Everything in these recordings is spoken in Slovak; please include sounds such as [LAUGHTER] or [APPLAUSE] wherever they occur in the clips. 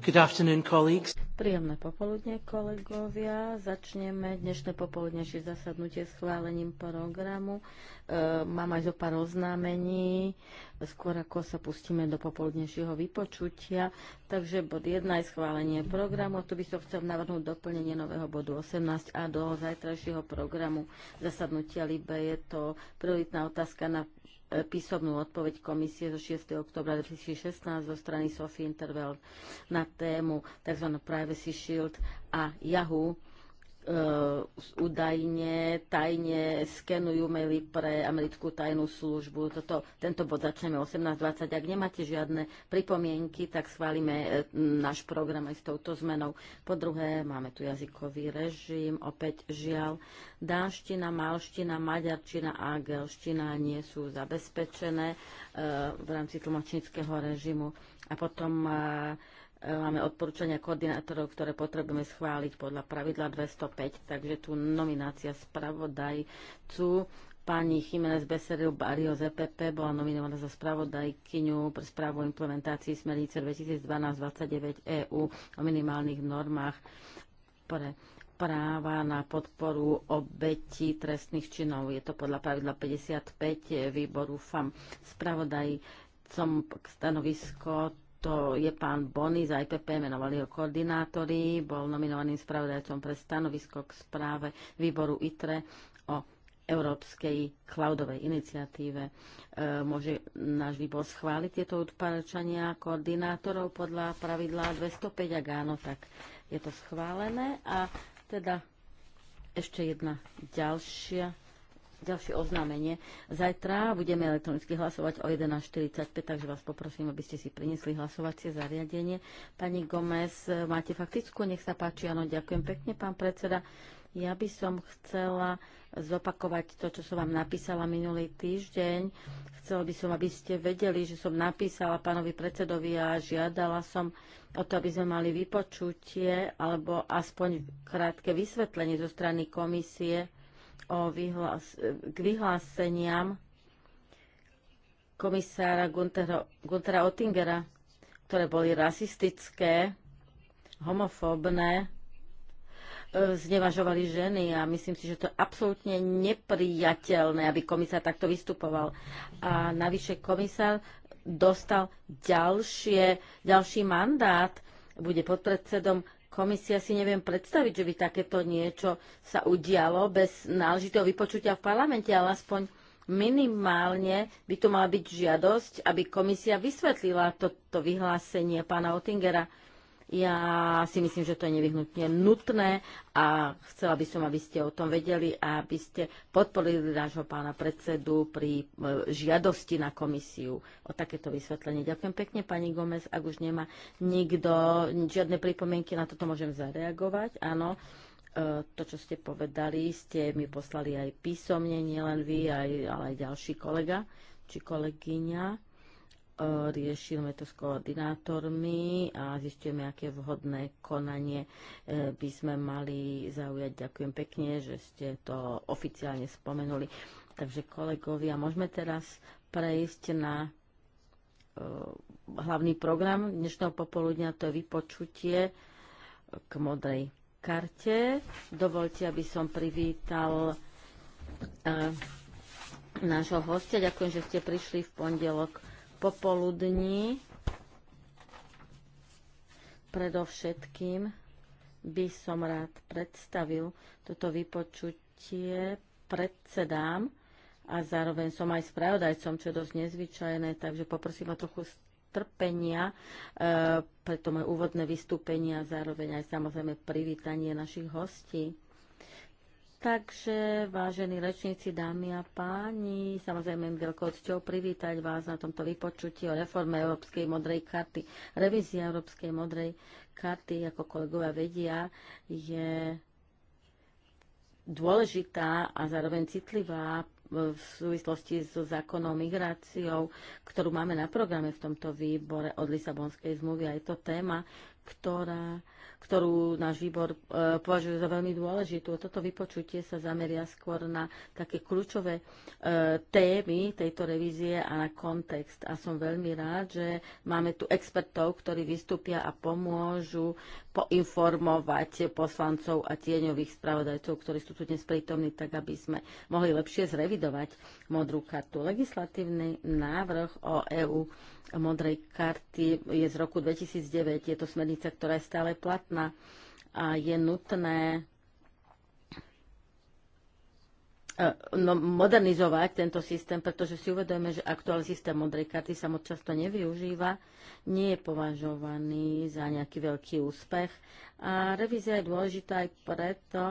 Good afternoon, colleagues. Príjemné popoludne, kolegovia. Začneme dnešné popoludnejšie zasadnutie schválením programu. E, mám aj zo pár oznámení, skôr ako sa pustíme do popoludnejšieho vypočutia. Takže bod 1 je schválenie programu. Tu by som chcel navrhnúť doplnenie nového bodu 18 a do zajtrajšieho programu zasadnutia Libe je to prioritná otázka na písomnú odpoveď komisie zo 6. oktobra 2016 zo strany Sophie Interveld na tému tzv. Privacy Shield a Yahoo E, údajne tajne skenujú maily pre americkú tajnú službu. Toto, tento bod začneme 18.20. Ak nemáte žiadne pripomienky, tak schválime e, náš program aj s touto zmenou. Po druhé, máme tu jazykový režim. Opäť žiaľ, dánština, malština, maďarčina a gelština nie sú zabezpečené e, v rámci tlmočníckého režimu. A potom E, máme odporúčania koordinátorov, ktoré potrebujeme schváliť podľa pravidla 205, takže tu nominácia spravodajcu pani Jiménez Beseril Barrio z EPP bola nominovaná za spravodajkyňu pre správu o implementácii smernice 2012-29 EU o minimálnych normách pre práva na podporu obetí trestných činov. Je to podľa pravidla 55 e, výboru FAM. Spravodajcom stanovisko to je pán Bonny z IPP, e menovali ho koordinátori, bol nominovaným spravodajcom pre stanovisko k správe výboru ITRE o Európskej cloudovej iniciatíve. E, môže náš výbor schváliť tieto odporúčania koordinátorov podľa pravidla 205, ak áno, tak je to schválené. A teda ešte jedna ďalšia Ďalšie oznámenie. Zajtra budeme elektronicky hlasovať o 11.45, takže vás poprosím, aby ste si priniesli hlasovacie zariadenie. Pani Gomez, máte faktickú? Nech sa páči. Áno, ďakujem pekne, pán predseda. Ja by som chcela zopakovať to, čo som vám napísala minulý týždeň. Chcela by som, aby ste vedeli, že som napísala pánovi predsedovi a žiadala som o to, aby sme mali vypočutie alebo aspoň krátke vysvetlenie zo strany komisie o vyhlas- k vyhláseniam komisára Guntera, Guntera Ottingera, ktoré boli rasistické, homofóbne, e, znevažovali ženy a myslím si, že to je absolútne nepriateľné, aby komisár takto vystupoval. A navyše komisár dostal ďalšie, ďalší mandát, bude podpredsedom komisia si neviem predstaviť, že by takéto niečo sa udialo bez náležitého vypočutia v parlamente, ale aspoň minimálne by tu mala byť žiadosť, aby komisia vysvetlila toto vyhlásenie pána Otingera ja si myslím, že to je nevyhnutne nutné a chcela by som, aby ste o tom vedeli a aby ste podporili nášho pána predsedu pri e, žiadosti na komisiu o takéto vysvetlenie. Ďakujem pekne, pani Gomez. Ak už nemá nikto žiadne pripomienky, na toto môžem zareagovať. Áno e, to, čo ste povedali, ste mi poslali aj písomne, nielen vy, aj, ale aj ďalší kolega či kolegyňa riešime to s koordinátormi a zistíme, aké vhodné konanie e, by sme mali zaujať. Ďakujem pekne, že ste to oficiálne spomenuli. Takže kolegovia, môžeme teraz prejsť na e, hlavný program dnešného popoludňa, to je vypočutie k modrej karte. Dovolte, aby som privítal e, nášho hostia. Ďakujem, že ste prišli v pondelok popoludní. Predovšetkým by som rád predstavil toto vypočutie predsedám a zároveň som aj spravodajcom, čo je dosť nezvyčajné, takže poprosím o trochu trpenia e, pre to moje úvodné vystúpenie a zároveň aj samozrejme privítanie našich hostí. Takže, vážení rečníci, dámy a páni, samozrejme veľkou cťou privítať vás na tomto vypočutí o reforme Európskej modrej karty. Revízia Európskej modrej karty, ako kolegovia vedia, je dôležitá a zároveň citlivá v súvislosti so zákonom migráciou, ktorú máme na programe v tomto výbore od Lisabonskej zmluvy. A je to téma, ktorá ktorú náš výbor e, považuje za veľmi dôležitú. Toto vypočutie sa zameria skôr na také kľúčové e, témy tejto revízie a na kontext. A som veľmi rád, že máme tu expertov, ktorí vystúpia a pomôžu poinformovať poslancov a tieňových spravodajcov, ktorí sú tu dnes prítomní, tak aby sme mohli lepšie zrevidovať modrú kartu. Legislatívny návrh o EU modrej karty je z roku 2009. Je to smernica, ktorá je stále platná a je nutné e, no, modernizovať tento systém, pretože si uvedujeme, že aktuálny systém modrej karty sa moc často nevyužíva, nie je považovaný za nejaký veľký úspech. A revízia je dôležitá aj preto,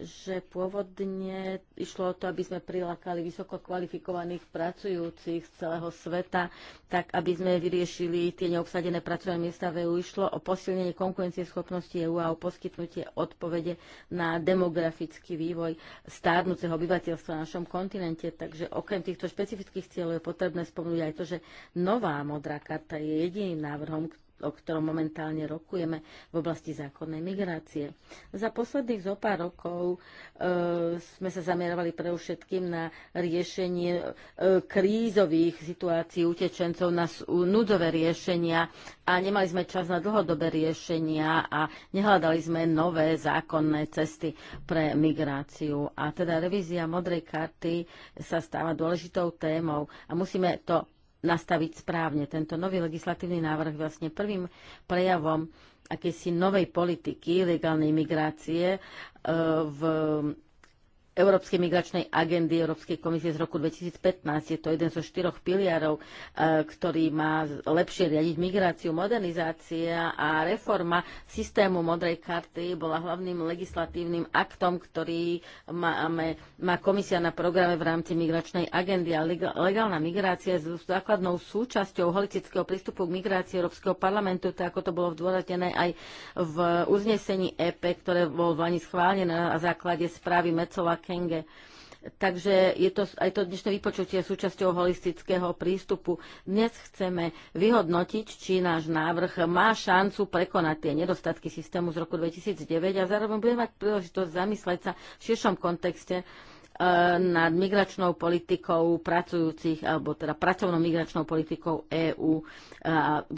že pôvodne išlo o to, aby sme prilákali vysoko kvalifikovaných pracujúcich z celého sveta, tak aby sme vyriešili tie neobsadené pracovné miesta v EU. Išlo o posilnenie konkurencie schopnosti EU a o poskytnutie odpovede na demografický vývoj stárnuceho obyvateľstva na našom kontinente. Takže okrem týchto špecifických cieľov je potrebné spomnúť aj to, že nová modrá karta je jediným návrhom, o ktorom momentálne rokujeme v oblasti zákonnej migrácie. Za posledných zo pár rokov e, sme sa zamerovali pre všetkým na riešenie e, krízových situácií utečencov, na núdzové riešenia a nemali sme čas na dlhodobé riešenia a nehľadali sme nové zákonné cesty pre migráciu. A teda revízia modrej karty sa stáva dôležitou témou a musíme to nastaviť správne. Tento nový legislatívny návrh vlastne prvým prejavom akejsi novej politiky legálnej migrácie e, v Európskej migračnej agendy Európskej komisie z roku 2015. Je to jeden zo štyroch piliarov, e, ktorý má lepšie riadiť migráciu. Modernizácia a reforma systému modrej karty bola hlavným legislatívnym aktom, ktorý máme, má komisia na programe v rámci migračnej agendy. A legálna migrácia s základnou súčasťou holistického prístupu k migrácii Európskeho parlamentu, tak ako to bolo zdôraznené aj v uznesení EP, ktoré bol v Lani schválené na základe správy Mecova Kenge. Takže je to, aj to dnešné vypočutie súčasťou holistického prístupu. Dnes chceme vyhodnotiť, či náš návrh má šancu prekonať tie nedostatky systému z roku 2009 a zároveň budeme mať príležitosť zamysleť sa v širšom kontexte E, nad migračnou politikou pracujúcich, alebo teda pracovnou migračnou politikou EÚ. E,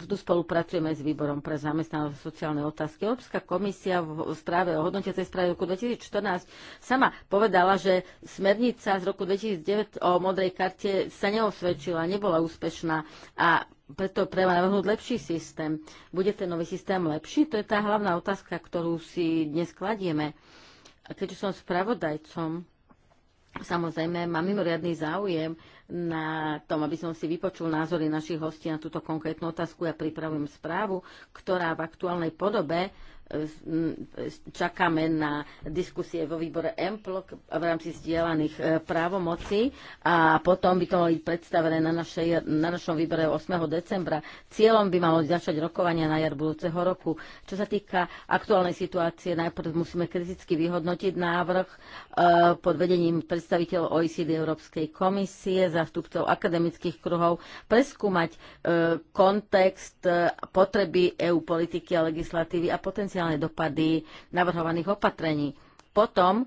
tu spolupracujeme s Výborom pre zamestnanosť a sociálne otázky. Európska komisia v správe o hodnotiacej správe roku 2014 sama povedala, že smernica z roku 2009 o modrej karte sa neosvedčila, nebola úspešná a preto treba navrhnúť lepší systém. Bude ten nový systém lepší? To je tá hlavná otázka, ktorú si dnes kladieme. A keďže som spravodajcom Samozrejme, mám mimoriadný záujem na tom, aby som si vypočul názory našich hostí na túto konkrétnu otázku. Ja pripravujem správu, ktorá v aktuálnej podobe čakáme na diskusie vo výbore EMPLO v rámci zdieľaných e, právomocí a potom by to mali predstavené na, našej, na našom výbore 8. decembra. Cieľom by malo začať rokovania na jar budúceho roku. Čo sa týka aktuálnej situácie, najprv musíme kriticky vyhodnotiť návrh e, pod vedením predstaviteľov OECD Európskej komisie, zástupcov akademických kruhov, preskúmať e, kontext potreby EU politiky a legislatívy a potenciálne potenciálne dopady navrhovaných opatrení. Potom e,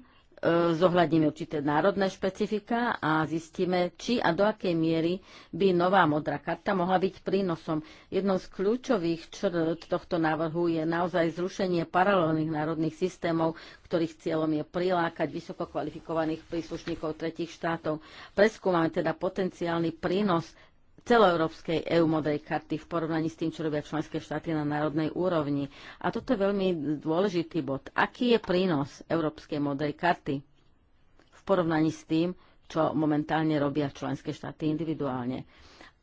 zohľadníme určité národné špecifika a zistíme, či a do akej miery by nová modrá karta mohla byť prínosom. Jednou z kľúčových črt tohto návrhu je naozaj zrušenie paralelných národných systémov, ktorých cieľom je prilákať vysoko kvalifikovaných príslušníkov tretich štátov. Preskúmame teda potenciálny prínos celoeurópskej EU modrej karty v porovnaní s tým, čo robia členské štáty na národnej úrovni. A toto je veľmi dôležitý bod. Aký je prínos európskej modrej karty v porovnaní s tým, čo momentálne robia členské štáty individuálne?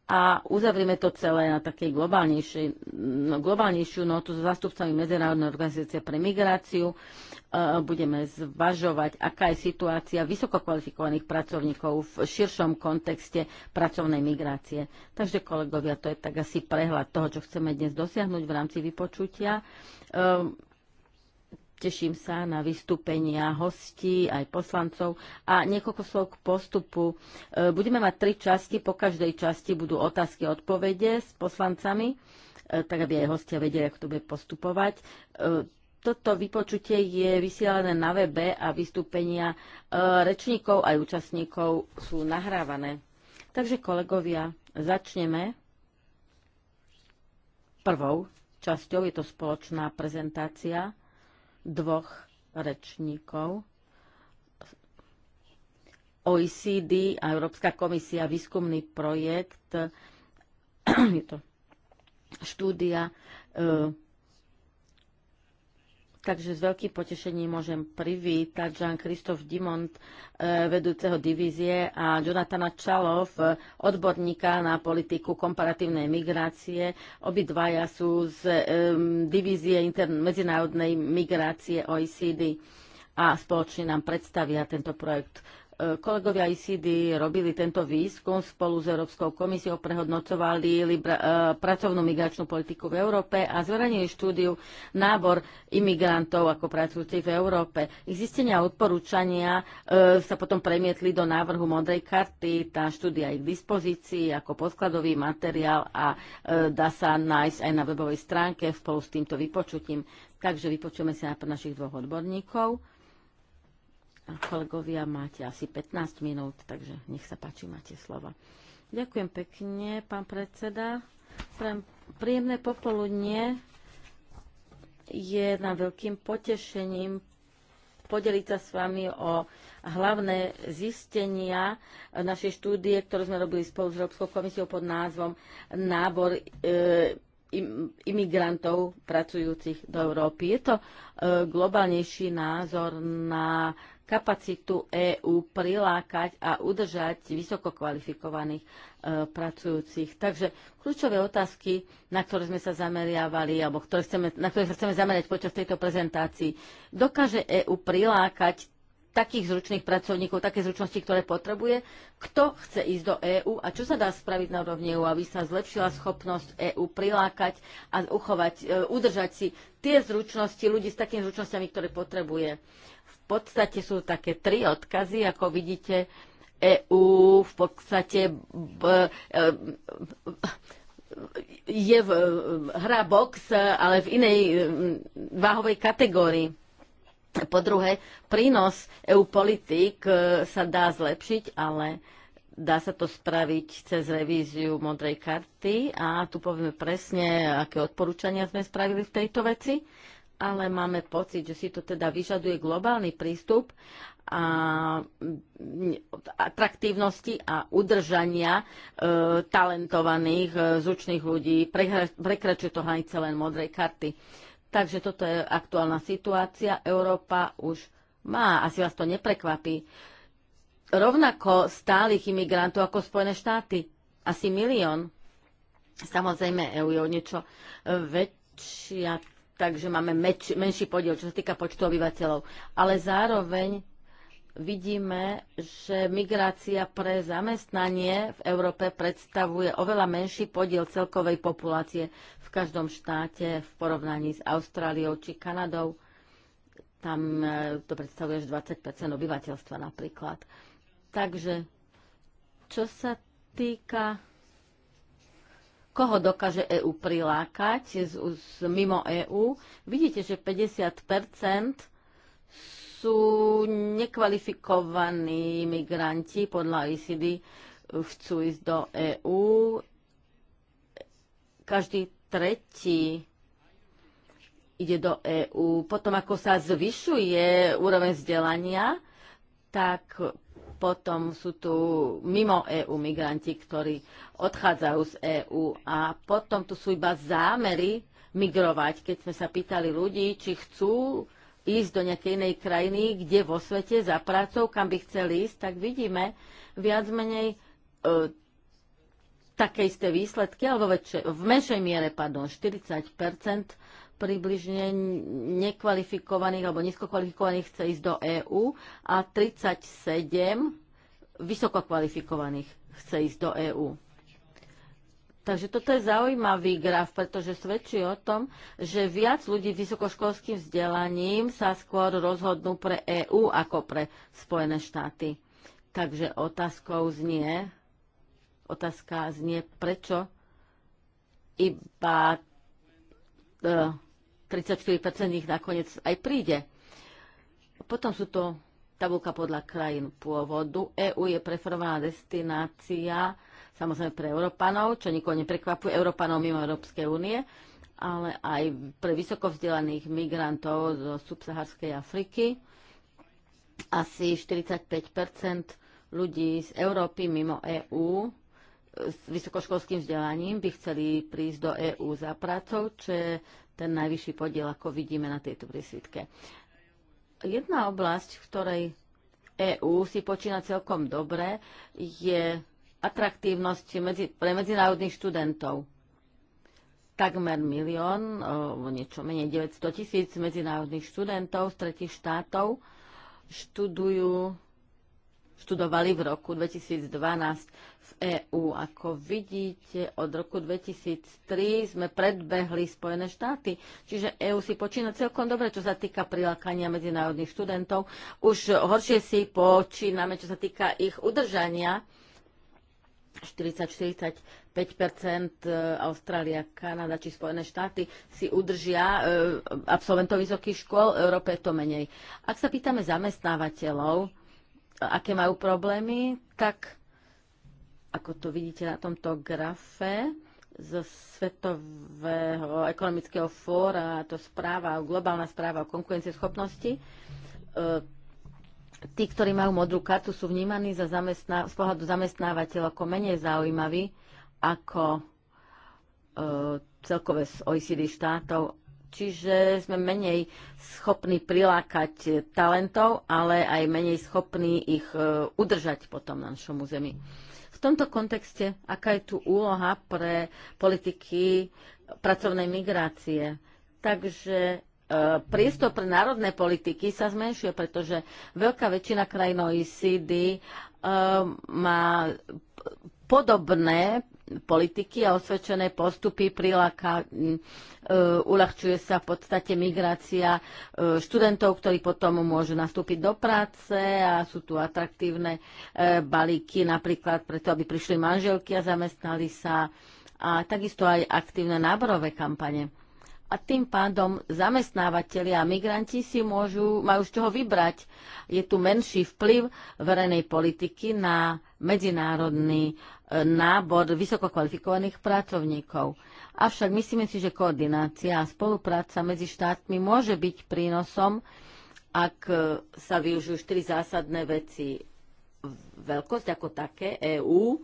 a uzavrieme to celé na takej globálnejšej, no, globálnejšiu notu s zastupcami Medzinárodnej organizácie pre migráciu. E, budeme zvažovať, aká je situácia vysoko kvalifikovaných pracovníkov v širšom kontexte pracovnej migrácie. Takže kolegovia, to je tak asi prehľad toho, čo chceme dnes dosiahnuť v rámci vypočutia. E, Teším sa na vystúpenia hostí, aj poslancov. A niekoľko slov k postupu. E, budeme mať tri časti. Po každej časti budú otázky a odpovede s poslancami, e, tak aby aj hostia vedeli, ako to bude postupovať. E, toto vypočutie je vysielané na webe a vystúpenia rečníkov aj účastníkov sú nahrávané. Takže kolegovia, začneme prvou časťou. Je to spoločná prezentácia dvoch rečníkov. OECD a Európska komisia výskumný projekt, [CLEARS THROAT] je to štúdia e, Takže s veľkým potešením môžem privítať Jean-Christophe Dimont, e, vedúceho divízie a Jonatana Čalov, e, odborníka na politiku komparatívnej migrácie. Obidvaja sú z e, divízie medzinárodnej migrácie OECD a spoločne nám predstavia tento projekt E, kolegovia ICD robili tento výskum spolu s Európskou komisiou, prehodnocovali libra, e, pracovnú migračnú politiku v Európe a zverejnili štúdiu nábor imigrantov ako pracujúcich v Európe. Ich zistenia a odporúčania e, sa potom premietli do návrhu modrej karty. Tá štúdia je k dispozícii ako podkladový materiál a e, dá sa nájsť aj na webovej stránke spolu s týmto vypočutím. Takže vypočujeme sa na našich dvoch odborníkov. Kolegovia, máte asi 15 minút, takže nech sa páči, máte slovo. Ďakujem pekne, pán predseda. Príjemné popoludnie je nám veľkým potešením podeliť sa s vami o hlavné zistenia našej štúdie, ktorú sme robili spolu s Európskou komisiou pod názvom Nábor e, imigrantov pracujúcich do Európy. Je to e, globálnejší názor na kapacitu EÚ prilákať a udržať vysoko kvalifikovaných e, pracujúcich. Takže kľúčové otázky, na ktoré sme sa zameriavali, alebo ktoré chceme, na ktoré sa chceme zamerať počas tejto prezentácii. Dokáže EÚ prilákať takých zručných pracovníkov, také zručnosti, ktoré potrebuje, kto chce ísť do EÚ a čo sa dá spraviť na úrovni EÚ, aby sa zlepšila schopnosť EÚ prilákať a uchovať, e, udržať si tie zručnosti ľudí s takými zručnosťami, ktoré potrebuje. V podstate sú také tri odkazy, ako vidíte, EÚ v podstate b, e, je v, e, hra box, ale v inej e, váhovej kategórii. Po druhé, prínos EU politik e, sa dá zlepšiť, ale dá sa to spraviť cez revíziu modrej karty a tu povieme presne, aké odporúčania sme spravili v tejto veci, ale máme pocit, že si to teda vyžaduje globálny prístup a atraktívnosti a udržania e, talentovaných, e, zručných ľudí. Prekračuje to hranice len modrej karty Takže toto je aktuálna situácia. Európa už má, asi vás to neprekvapí, rovnako stálych imigrantov ako Spojené štáty. Asi milión. Samozrejme, EU je o niečo väčšia, takže máme meč, menší podiel, čo sa týka počtu obyvateľov. Ale zároveň vidíme, že migrácia pre zamestnanie v Európe predstavuje oveľa menší podiel celkovej populácie v každom štáte v porovnaní s Austráliou či Kanadou. Tam e, to predstavuje až 20 obyvateľstva napríklad. Takže čo sa týka koho dokáže EÚ prilákať z, z, mimo EÚ, vidíte, že 50 sú nekvalifikovaní migranti podľa ICD, chcú ísť do EÚ. Každý tretí ide do EÚ. Potom, ako sa zvyšuje úroveň vzdelania, tak potom sú tu mimo EÚ migranti, ktorí odchádzajú z EÚ a potom tu sú iba zámery migrovať. Keď sme sa pýtali ľudí, či chcú ísť do nejakej inej krajiny, kde vo svete za prácou, kam by chceli ísť, tak vidíme viac menej e, také isté výsledky, alebo väčšie, v menšej miere, pardon, 40 približne nekvalifikovaných alebo nízkokvalifikovaných chce ísť do EÚ a 37 vysokokvalifikovaných chce ísť do EÚ. Takže toto je zaujímavý graf, pretože svedčí o tom, že viac ľudí vysokoškolským vzdelaním sa skôr rozhodnú pre EÚ ako pre Spojené štáty. Takže otázkou znie, otázka znie, prečo iba 34% e, ich nakoniec aj príde. Potom sú to tabulka podľa krajín pôvodu. EÚ je preferovaná destinácia samozrejme pre Európanov, čo nikoho neprekvapuje, Európanov mimo Európskej únie, ale aj pre vysoko vzdelaných migrantov zo subsaharskej Afriky. Asi 45 ľudí z Európy mimo EÚ s vysokoškolským vzdelaním by chceli prísť do EÚ za prácou, čo je ten najvyšší podiel, ako vidíme na tejto prísvitke. Jedna oblasť, v ktorej EÚ si počína celkom dobre, je atraktívnosti medzi, pre medzinárodných študentov. Takmer milión, o niečo menej 900 tisíc medzinárodných študentov z tretich štátov študujú, študovali v roku 2012 v EÚ. Ako vidíte, od roku 2003 sme predbehli Spojené štáty, čiže EÚ si počína celkom dobre, čo sa týka prilákania medzinárodných študentov. Už horšie si počíname, čo sa týka ich udržania 40-45 e, Austrália, Kanada či Spojené štáty si udržia e, absolventov vysokých škôl, v Európe je to menej. Ak sa pýtame zamestnávateľov, aké majú problémy, tak ako to vidíte na tomto grafe zo Svetového ekonomického fóra, to správa, globálna správa o konkurencieschopnosti, e, tí, ktorí majú modrú kartu, sú vnímaní za zamestná- z pohľadu zamestnávateľa ako menej zaujímaví ako e, celkové z OECD štátov. Čiže sme menej schopní prilákať talentov, ale aj menej schopní ich e, udržať potom na našom území. V tomto kontexte, aká je tu úloha pre politiky pracovnej migrácie? Takže E, priestor pre národné politiky sa zmenšuje, pretože veľká väčšina krajín OECD e, má podobné politiky a osvedčené postupy priláka, e, uľahčuje sa v podstate migrácia študentov, ktorí potom môžu nastúpiť do práce a sú tu atraktívne balíky napríklad preto, aby prišli manželky a zamestnali sa a takisto aj aktívne náborové kampane a tým pádom zamestnávateľi a migranti si môžu, majú z čoho vybrať. Je tu menší vplyv verejnej politiky na medzinárodný e, nábor vysokokvalifikovaných pracovníkov. Avšak myslíme si, že koordinácia a spolupráca medzi štátmi môže byť prínosom, ak e, sa využijú štyri zásadné veci. Veľkosť ako také, EÚ,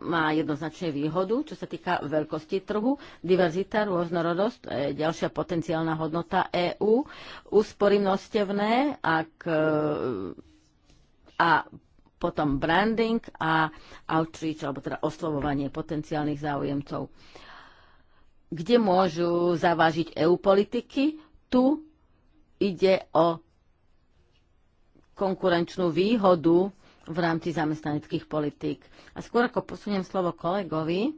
má jednoznačne výhodu, čo sa týka veľkosti trhu. Diverzita, rôznorodosť, ďalšia potenciálna hodnota EÚ. Úspory množstevné, ak, e, a potom branding a outreach, alebo teda oslovovanie potenciálnych záujemcov. Kde môžu zavážiť EU politiky? Tu ide o konkurenčnú výhodu v rámci zamestnaneckých politík. A skôr ako posuniem slovo kolegovi,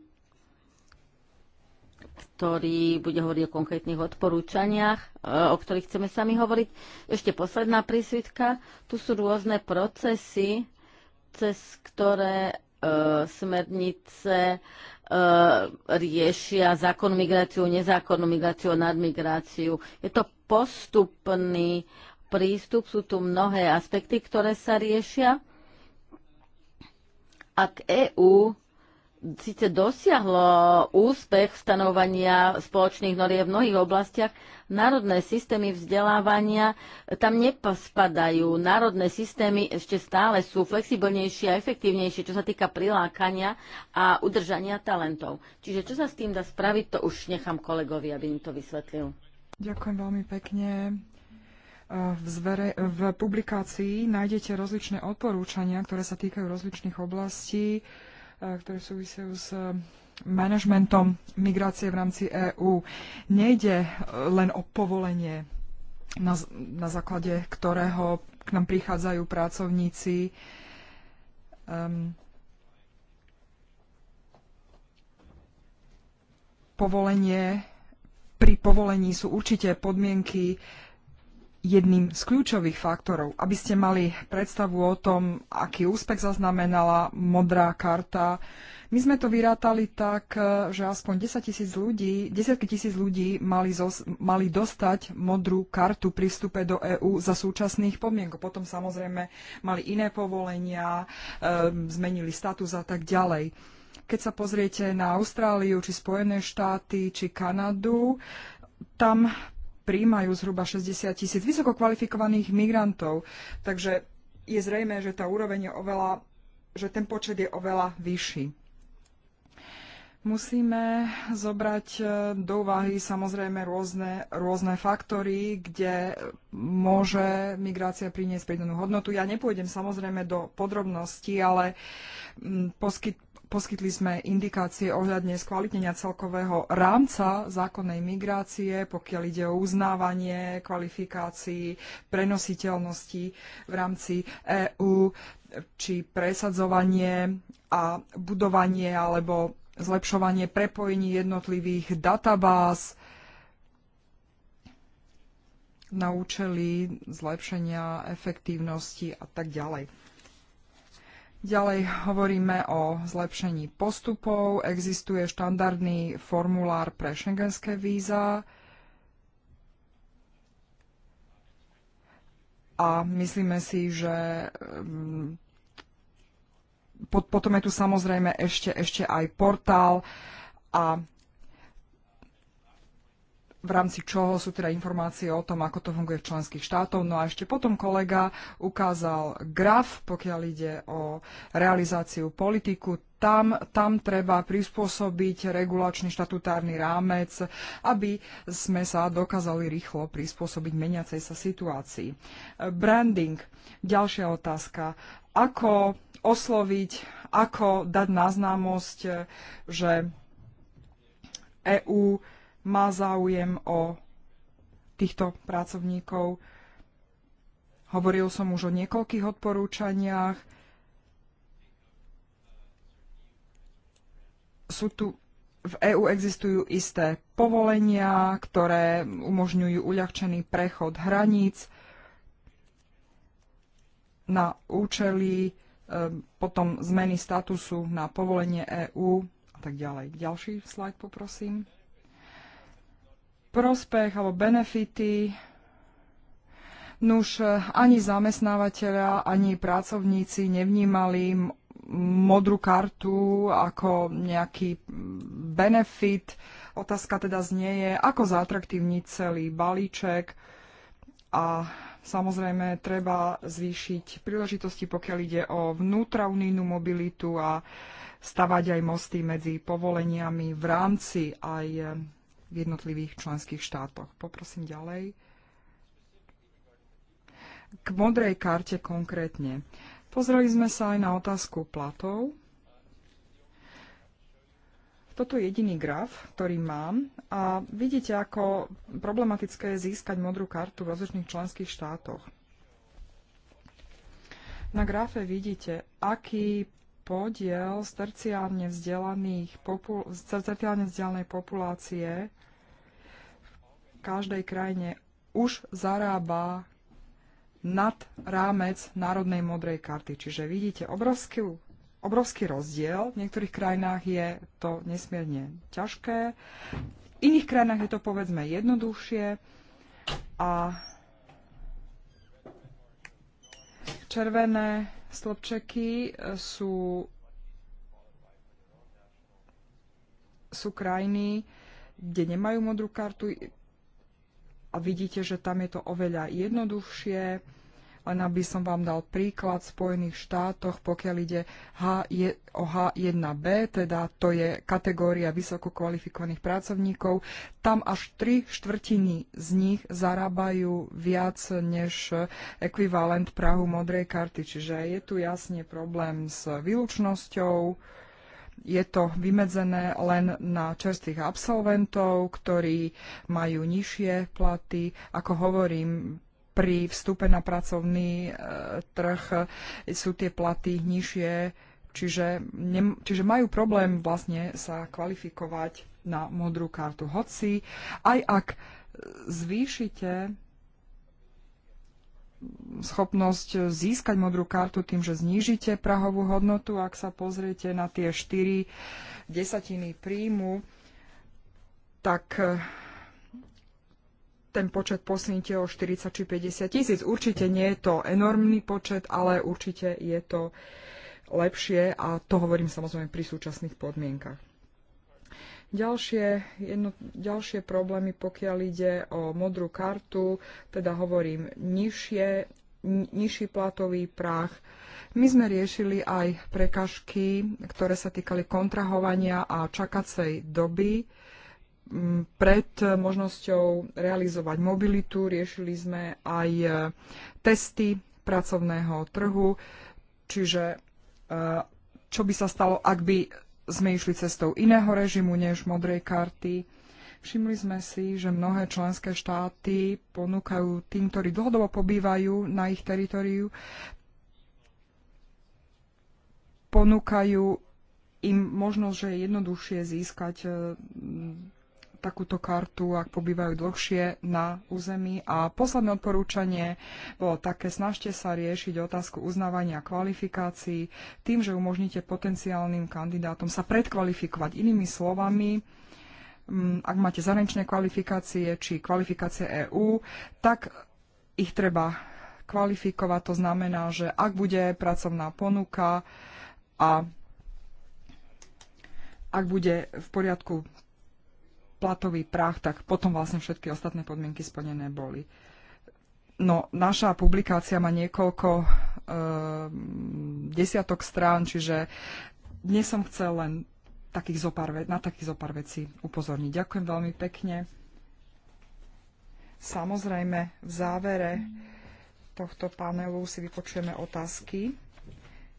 ktorý bude hovoriť o konkrétnych odporúčaniach, e, o ktorých chceme sami hovoriť. Ešte posledná prísvitka. Tu sú rôzne procesy, cez ktoré e, smernice e, riešia zákonnú migráciu, nezákonnú migráciu, nadmigráciu. Je to postupný prístup, sú tu mnohé aspekty, ktoré sa riešia ak EÚ síce dosiahlo úspech stanovania spoločných norie v mnohých oblastiach, národné systémy vzdelávania tam nepospadajú. Národné systémy ešte stále sú flexibilnejšie a efektívnejšie, čo sa týka prilákania a udržania talentov. Čiže čo sa s tým dá spraviť, to už nechám kolegovi, aby im to vysvetlil. Ďakujem veľmi pekne v, zvere, v publikácii nájdete rozličné odporúčania, ktoré sa týkajú rozličných oblastí, e, ktoré súvisia s e, manažmentom migrácie v rámci EÚ. Nejde len o povolenie, na, na základe ktorého k nám prichádzajú pracovníci. Um, povolenie pri povolení sú určite podmienky uh, jedným z kľúčových faktorov. Aby ste mali predstavu o tom, aký úspech zaznamenala modrá karta, my sme to vyrátali tak, že aspoň 10 tisíc ľudí, desiatky tisíc ľudí mali, zos, mali dostať modrú kartu pri vstupe do EÚ za súčasných podmienok. Potom samozrejme mali iné povolenia, e, zmenili status a tak ďalej. Keď sa pozriete na Austráliu, či Spojené štáty, či Kanadu, tam príjmajú zhruba 60 tisíc vysoko kvalifikovaných migrantov. Takže je zrejme, že tá úroveň je oveľa, že ten počet je oveľa vyšší. Musíme zobrať e, do úvahy samozrejme rôzne, rôzne faktory, kde môže migrácia priniesť pridanú hodnotu. Ja nepôjdem samozrejme do podrobností, ale poskyt, Poskytli sme indikácie ohľadne skvalitnenia celkového rámca zákonnej migrácie, pokiaľ ide o uznávanie kvalifikácií, prenositeľnosti v rámci EÚ, či presadzovanie a budovanie alebo zlepšovanie prepojení jednotlivých databáz na účely zlepšenia efektívnosti a tak ďalej. Ďalej hovoríme o zlepšení postupov. Existuje štandardný formulár pre šengenské víza. A myslíme si, že mm, potom je tu samozrejme ešte, ešte aj portál a v rámci čoho sú teda informácie o tom, ako to funguje v členských štátov. No a ešte potom kolega ukázal graf, pokiaľ ide o realizáciu politiku. Tam, tam treba prispôsobiť regulačný štatutárny rámec, aby sme sa dokázali rýchlo prispôsobiť meniacej sa situácii. Branding. Ďalšia otázka. Ako osloviť, ako dať na známosť, že EÚ má záujem o týchto pracovníkov. Hovoril som už o niekoľkých odporúčaniach. Sú tu v EÚ existujú isté povolenia, ktoré umožňujú uľahčený prechod hraníc na účely e, potom zmeny statusu na povolenie EÚ a tak ďalej. Ďalší slajd poprosím prospech alebo benefity Nuž ani zamestnávateľa, ani pracovníci nevnímali modrú kartu ako nejaký benefit. Otázka teda znie je, ako zatraktívniť celý balíček a samozrejme treba zvýšiť príležitosti, pokiaľ ide o vnútraunijnú mobilitu a stavať aj mosty medzi povoleniami v rámci aj v jednotlivých členských štátoch. Poprosím ďalej. K modrej karte konkrétne. Pozreli sme sa aj na otázku platov. Toto je jediný graf, ktorý mám a vidíte, ako problematické je získať modrú kartu v rozličných členských štátoch. Na grafe vidíte, aký podiel z terciálne, vzdelaných popul- z terciálne vzdelanej populácie v každej krajine už zarába nad rámec národnej modrej karty. Čiže vidíte obrovský, obrovský rozdiel. V niektorých krajinách je to nesmierne ťažké, v iných krajinách je to povedzme jednoduchšie a červené Slobčeky e, sú, sú krajiny, kde nemajú modrú kartu a vidíte, že tam je to oveľa jednoduchšie len aby som vám dal príklad v Spojených štátoch, pokiaľ ide H, o H1B, teda to je kategória vysoko kvalifikovaných pracovníkov, tam až tri štvrtiny z nich zarábajú viac než ekvivalent Prahu modrej karty, čiže je tu jasne problém s výlučnosťou, je to vymedzené len na čerstvých absolventov, ktorí majú nižšie platy. Ako hovorím, pri vstupe na pracovný e, trh sú tie platy nižšie, čiže, ne, čiže majú problém vlastne sa kvalifikovať na modrú kartu. Hoci aj ak zvýšite schopnosť získať modrú kartu tým, že znížite prahovú hodnotu, ak sa pozriete na tie 4 desatiny príjmu, tak ten počet posunite o 40 či 50 tisíc. Určite nie je to enormný počet, ale určite je to lepšie a to hovorím samozrejme pri súčasných podmienkach. Ďalšie, jedno, ďalšie problémy, pokiaľ ide o modrú kartu, teda hovorím nižšie, nižší platový práh. My sme riešili aj prekažky, ktoré sa týkali kontrahovania a čakacej doby pred možnosťou realizovať mobilitu, riešili sme aj e, testy pracovného trhu, čiže e, čo by sa stalo, ak by sme išli cestou iného režimu než modrej karty. Všimli sme si, že mnohé členské štáty ponúkajú tým, ktorí dlhodobo pobývajú na ich teritoriu, ponúkajú im možnosť, že je jednoduchšie získať e, takúto kartu, ak pobývajú dlhšie na území. A posledné odporúčanie bolo také, snažte sa riešiť otázku uznávania kvalifikácií tým, že umožníte potenciálnym kandidátom sa predkvalifikovať. Inými slovami, mm, ak máte zahraničné kvalifikácie či kvalifikácie EÚ, tak ich treba kvalifikovať. To znamená, že ak bude pracovná ponuka a ak bude v poriadku platový prach, tak potom vlastne všetky ostatné podmienky splnené boli. No, naša publikácia má niekoľko e, desiatok strán, čiže dnes som chcel len takých zopár, na takých zopár vecí upozorniť. Ďakujem veľmi pekne. Samozrejme, v závere tohto panelu si vypočujeme otázky.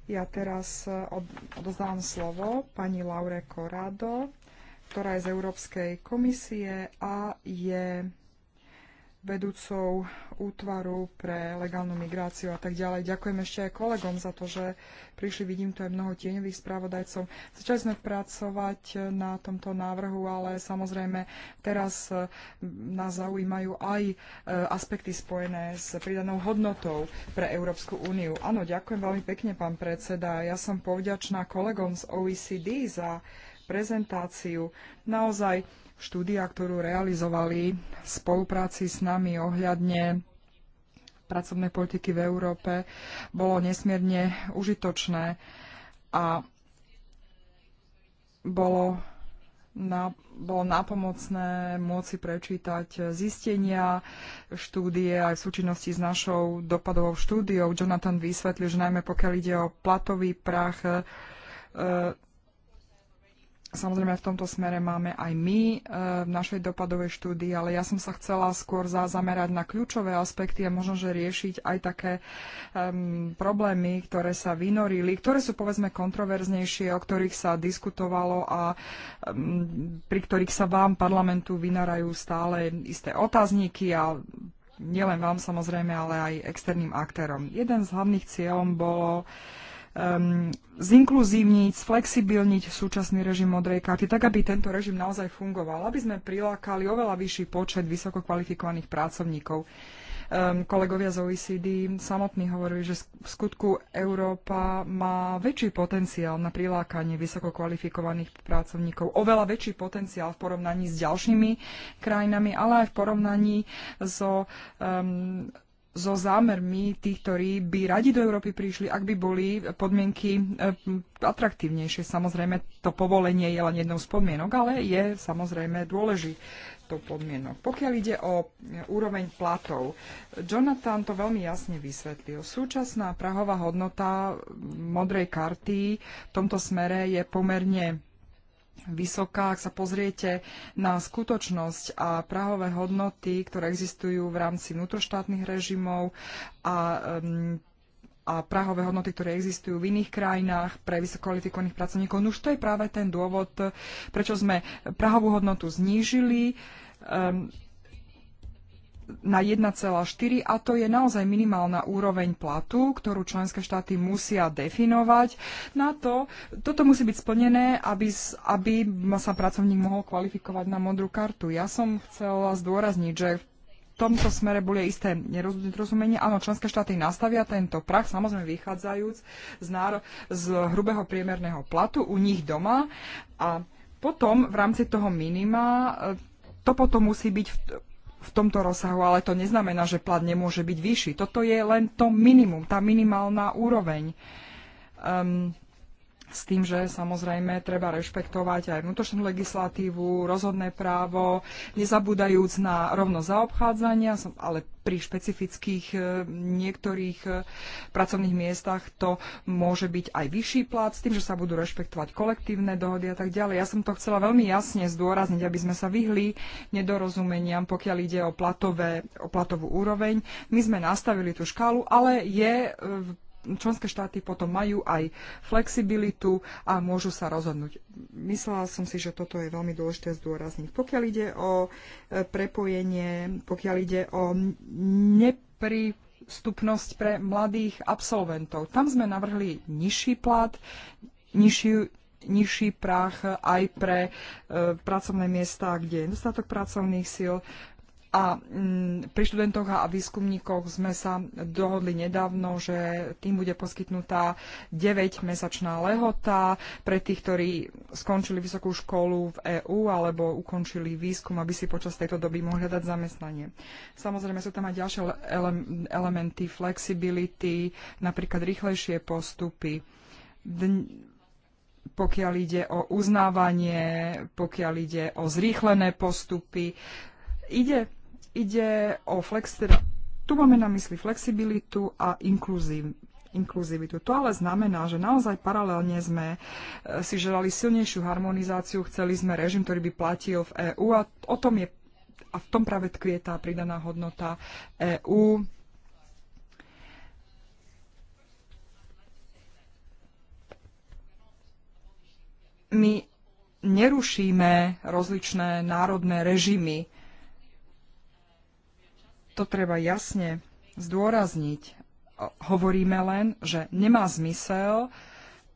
Ja teraz eh, od, odozdávam slovo pani Laure Korado ktorá je z Európskej komisie a je vedúcou útvaru pre legálnu migráciu a tak ďalej. Ďakujem ešte aj kolegom za to, že prišli. Vidím tu aj mnoho tieňových správodajcov. Začali sme pracovať na tomto návrhu, ale samozrejme teraz nás zaujímajú aj e, aspekty spojené s pridanou hodnotou pre Európsku úniu. Áno, ďakujem veľmi pekne, pán predseda. Ja som povďačná kolegom z OECD za prezentáciu. Naozaj štúdia, ktorú realizovali v spolupráci s nami ohľadne pracovnej politiky v Európe, bolo nesmierne užitočné a bolo na, bolo nápomocné môcť prečítať zistenia štúdie aj v súčinnosti s našou dopadovou štúdiou. Jonathan vysvetlil, že najmä pokiaľ ide o platový prach, e, Samozrejme, v tomto smere máme aj my e, v našej dopadovej štúdii, ale ja som sa chcela skôr za, zamerať na kľúčové aspekty a možno, že riešiť aj také e, problémy, ktoré sa vynorili, ktoré sú povedzme kontroverznejšie, o ktorých sa diskutovalo a e, pri ktorých sa vám parlamentu vynarajú stále isté otázniky a nielen vám samozrejme, ale aj externým aktérom. Jeden z hlavných cieľom bolo um, zinkluzívniť, sflexibilniť súčasný režim modrej karty, tak aby tento režim naozaj fungoval, aby sme prilákali oveľa vyšší počet vysoko kvalifikovaných pracovníkov. Um, kolegovia z OECD samotní hovorili, že v skutku Európa má väčší potenciál na prilákanie vysoko kvalifikovaných pracovníkov, oveľa väčší potenciál v porovnaní s ďalšími krajinami, ale aj v porovnaní so um, so zámermi tých, ktorí by radi do Európy prišli, ak by boli podmienky e, atraktívnejšie. Samozrejme, to povolenie je len jednou z podmienok, ale je samozrejme dôležitou podmienok. Pokiaľ ide o e, úroveň platov, Jonathan to veľmi jasne vysvetlil. Súčasná prahová hodnota modrej karty v tomto smere je pomerne vysoká. Ak sa pozriete na skutočnosť a prahové hodnoty, ktoré existujú v rámci vnútroštátnych režimov a um, a prahové hodnoty, ktoré existujú v iných krajinách pre vysokokvalifikovaných pracovníkov. No už to je práve ten dôvod, prečo sme prahovú hodnotu znížili. Um, na 1,4 a to je naozaj minimálna úroveň platu, ktorú členské štáty musia definovať. Na to, toto musí byť splnené, aby, aby sa pracovník mohol kvalifikovať na modrú kartu. Ja som chcela zdôrazniť, že v tomto smere bude isté nerozumenie. Áno, členské štáty nastavia tento prach, samozrejme vychádzajúc z, náro- z hrubého priemerného platu u nich doma a potom v rámci toho minima e, to potom musí byť v tomto rozsahu, ale to neznamená, že plat nemôže byť vyšší. Toto je len to minimum, tá minimálna úroveň. Um, s tým, že samozrejme treba rešpektovať aj vnútočnú legislatívu, rozhodné právo, nezabúdajúc na rovno zaobchádzania, ale pri špecifických e, niektorých e, pracovných miestach to môže byť aj vyšší plat, s tým, že sa budú rešpektovať kolektívne dohody a tak ďalej. Ja som to chcela veľmi jasne zdôrazniť, aby sme sa vyhli nedorozumeniam, pokiaľ ide o, platové, o platovú úroveň. My sme nastavili tú škálu, ale je e, členské štáty potom majú aj flexibilitu a môžu sa rozhodnúť. Myslela som si, že toto je veľmi dôležité zdôrazniť. Pokiaľ ide o e, prepojenie, pokiaľ ide o nepri pre mladých absolventov. Tam sme navrhli nižší plat, nižší, nižší prach aj pre e, pracovné miesta, kde je nedostatok pracovných síl. A mm, pri študentoch a výskumníkoch sme sa dohodli nedávno, že tým bude poskytnutá 9-mesačná lehota pre tých, ktorí skončili vysokú školu v EÚ alebo ukončili výskum, aby si počas tejto doby mohli hľadať zamestnanie. Samozrejme sú tam aj ďalšie ele- elementy flexibility, napríklad rýchlejšie postupy. Dn- pokiaľ ide o uznávanie, pokiaľ ide o zrýchlené postupy. Ide ide o flex, teda tu máme na mysli flexibilitu a inkluzív, inkluzivitu. To ale znamená, že naozaj paralelne sme e, si želali silnejšiu harmonizáciu, chceli sme režim, ktorý by platil v EÚ a o tom je a v tom práve tkvie tá pridaná hodnota EÚ. My nerušíme rozličné národné režimy to treba jasne zdôrazniť. Hovoríme len, že nemá zmysel,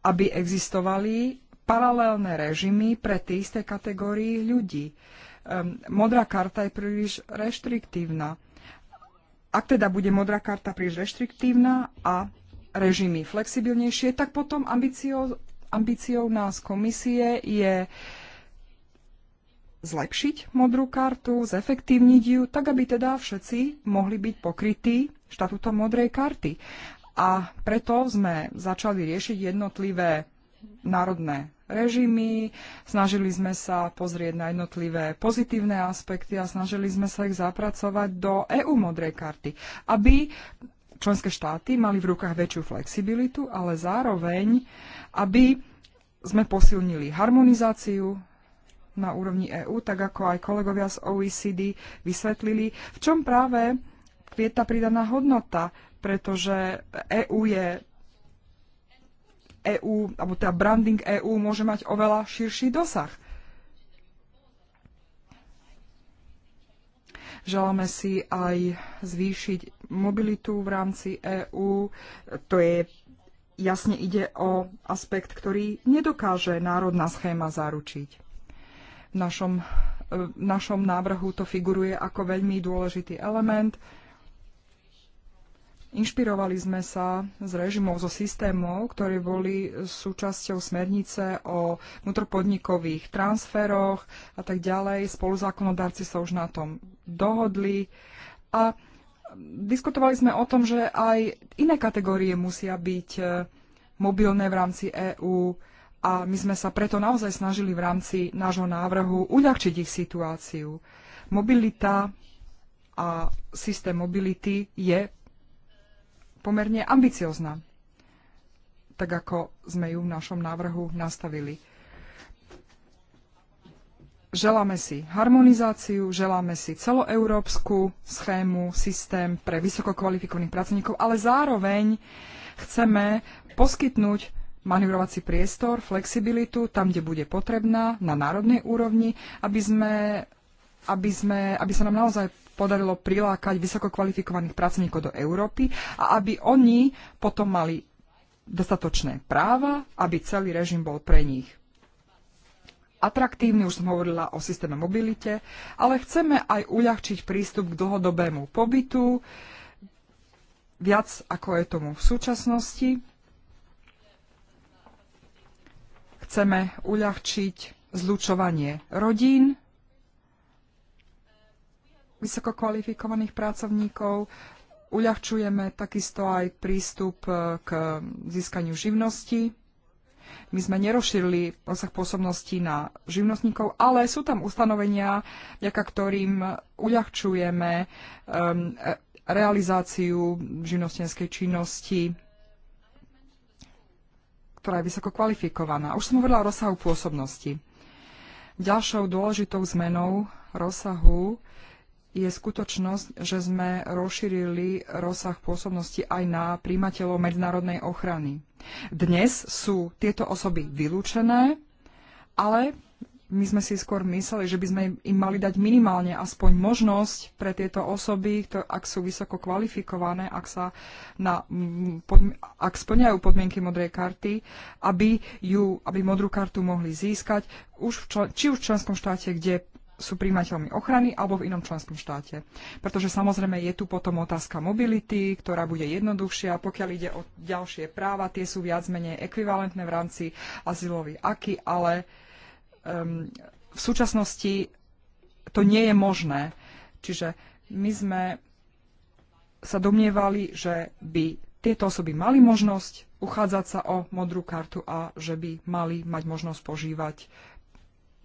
aby existovali paralelné režimy pre tie isté kategórii ľudí. Ehm, modrá karta je príliš reštriktívna. Ak teda bude modrá karta príliš reštriktívna a režimy flexibilnejšie, tak potom ambíciou, ambíciou nás komisie je zlepšiť modrú kartu, zefektívniť ju, tak aby teda všetci mohli byť pokrytí štatútom modrej karty. A preto sme začali riešiť jednotlivé národné režimy, snažili sme sa pozrieť na jednotlivé pozitívne aspekty a snažili sme sa ich zapracovať do EU modrej karty, aby členské štáty mali v rukách väčšiu flexibilitu, ale zároveň, aby sme posilnili harmonizáciu na úrovni EÚ, tak ako aj kolegovia z OECD vysvetlili, v čom práve je tá pridaná hodnota, pretože EÚ je EÚ, alebo teda branding EÚ môže mať oveľa širší dosah. Želáme si aj zvýšiť mobilitu v rámci EÚ. To je jasne ide o aspekt, ktorý nedokáže národná schéma zaručiť našom, e, našom návrhu to figuruje ako veľmi dôležitý element. Inšpirovali sme sa z režimov, zo systémov, ktoré boli súčasťou smernice o vnútropodnikových transferoch a tak ďalej. Spoluzákonodárci sa už na tom dohodli. A diskutovali sme o tom, že aj iné kategórie musia byť e, mobilné v rámci EÚ a my sme sa preto naozaj snažili v rámci nášho návrhu uľahčiť ich situáciu. Mobilita a systém mobility je pomerne ambiciozná, tak ako sme ju v našom návrhu nastavili. Želáme si harmonizáciu, želáme si celoeurópsku schému, systém pre vysokokvalifikovaných pracovníkov, ale zároveň chceme poskytnúť manevrovací priestor, flexibilitu tam, kde bude potrebná na národnej úrovni, aby, sme, aby, sme, aby sa nám naozaj podarilo prilákať vysoko kvalifikovaných pracovníkov do Európy a aby oni potom mali dostatočné práva, aby celý režim bol pre nich atraktívny, už som hovorila o systéme mobilite, ale chceme aj uľahčiť prístup k dlhodobému pobytu, viac ako je tomu v súčasnosti. chceme uľahčiť zlučovanie rodín, vysoko kvalifikovaných pracovníkov, uľahčujeme takisto aj prístup e, k získaniu živnosti. My sme nerozšírili rozsah pôsobnosti na živnostníkov, ale sú tam ustanovenia, vďaka ktorým uľahčujeme um, realizáciu živnostenskej činnosti ktorá je vysoko kvalifikovaná. Už som hovorila o rozsahu pôsobnosti. Ďalšou dôležitou zmenou rozsahu je skutočnosť, že sme rozšírili rozsah pôsobnosti aj na príjimateľov medzinárodnej ochrany. Dnes sú tieto osoby vylúčené, ale my sme si skôr mysleli, že by sme im mali dať minimálne aspoň možnosť pre tieto osoby, to, ak sú vysoko kvalifikované, ak, sa na, pod, ak splňajú podmienky modrej karty, aby, ju, aby modrú kartu mohli získať, už v čl- či už v členskom štáte, kde sú príjmateľmi ochrany alebo v inom členskom štáte. Pretože samozrejme je tu potom otázka mobility, ktorá bude jednoduchšia. Pokiaľ ide o ďalšie práva, tie sú viac menej ekvivalentné v rámci azylových aky, ale Ehm, v súčasnosti to nie je možné. Čiže my sme sa domnievali, že by tieto osoby mali možnosť uchádzať sa o modrú kartu a že by mali mať možnosť požívať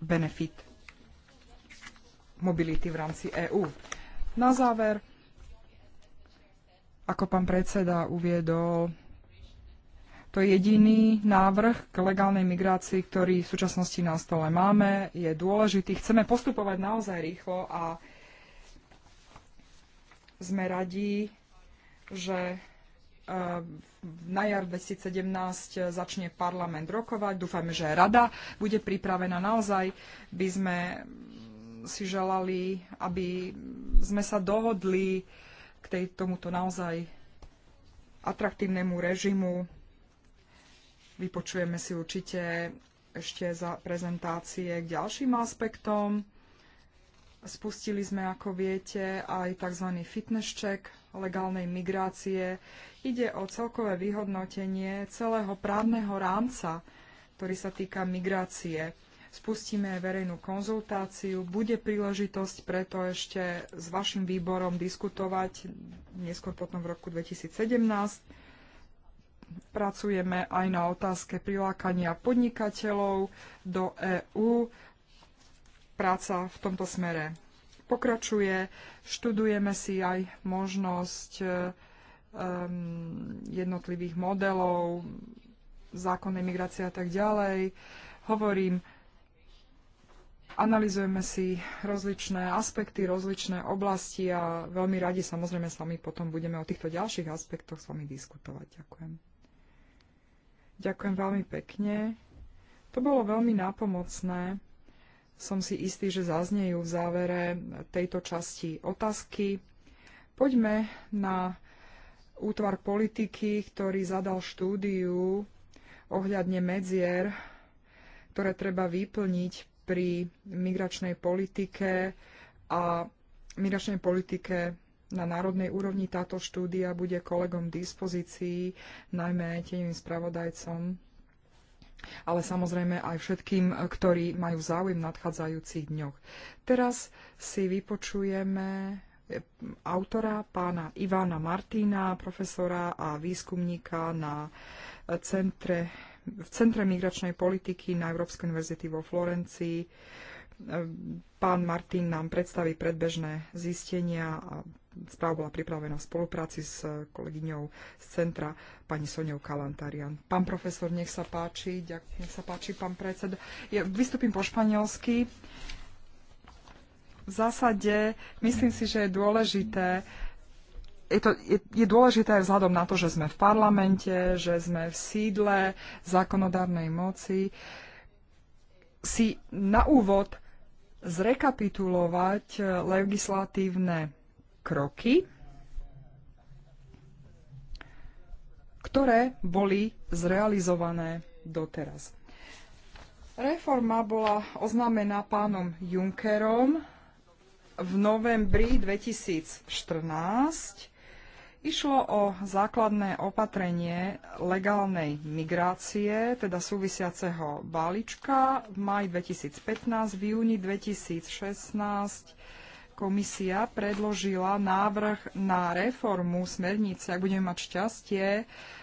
benefit mobility v rámci EÚ. Na záver, ako pán predseda uviedol, to je jediný návrh k legálnej migrácii, ktorý v súčasnosti na stole máme. Je dôležitý. Chceme postupovať naozaj rýchlo a sme radi, že eh, na jar 2017 začne parlament rokovať. Dúfame, že rada bude pripravená. Naozaj by sme si želali, aby sme sa dohodli k tej, tomuto naozaj atraktívnemu režimu Vypočujeme si určite ešte za prezentácie k ďalším aspektom. Spustili sme, ako viete, aj tzv. fitness check legálnej migrácie. Ide o celkové vyhodnotenie celého právneho rámca, ktorý sa týka migrácie. Spustíme verejnú konzultáciu. Bude príležitosť preto ešte s vašim výborom diskutovať neskôr potom v roku 2017 pracujeme aj na otázke prilákania podnikateľov do EÚ. Práca v tomto smere pokračuje. Študujeme si aj možnosť um, jednotlivých modelov, zákonnej migrácie a tak ďalej. Hovorím, analizujeme si rozličné aspekty, rozličné oblasti a veľmi radi samozrejme s vami potom budeme o týchto ďalších aspektoch s vami diskutovať. Ďakujem. Ďakujem veľmi pekne. To bolo veľmi nápomocné. Som si istý, že zaznejú v závere tejto časti otázky. Poďme na útvar politiky, ktorý zadal štúdiu ohľadne medzier, ktoré treba vyplniť pri migračnej politike a migračnej politike na národnej úrovni táto štúdia bude kolegom k dispozícii, najmä tieňovým spravodajcom, ale samozrejme aj všetkým, ktorí majú záujem v nadchádzajúcich dňoch. Teraz si vypočujeme eh, autora, pána Ivana Martína, profesora a výskumníka na eh, centre, v Centre migračnej politiky na Európskej univerzity vo Florencii. Eh, pán Martín nám predstaví predbežné zistenia a správa bola pripravená v spolupráci s kolegyňou z centra, pani Soňou Kalantarian. Pán profesor, nech sa páči, ďakujem, nech sa páči, pán predseda. Ja vystúpim po španielsky. V zásade myslím si, že je dôležité, je, to, je, je dôležité aj vzhľadom na to, že sme v parlamente, že sme v sídle zákonodárnej moci, si na úvod zrekapitulovať eh, legislatívne kroky, ktoré boli zrealizované doteraz. Reforma bola oznámená pánom Junckerom v novembri 2014. Išlo o základné opatrenie legálnej migrácie, teda súvisiaceho balíčka v maji 2015, v júni 2016 komisia predložila návrh na reformu smernice. Ak budeme mať šťastie,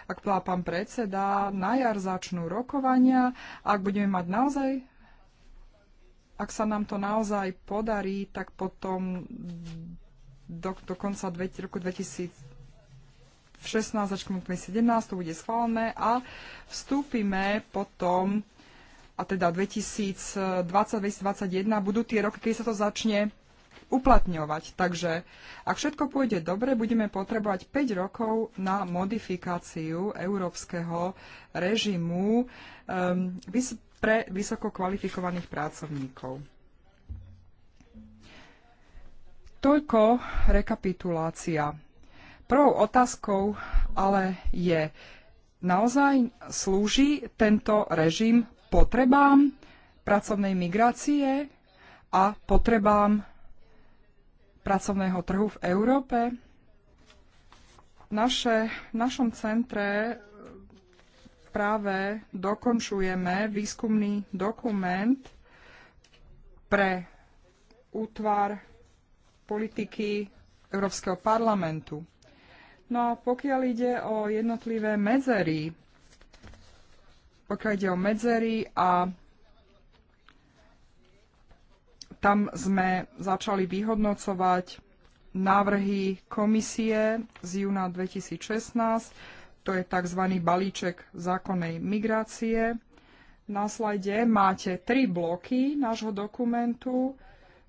ak plá pán predseda, na jar začnú rokovania. Ak budeme mať naozaj ak sa nám to naozaj podarí, tak potom do, do konca dve, roku 2016 začkom 2017 to bude schválené a vstúpime potom a teda 2020-2021 budú tie roky, keď sa to začne uplatňovať. Takže ak všetko pôjde dobre, budeme potrebovať 5 rokov na modifikáciu európskeho režimu um, pre vysoko kvalifikovaných pracovníkov. Toľko rekapitulácia. Prvou otázkou ale je, naozaj slúži tento režim potrebám pracovnej migrácie a potrebám pracovného trhu v Európe. Naše, v našom centre práve dokončujeme výskumný dokument pre útvar politiky Európskeho parlamentu. No a pokiaľ ide o jednotlivé medzery, pokiaľ ide o medzery a tam sme začali vyhodnocovať návrhy komisie z júna 2016, to je tzv. balíček zákonnej migrácie. Na slajde máte tri bloky nášho dokumentu.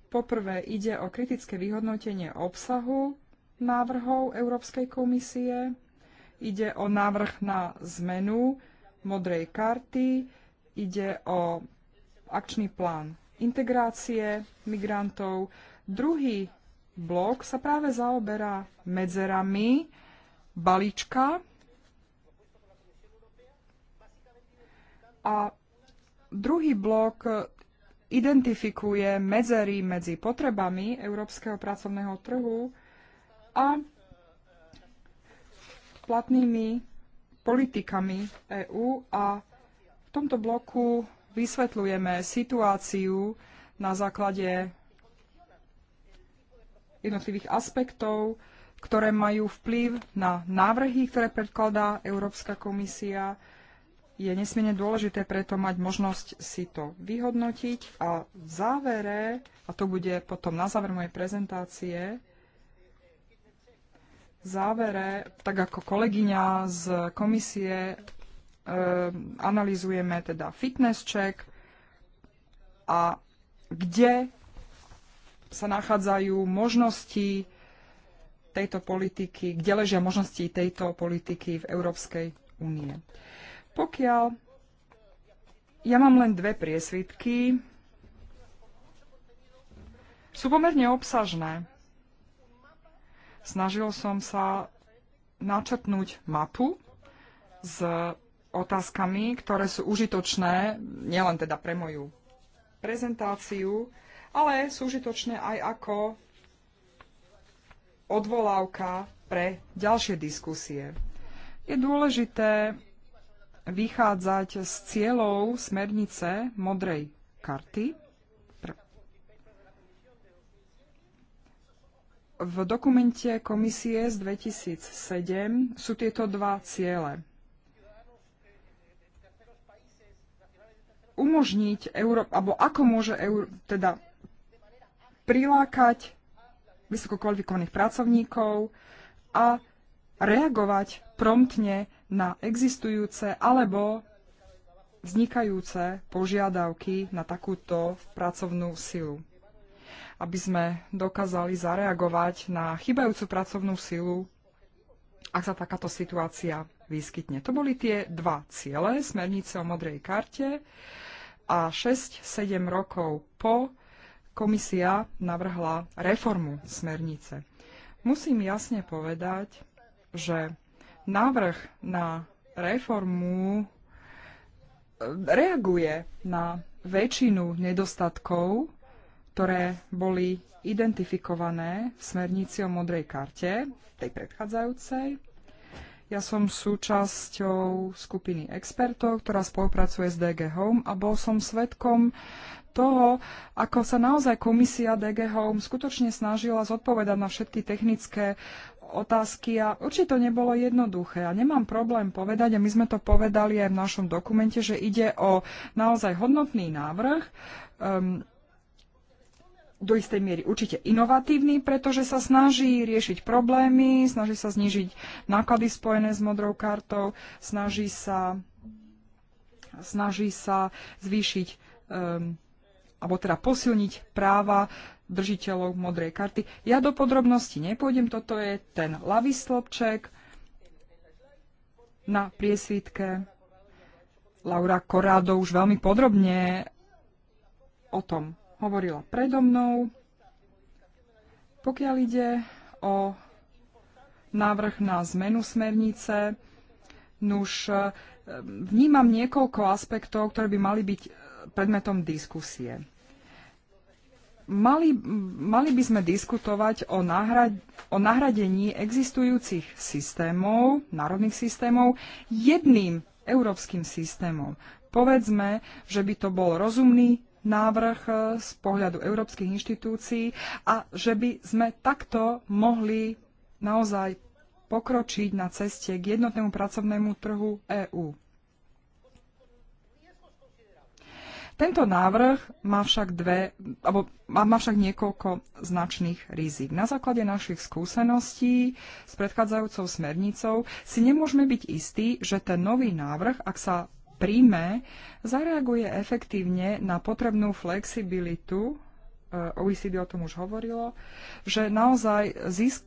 Poprvé ide o kritické vyhodnotenie obsahu návrhov Európskej komisie. Ide o návrh na zmenu modrej karty. Ide o akčný plán integrácie migrantov. Druhý blok sa práve zaoberá medzerami balíčka a druhý blok identifikuje medzery medzi potrebami európskeho pracovného trhu a platnými politikami EÚ a v tomto bloku vysvetľujeme situáciu na základe jednotlivých aspektov, ktoré majú vplyv na návrhy, ktoré predkladá Európska komisia. Je nesmierne dôležité preto mať možnosť si to vyhodnotiť a v závere, a to bude potom na záver mojej prezentácie, v závere, tak ako kolegyňa z komisie Ehm, analizujeme teda fitness check a kde sa nachádzajú možnosti tejto politiky, kde ležia možnosti tejto politiky v Európskej únie. Pokiaľ ja mám len dve priesvitky, sú pomerne obsažné. Snažil som sa načrtnúť mapu s otázkami, ktoré sú užitočné nielen teda pre moju prezentáciu, ale sú užitočné aj ako odvolávka pre ďalšie diskusie. Je dôležité vychádzať z cieľov smernice modrej karty. V dokumente komisie z 2007 sú tieto dva ciele umožniť Európ, alebo ako môže Euró- teda prilákať vysoko kvalifikovaných pracovníkov a reagovať promptne na existujúce alebo vznikajúce požiadavky na takúto pracovnú silu. Aby sme dokázali zareagovať na chybajúcu pracovnú silu, ak sa takáto situácia vyskytne. To boli tie dva ciele, smernice o modrej karte a 6-7 rokov po komisia navrhla reformu smernice. Musím jasne povedať, že návrh na reformu eh, reaguje na väčšinu nedostatkov, ktoré boli identifikované v smernici o modrej karte, tej predchádzajúcej, ja som súčasťou skupiny expertov, ktorá spolupracuje s DG Home a bol som svetkom toho, ako sa naozaj komisia DG Home skutočne snažila zodpovedať na všetky technické otázky a určite to nebolo jednoduché. A nemám problém povedať, a my sme to povedali aj v našom dokumente, že ide o naozaj hodnotný návrh, um, do istej miery určite inovatívny, pretože sa snaží riešiť problémy, snaží sa znižiť náklady spojené s modrou kartou, snaží sa, snaží sa zvýšiť um, alebo teda posilniť práva držiteľov modrej karty. Ja do podrobností nepôjdem, toto je ten lavý slobček na priesvitke. Laura Korádo už veľmi podrobne o tom hovorila predo mnou. Pokiaľ ide o návrh na zmenu smernice, nuž e, vnímam niekoľko aspektov, ktoré by mali byť e, predmetom diskusie. Mali, mali by sme diskutovať o, nahrad, o nahradení existujúcich systémov, národných systémov, jedným európskym systémom. Povedzme, že by to bol rozumný návrh e, z pohľadu európskych inštitúcií a že by sme takto mohli naozaj pokročiť na ceste k jednotnému pracovnému trhu EÚ. Tento návrh má však, dve, alebo má však niekoľko značných rizik. Na základe našich skúseností s predchádzajúcou smernicou si nemôžeme byť istí, že ten nový návrh, ak sa príjme, zareaguje efektívne na potrebnú flexibilitu, eh, OECD o tom už hovorilo, že naozaj zisk,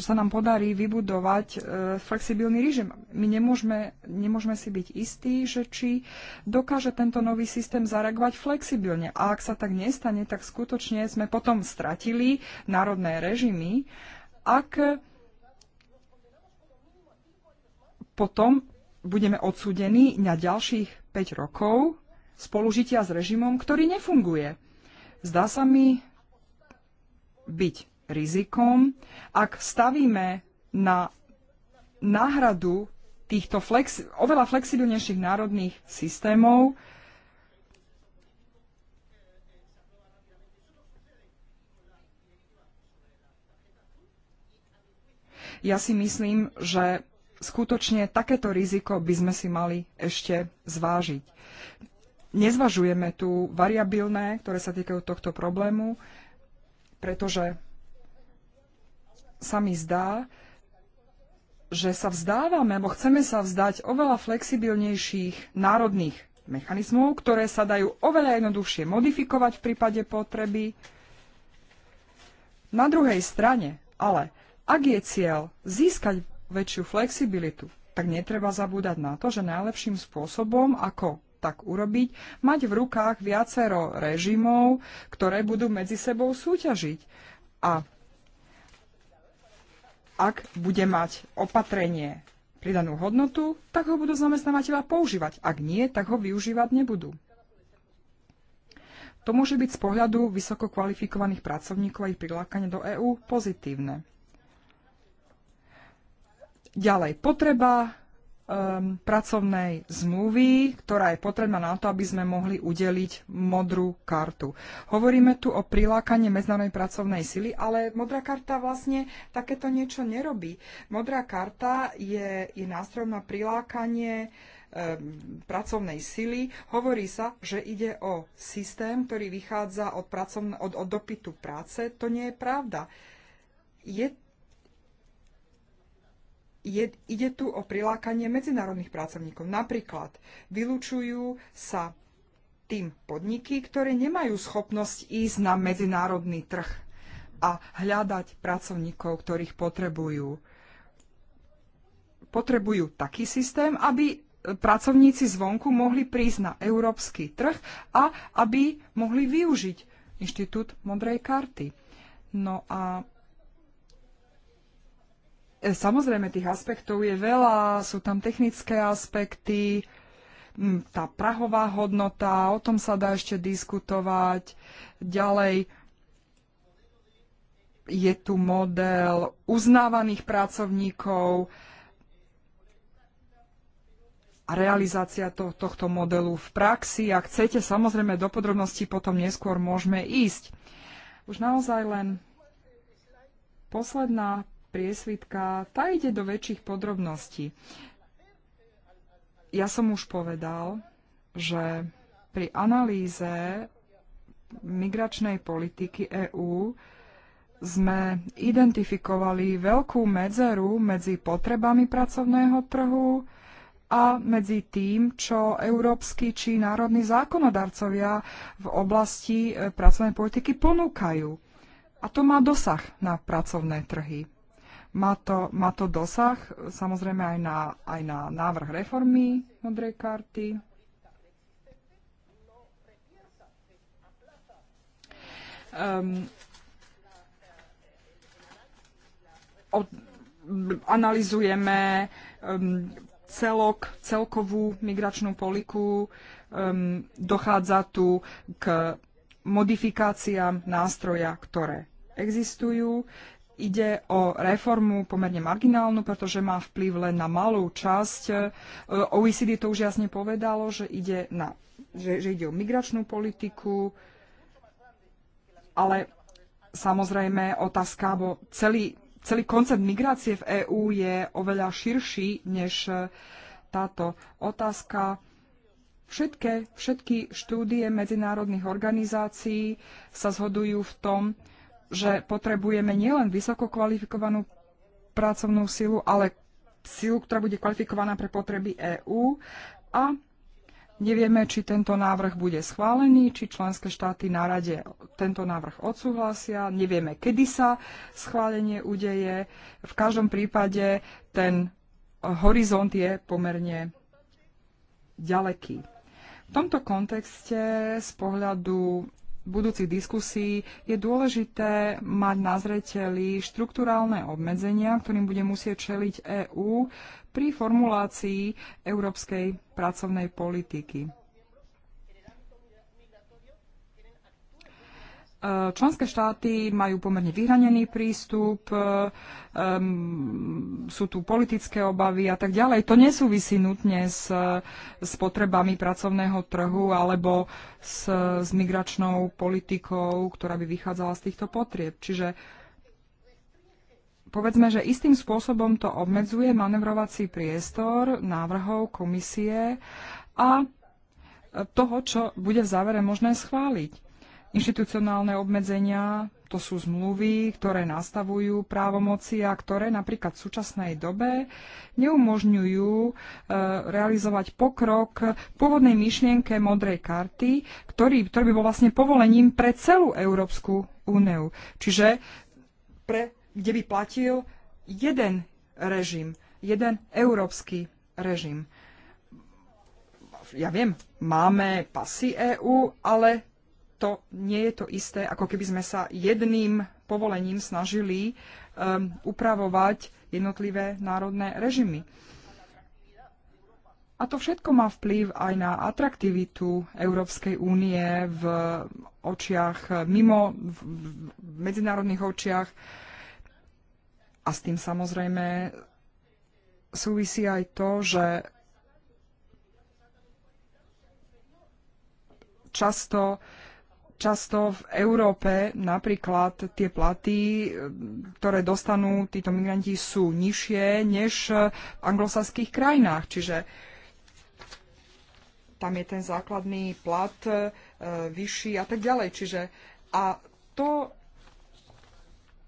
sa nám podarí vybudovať e, flexibilný režim. My nemôžeme, nemôžeme si byť istí, že či dokáže tento nový systém zareagovať flexibilne. A ak sa tak nestane, tak skutočne sme potom stratili národné režimy, ak potom budeme odsúdení na ďalších 5 rokov spolužitia s režimom, ktorý nefunguje. Zdá sa mi byť rizikom, ak stavíme na náhradu týchto flexi- oveľa flexibilnejších národných systémov, Ja si myslím, že skutočne takéto riziko by sme si mali ešte zvážiť. Nezvažujeme tu variabilné, ktoré sa týkajú tohto problému, pretože sa mi zdá, že sa vzdávame, alebo chceme sa vzdať oveľa flexibilnejších národných mechanizmov, ktoré sa dajú oveľa jednoduchšie modifikovať v prípade potreby. Na druhej strane, ale ak je cieľ získať väčšiu flexibilitu, tak netreba zabúdať na to, že najlepším spôsobom, ako tak urobiť, mať v rukách viacero režimov, ktoré budú medzi sebou súťažiť. A ak bude mať opatrenie pridanú hodnotu, tak ho budú zamestnávateľa používať. Ak nie, tak ho využívať nebudú. To môže byť z pohľadu vysoko kvalifikovaných pracovníkov a ich prilákanie do EÚ pozitívne. Ďalej, potreba um, pracovnej zmluvy, ktorá je potrebná na to, aby sme mohli udeliť modrú kartu. Hovoríme tu o prilákanie medzinárodnej pracovnej sily, ale modrá karta vlastne takéto niečo nerobí. Modrá karta je, je nástroj na prilákanie ehm, pracovnej sily. Hovorí sa, že ide o systém, ktorý vychádza od, pracovne, od, od dopytu práce. To nie je pravda. Je je, ide tu o prilákanie medzinárodných pracovníkov. Napríklad vylúčujú sa tým podniky, ktoré nemajú schopnosť ísť na medzinárodný trh a hľadať pracovníkov, ktorých potrebujú. Potrebujú taký systém, aby pracovníci zvonku mohli prísť na európsky trh a aby mohli využiť inštitút modrej karty. No a Samozrejme, tých aspektov je veľa, sú tam technické aspekty, tá prahová hodnota, o tom sa dá ešte diskutovať. Ďalej je tu model uznávaných pracovníkov a realizácia to, tohto modelu v praxi. Ak chcete, samozrejme, do podrobností potom neskôr môžeme ísť. Už naozaj len posledná priesvitka, tá ide do väčších podrobností. Ja som už povedal, že pri analýze migračnej politiky EÚ sme identifikovali veľkú medzeru medzi potrebami pracovného trhu a medzi tým, čo európsky či národní zákonodarcovia v oblasti eh, pracovnej politiky ponúkajú. A to má dosah na pracovné trhy. Má to, má to dosah samozrejme aj na, aj na návrh reformy modrej karty. Um, od, analizujeme um, celok, celkovú migračnú poliku. Um, dochádza tu k modifikáciám nástroja, ktoré existujú ide o reformu pomerne marginálnu, pretože má vplyv len na malú časť. E, OECD to už jasne povedalo, že ide, na, že, že ide o migračnú politiku, ale samozrejme otázka, bo celý, celý koncept migrácie v EÚ je oveľa širší než e, táto otázka. Všetky, všetky štúdie medzinárodných organizácií sa zhodujú v tom, že potrebujeme nielen vysoko kvalifikovanú pracovnú silu, ale silu, ktorá bude kvalifikovaná pre potreby EÚ a nevieme, či tento návrh bude schválený, či členské štáty na rade tento návrh odsúhlasia, nevieme, kedy sa schválenie udeje. V každom prípade ten horizont je pomerne ďaleký. V tomto kontexte z pohľadu budúcich diskusí je dôležité mať na zreteli štruktúrálne obmedzenia, ktorým bude musieť čeliť EÚ pri formulácii európskej pracovnej politiky. Eh, členské štáty majú pomerne vyhranený prístup, eh, sú tu politické obavy a tak ďalej. To nesúvisí nutne s, eh, s potrebami pracovného trhu alebo s, s migračnou politikou, ktorá by vychádzala z týchto potrieb. Čiže povedzme, že istým spôsobom to obmedzuje manevrovací priestor návrhov komisie a toho, čo bude v závere možné schváliť Inštitucionálne obmedzenia to sú zmluvy, ktoré nastavujú právomoci a ktoré napríklad v súčasnej dobe neumožňujú e, realizovať pokrok v pôvodnej myšlienke modrej karty, ktorý, ktorý by bol vlastne povolením pre celú Európsku úniu. Čiže pre, kde by platil jeden režim, jeden európsky režim. Ja viem, máme pasy EÚ, ale to nie je to isté, ako keby sme sa jedným povolením snažili um, upravovať jednotlivé národné režimy. A to všetko má vplyv aj na atraktivitu Európskej únie v očiach, mimo v medzinárodných očiach. A s tým samozrejme súvisí aj to, že často často v Európe napríklad tie platy, eh, ktoré dostanú títo migranti, sú nižšie než v anglosaských krajinách. Čiže tam je ten základný plat e, vyšší a tak ďalej. Čiže a to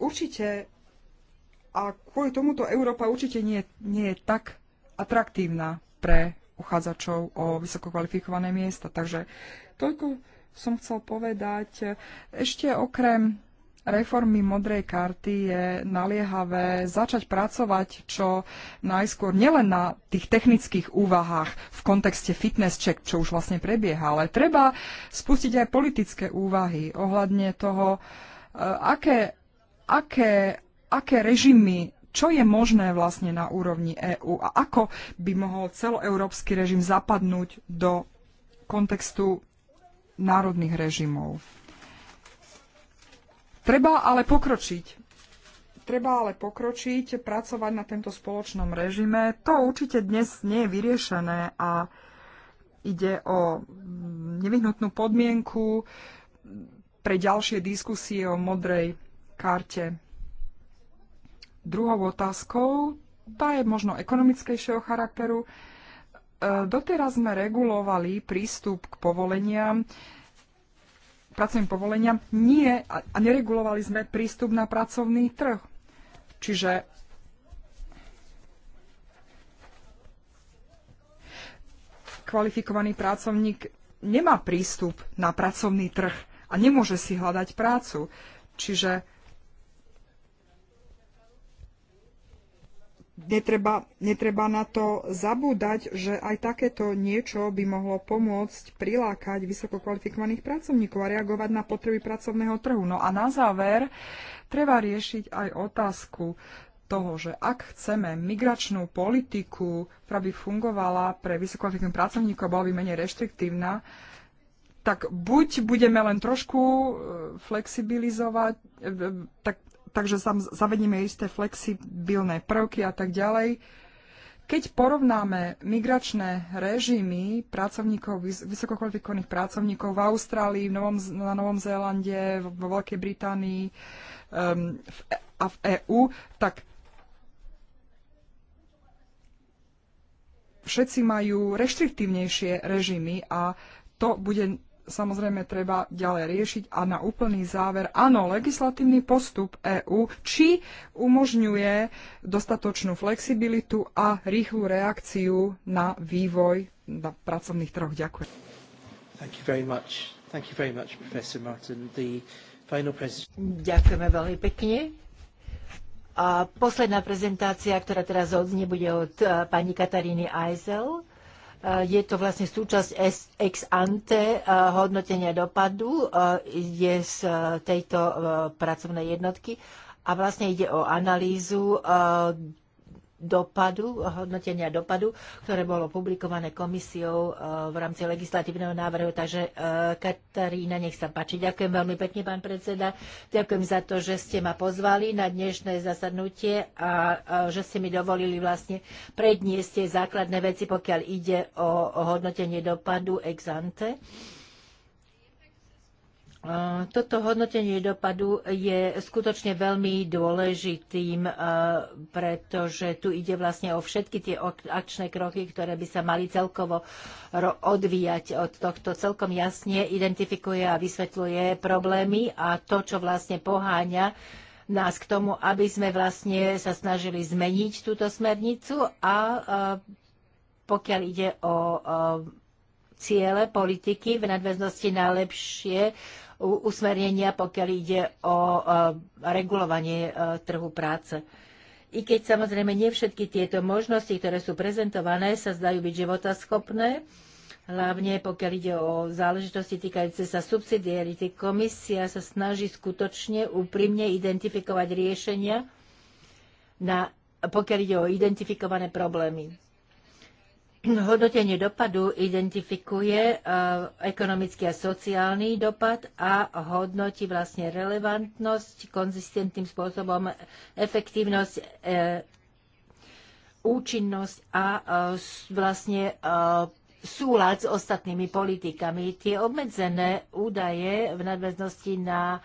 určite a kvôli tomuto Európa určite nie, nie je tak atraktívna pre uchádzačov o vysokokvalifikované miesta. Takže toľko som chcel povedať. Ešte okrem reformy modrej karty je naliehavé začať pracovať čo najskôr nielen na tých technických úvahách v kontexte fitness check, čo už vlastne prebieha, ale treba spustiť aj politické úvahy ohľadne toho, e, aké, aké, aké režimy čo je možné vlastne na úrovni EÚ a ako by mohol celoeurópsky režim zapadnúť do kontextu národných režimov. Treba ale pokročiť. Treba ale pokročiť, pracovať na tento spoločnom režime. To určite dnes nie je vyriešené a ide o nevyhnutnú podmienku pre ďalšie diskusie o modrej karte. Druhou otázkou, tá je možno ekonomickejšieho charakteru, E, doteraz sme regulovali prístup k povoleniam, pracovným povoleniam, nie a neregulovali sme prístup na pracovný trh. Čiže kvalifikovaný pracovník nemá prístup na pracovný trh a nemôže si hľadať prácu. Čiže netreba, netreba na to zabúdať, že aj takéto niečo by mohlo pomôcť prilákať vysoko kvalifikovaných pracovníkov a reagovať na potreby pracovného trhu. No a na záver treba riešiť aj otázku toho, že ak chceme migračnú politiku, ktorá by fungovala pre vysokokvalifikovaných pracovníkov, bola by menej reštriktívna, tak buď budeme len trošku e, flexibilizovať, e, e, tak takže zavedíme isté flexibilné prvky a tak ďalej. Keď porovnáme migračné režimy pracovníkov, vysokokvalifikovaných pracovníkov v Austrálii, v Novom, na Novom Zélande, vo Veľkej Británii um, v, e- a v EÚ, tak všetci majú reštriktívnejšie režimy a to bude samozrejme treba ďalej riešiť. A na úplný záver, áno, legislatívny postup EÚ, či umožňuje dostatočnú flexibilitu a rýchlu reakciu na vývoj na pracovných trhoch. Ďakujem. Thank you very much. Thank you very much, Professor Martin. The final pres- Ďakujeme veľmi pekne. A posledná prezentácia, ktorá teraz odznie, bude od eh, pani Kataríny Eisel Eh, je to vlastne súčasť ex ante eh, hodnotenia dopadu, eh, je z tejto pracovnej jednotky a vlastne ide o analýzu dopadu, hodnotenia dopadu, ktoré bolo publikované komisiou eh, v rámci legislatívneho návrhu. Takže eh, Katarína, nech sa páči. Ďakujem veľmi pekne, pán predseda. Ďakujem za to, že ste ma pozvali na dnešné zasadnutie a eh, že ste mi dovolili vlastne predniesť tie základné veci, pokiaľ ide o hodnotenie dopadu ex ante. Toto hodnotenie dopadu je skutočne veľmi dôležitým, pretože tu ide vlastne o všetky tie akčné kroky, ktoré by sa mali celkovo odvíjať od tohto. Celkom jasne identifikuje a vysvetľuje problémy a to, čo vlastne poháňa nás k tomu, aby sme vlastne sa snažili zmeniť túto smernicu a pokiaľ ide o ciele politiky v nadväznosti na lepšie usmernenia, pokiaľ ide o regulovanie e, trhu práce. I keď samozrejme nie všetky tieto možnosti, ktoré sú prezentované, sa zdajú byť životaschopné, hlavne pokiaľ ide o záležitosti týkajúce sa subsidiarity, komisia sa snaží skutočne úprimne identifikovať riešenia, na, pokiaľ ide o identifikované problémy hodnotenie dopadu identifikuje e, ekonomický a sociálny dopad a hodnotí vlastne relevantnosť, konzistentným spôsobom efektívnosť, e, účinnosť a e, vlastne súľad s ostatnými politikami. Tie obmedzené údaje v nadväznosti na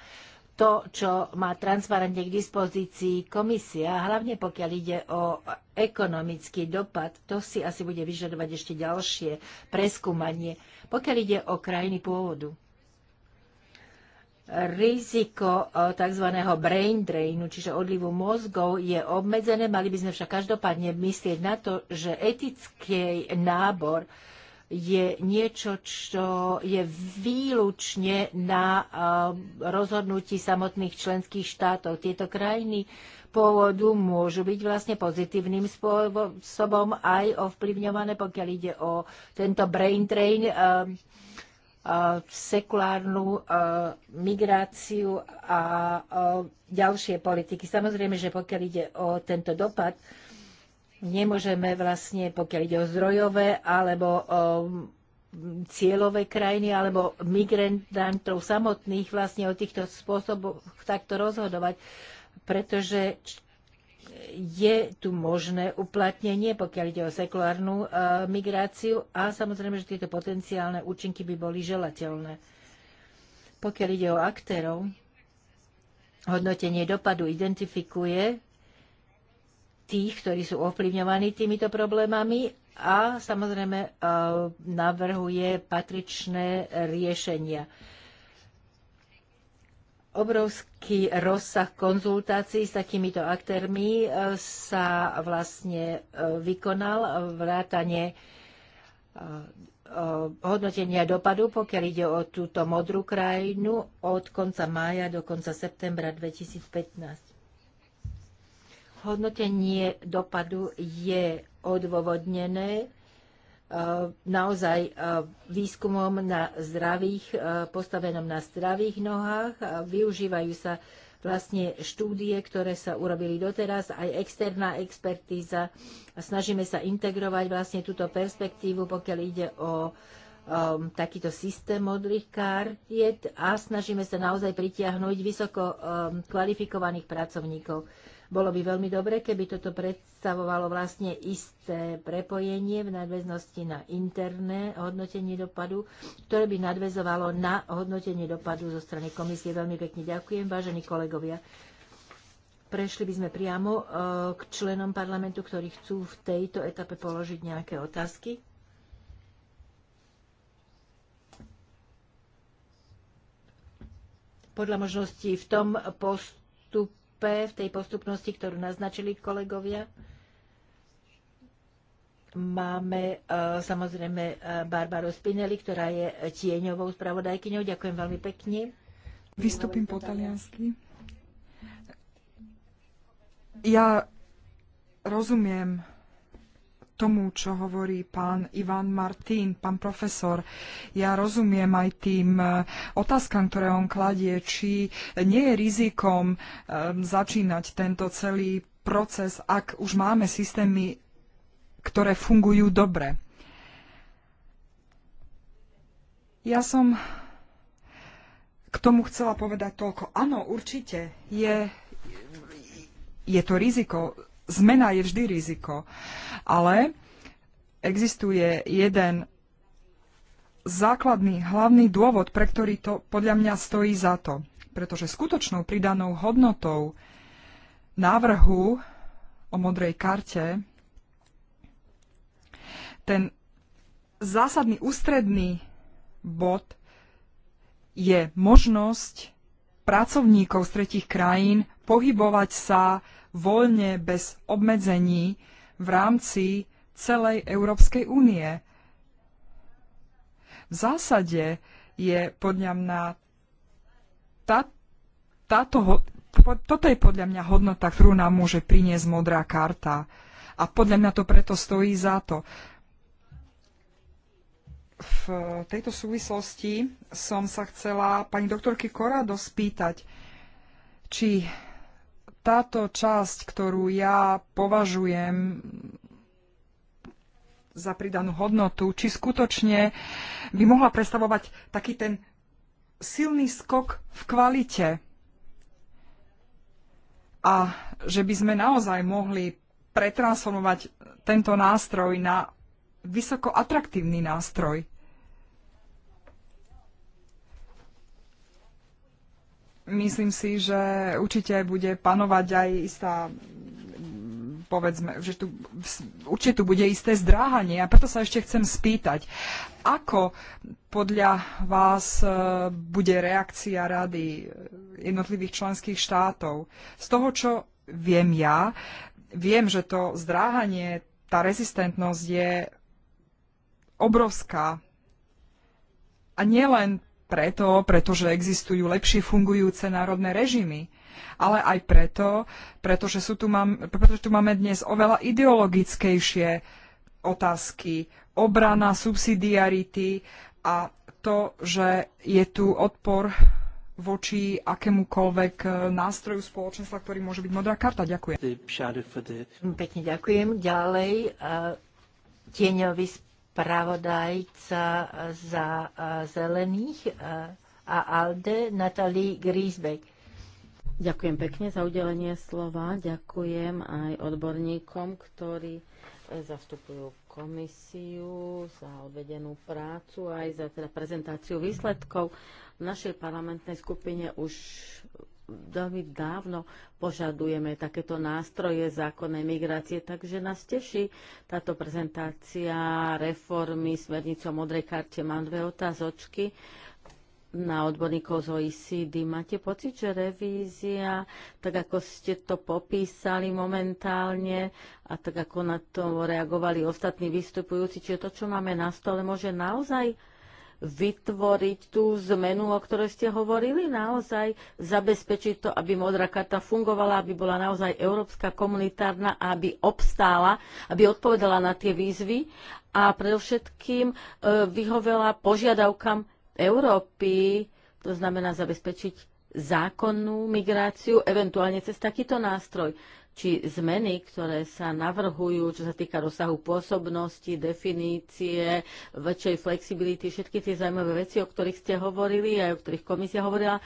to, čo má transparentne k dispozícii komisia, hlavne pokiaľ ide o ekonomický dopad, to si asi bude vyžadovať ešte ďalšie preskúmanie, pokiaľ ide o krajiny pôvodu. Riziko tzv. brain drainu, čiže odlivu mozgov, je obmedzené. Mali by sme však každopádne myslieť na to, že etický nábor je niečo, čo je výlučne na eh, rozhodnutí samotných členských štátov. Tieto krajiny pôvodu môžu byť vlastne pozitívnym spôsobom aj ovplyvňované, pokiaľ ide o tento brain train, eh, eh, sekulárnu migráciu a ďalšie politiky. Samozrejme, že pokiaľ ide o tento dopad, nemôžeme vlastne, pokiaľ ide o zdrojové alebo o cieľové krajiny alebo migrantov samotných vlastne o týchto spôsoboch takto rozhodovať, pretože je tu možné uplatnenie, pokiaľ ide o sekulárnu e, migráciu a samozrejme, že tieto potenciálne účinky by boli želateľné. Pokiaľ ide o aktérov, hodnotenie dopadu identifikuje tých, ktorí sú ovplyvňovaní týmito problémami a samozrejme e, navrhuje patričné riešenia. Obrovský rozsah konzultácií s takýmito aktérmi e, sa vlastne e, vykonal vrátane hodnotenia dopadu, pokiaľ ide o túto modrú krajinu od konca mája do konca septembra 2015 hodnotenie dopadu je odôvodnené e, naozaj e, výskumom na zdravých, e, postavenom na zdravých nohách. Využívajú sa vlastne štúdie, ktoré sa urobili doteraz, aj externá expertíza. Snažíme sa integrovať vlastne túto perspektívu, pokiaľ ide o um, takýto systém modrých kariet a snažíme sa naozaj pritiahnuť vysoko um, kvalifikovaných pracovníkov. Bolo by veľmi dobre, keby toto predstavovalo vlastne isté prepojenie v nadväznosti na interné hodnotenie dopadu, ktoré by nadväzovalo na hodnotenie dopadu zo strany komisie. Veľmi pekne ďakujem, vážení kolegovia. Prešli by sme priamo e, k členom parlamentu, ktorí chcú v tejto etape položiť nejaké otázky. Podľa možností v tom post v tej postupnosti, ktorú naznačili kolegovia. Máme e, samozrejme e, Barbaru Spinelli, ktorá je tieňovou spravodajkyňou. Ďakujem veľmi pekne. Vystúpim po taliansky. Ja rozumiem tomu, čo hovorí pán Ivan Martín, pán profesor. Ja rozumiem aj tým e, otázkam, ktoré on kladie, či nie je rizikom e, začínať tento celý proces, ak už máme systémy, ktoré fungujú dobre. Ja som k tomu chcela povedať toľko. Áno, určite je, je to riziko zmena je vždy riziko. Ale existuje jeden základný, hlavný dôvod, pre ktorý to podľa mňa stojí za to. Pretože skutočnou pridanou hodnotou návrhu o modrej karte ten zásadný ústredný bod je možnosť pracovníkov z tretich krajín pohybovať sa voľne, bez obmedzení v rámci celej Európskej únie. V zásade je podľa mňa tá, táto, toto je podľa mňa hodnota, ktorú nám môže priniesť modrá karta. A podľa mňa to preto stojí za to. V tejto súvislosti som sa chcela pani doktorky Korado spýtať, či táto časť, ktorú ja považujem za pridanú hodnotu, či skutočne by mohla predstavovať taký ten silný skok v kvalite a že by sme naozaj mohli pretransformovať tento nástroj na vysoko atraktívny nástroj myslím si, že určite bude panovať aj istá povedzme, že tu, určite tu bude isté zdráhanie a preto sa ešte chcem spýtať, ako podľa vás e, bude reakcia rady e, jednotlivých členských štátov? Z toho, čo viem ja, viem, že to zdráhanie, tá rezistentnosť je obrovská. A nielen preto, pretože existujú lepšie fungujúce národné režimy, ale aj preto, pretože, sú tu mám, pretože tu máme dnes oveľa ideologickejšie otázky, obrana, subsidiarity a to, že je tu odpor voči akémukoľvek e, nástroju spoločenstva, ktorý môže byť modrá karta. Ďakujem. Pekne ďakujem. Ďalej e, tieňový spravodajca za e, zelených e, a ALDE Natalie Griesbeck. Ďakujem pekne za udelenie slova. Ďakujem aj odborníkom, ktorí e, zastupujú komisiu za odvedenú prácu aj za teda prezentáciu výsledkov. V našej parlamentnej skupine už veľmi dávno požadujeme takéto nástroje zákonnej migrácie, takže nás teší táto prezentácia reformy smernice o modrej karte. Mám dve otázočky na odborníkov z OECD. Máte pocit, že revízia, tak ako ste to popísali momentálne a tak ako na to reagovali ostatní vystupujúci, čiže to, čo máme na stole, môže naozaj vytvoriť tú zmenu, o ktorej ste hovorili, naozaj zabezpečiť to, aby modrá karta fungovala, aby bola naozaj európska komunitárna, aby obstála, aby odpovedala na tie výzvy a predovšetkým e, vyhovela požiadavkám Európy, to znamená zabezpečiť zákonnú migráciu, eventuálne cez takýto nástroj či zmeny, ktoré sa navrhujú, čo sa týka rozsahu pôsobnosti, definície, väčšej flexibility, všetky tie zaujímavé veci, o ktorých ste hovorili a o ktorých komisia hovorila,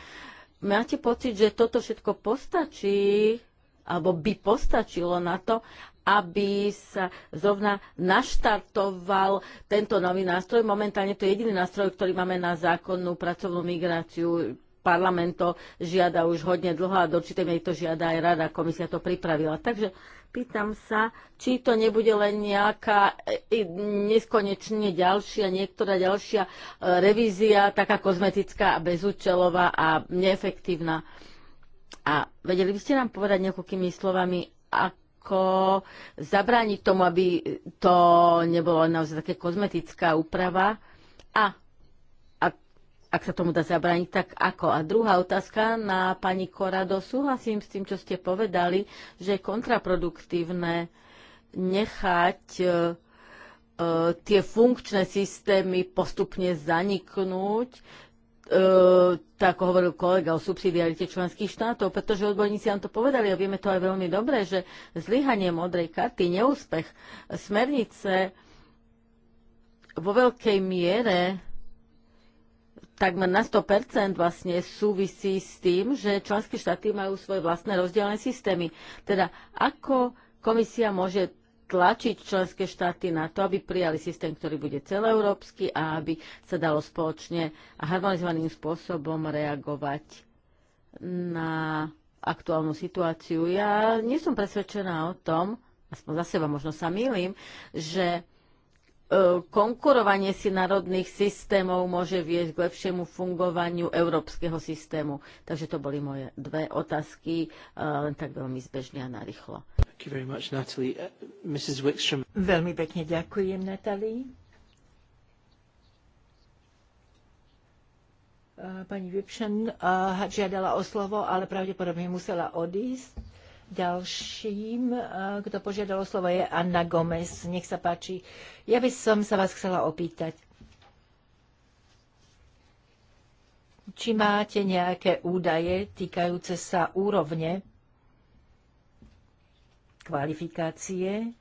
máte pocit, že toto všetko postačí alebo by postačilo na to, aby sa zrovna naštartoval tento nový nástroj. Momentálne to je jediný nástroj, ktorý máme na zákonnú pracovnú migráciu parlament to žiada už hodne dlho a do určitej miery to žiada aj rada, komisia to pripravila. Takže pýtam sa, či to nebude len nejaká e, neskonečne ďalšia, niektorá ďalšia e, revízia, taká kozmetická a bezúčelová a neefektívna. A vedeli by ste nám povedať nejakými slovami, ako zabrániť tomu, aby to nebolo naozaj také kozmetická úprava a ak sa tomu dá zabrániť, tak ako? A druhá otázka na pani Korado. Súhlasím s tým, čo ste povedali, že je kontraproduktívne nechať e, e, tie funkčné systémy postupne zaniknúť, e, tak ako hovoril kolega o subsidiarite členských štátov, pretože odborníci nám to povedali a vieme to aj veľmi dobre, že zlyhanie modrej karty, neúspech smernice vo veľkej miere takmer na 100% vlastne súvisí s tým, že členské štáty majú svoje vlastné rozdielne systémy. Teda ako komisia môže tlačiť členské štáty na to, aby prijali systém, ktorý bude celoeurópsky a aby sa dalo spoločne a harmonizovaným spôsobom reagovať na aktuálnu situáciu. Ja nie som presvedčená o tom, aspoň za seba možno sa milím, že E, konkurovanie si národných systémov môže viesť k lepšiemu fungovaniu európskeho systému. Takže to boli moje dve otázky, len tak veľmi zbežne a narýchlo. Uh, veľmi pekne ďakujem, Natalie. E, pani Vipšen e, žiadala o slovo, ale pravdepodobne musela odísť. Ďalším, e, kto požiadal slovo, je Anna Gomez. Nech sa páči. Ja by som sa vás chcela opýtať, či máte nejaké údaje týkajúce sa úrovne kvalifikácie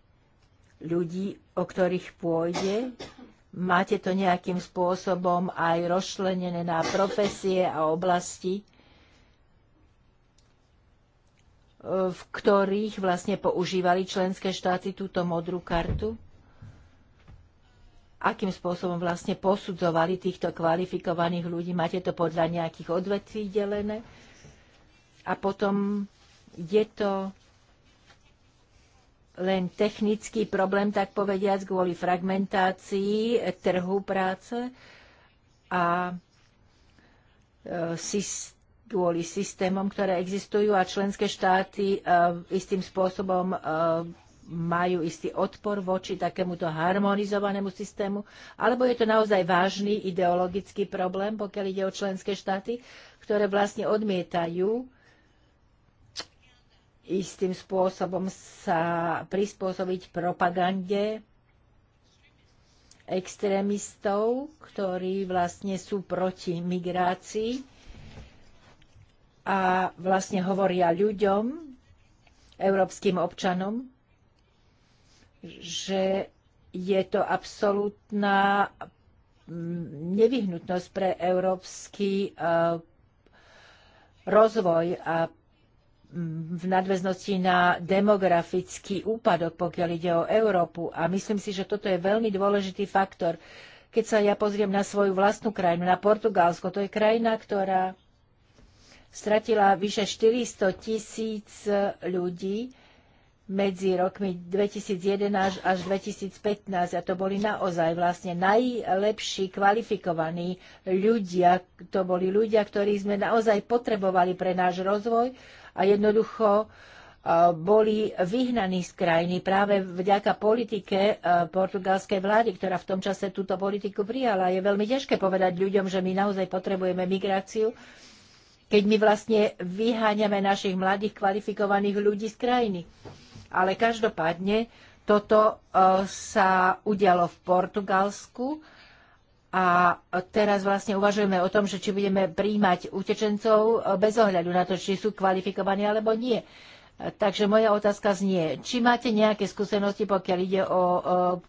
ľudí, o ktorých pôjde. Máte to nejakým spôsobom aj rozšlenené na profesie a oblasti? v ktorých vlastne používali členské štáty túto modrú kartu? Akým spôsobom vlastne posudzovali týchto kvalifikovaných ľudí? Máte to podľa nejakých odvetví delené? A potom je to len technický problém, tak povediať, kvôli fragmentácii trhu práce a e, systému, kvôli systémom, ktoré existujú a členské štáty e, istým spôsobom e, majú istý odpor voči takémuto harmonizovanému systému, alebo je to naozaj vážny ideologický problém, pokiaľ ide o členské štáty, ktoré vlastne odmietajú istým spôsobom sa prispôsobiť propagande extrémistov, ktorí vlastne sú proti migrácii a vlastne hovoria ľuďom, európskym občanom, že je to absolútna mm, nevyhnutnosť pre európsky e, rozvoj a mm, v nadväznosti na demografický úpadok, pokiaľ ide o Európu. A myslím si, že toto je veľmi dôležitý faktor. Keď sa ja pozriem na svoju vlastnú krajinu, na Portugalsko, to je krajina, ktorá stratila vyše 400 tisíc e, ľudí medzi rokmi 2011 až 2015 a to boli naozaj vlastne najlepší kvalifikovaní ľudia. To boli ľudia, ktorí sme naozaj potrebovali pre náš rozvoj a jednoducho e, boli vyhnaní z krajiny práve vďaka politike e, portugalskej vlády, ktorá v tom čase túto politiku prijala. Je veľmi ťažké povedať ľuďom, že my naozaj potrebujeme migráciu, keď my vlastne vyháňame našich mladých kvalifikovaných ľudí z krajiny. Ale každopádne toto e, sa udialo v Portugalsku a teraz vlastne uvažujeme o tom, že či budeme príjmať utečencov e, bez ohľadu na to, či sú kvalifikovaní alebo nie. E, takže moja otázka znie, či máte nejaké skúsenosti, pokiaľ ide o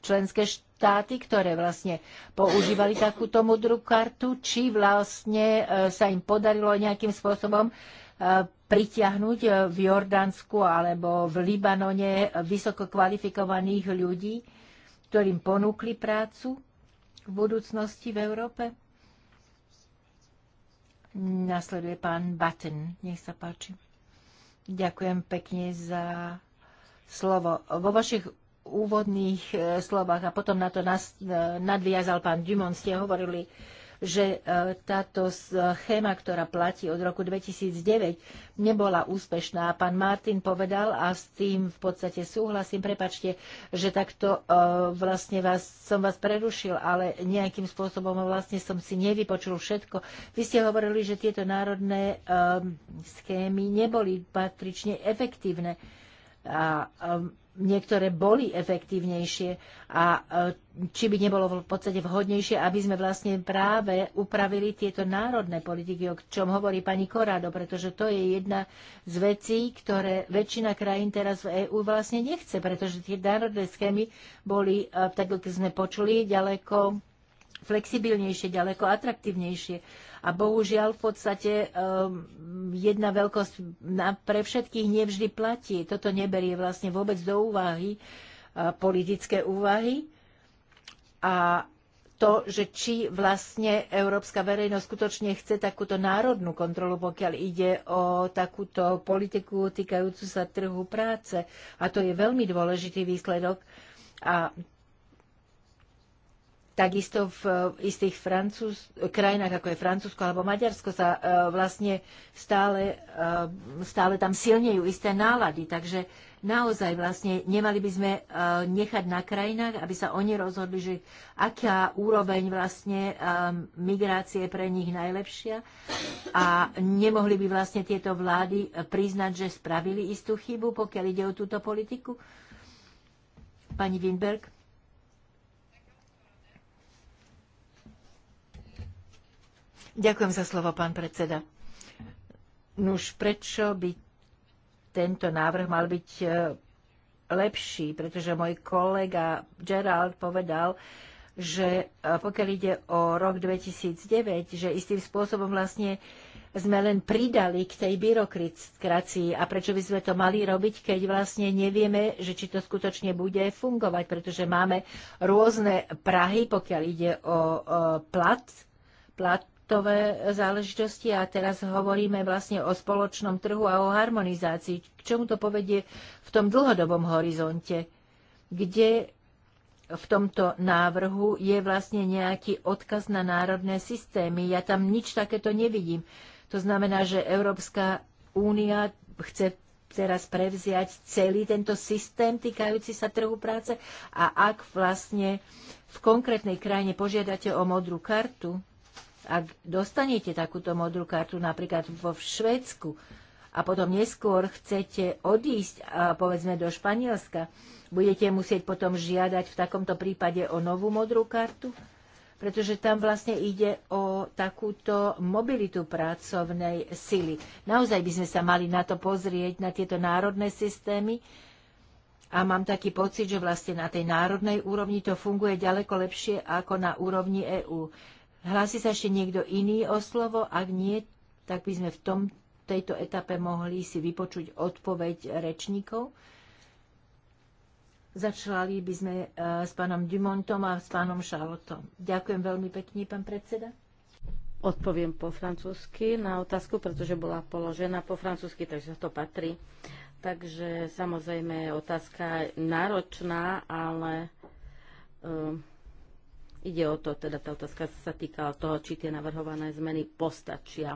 členské štáty, štáty, ktoré vlastne používali takúto modrú kartu, či vlastne e, sa im podarilo nejakým spôsobom e, pritiahnuť e, v Jordánsku alebo v Libanone vysoko kvalifikovaných ľudí, ktorým ponúkli prácu v budúcnosti v Európe? Nasleduje pán Batten. Nech sa páči. Ďakujem pekne za slovo. Vo vašich úvodných e, slovách a potom na to e, nadviazal pán Dumont, ste hovorili, že e, táto schéma, ktorá platí od roku 2009, nebola úspešná. Pán Martin povedal, a s tým v podstate súhlasím, prepačte, že takto vlastne vás, som vás prerušil, ale nejakým spôsobom vlastne som si nevypočul všetko. Vy ste hovorili, že tieto národné schémy neboli patrične efektívne. A, niektoré boli efektívnejšie a e, či by nebolo v podstate vhodnejšie, aby sme vlastne práve upravili tieto národné politiky, o čom hovorí pani Korado, pretože to je jedna z vecí, ktoré väčšina krajín teraz v EÚ vlastne nechce, pretože tie národné schémy boli, e, tak ako sme počuli, ďaleko flexibilnejšie, ďaleko atraktívnejšie. A bohužiaľ v podstate ehm, jedna veľkosť pre všetkých nevždy platí. Toto neberie vlastne vôbec do úvahy e, politické úvahy a to, že či vlastne európska verejnosť skutočne chce takúto národnú kontrolu, pokiaľ ide o takúto politiku týkajúcu sa trhu práce. A to je veľmi dôležitý výsledok. A Takisto eh, v istých Francúz, krajinách, ako je Francúzsko alebo Maďarsko, sa eh, vlastne stále, eh, stále tam silnejú isté nálady. Takže naozaj vlastne nemali by sme nechať na krajinách, aby sa oni rozhodli, že aká úroveň vlastne migrácie je pre nich najlepšia. A nemohli by vlastne tieto vlády priznať, že spravili istú chybu, pokiaľ ide o túto politiku. Pani Winberg. Ďakujem za slovo, pán predseda. Nuž, prečo by tento návrh mal byť e, lepší? Pretože môj kolega Gerald povedal, že e, pokiaľ ide o rok 2009, že istým spôsobom vlastne sme len pridali k tej byrokracii a prečo by sme to mali robiť, keď vlastne nevieme, že či to skutočne bude fungovať, pretože máme rôzne prahy, pokiaľ ide o e, plat, plat tové záležitosti a teraz hovoríme vlastne o spoločnom trhu a o harmonizácii. K čomu to povedie v tom dlhodobom horizonte? Kde v tomto návrhu je vlastne nejaký odkaz na národné systémy. Ja tam nič takéto nevidím. To znamená, že Európska únia chce teraz prevziať celý tento systém týkajúci sa trhu práce a ak vlastne v konkrétnej krajine požiadate o modrú kartu, ak dostanete takúto modrú kartu napríklad vo Švedsku a potom neskôr chcete odísť, a povedzme, do Španielska, budete musieť potom žiadať v takomto prípade o novú modrú kartu? pretože tam vlastne ide o takúto mobilitu pracovnej sily. Naozaj by sme sa mali na to pozrieť, na tieto národné systémy. A mám taký pocit, že vlastne na tej národnej úrovni to funguje ďaleko lepšie ako na úrovni EÚ. Hlási sa ešte niekto iný o slovo? Ak nie, tak by sme v tom, tejto etape mohli si vypočuť odpoveď rečníkov. Začali by sme eh, s pánom Dumontom a s pánom Šalotom. Ďakujem veľmi pekne, pán predseda. Odpoviem po francúzsky na otázku, pretože bola položená po francúzsky, takže to patrí. Takže samozrejme je otázka náročná, ale um, Ide o to, teda tá otázka sa týkala toho, či tie navrhované zmeny postačia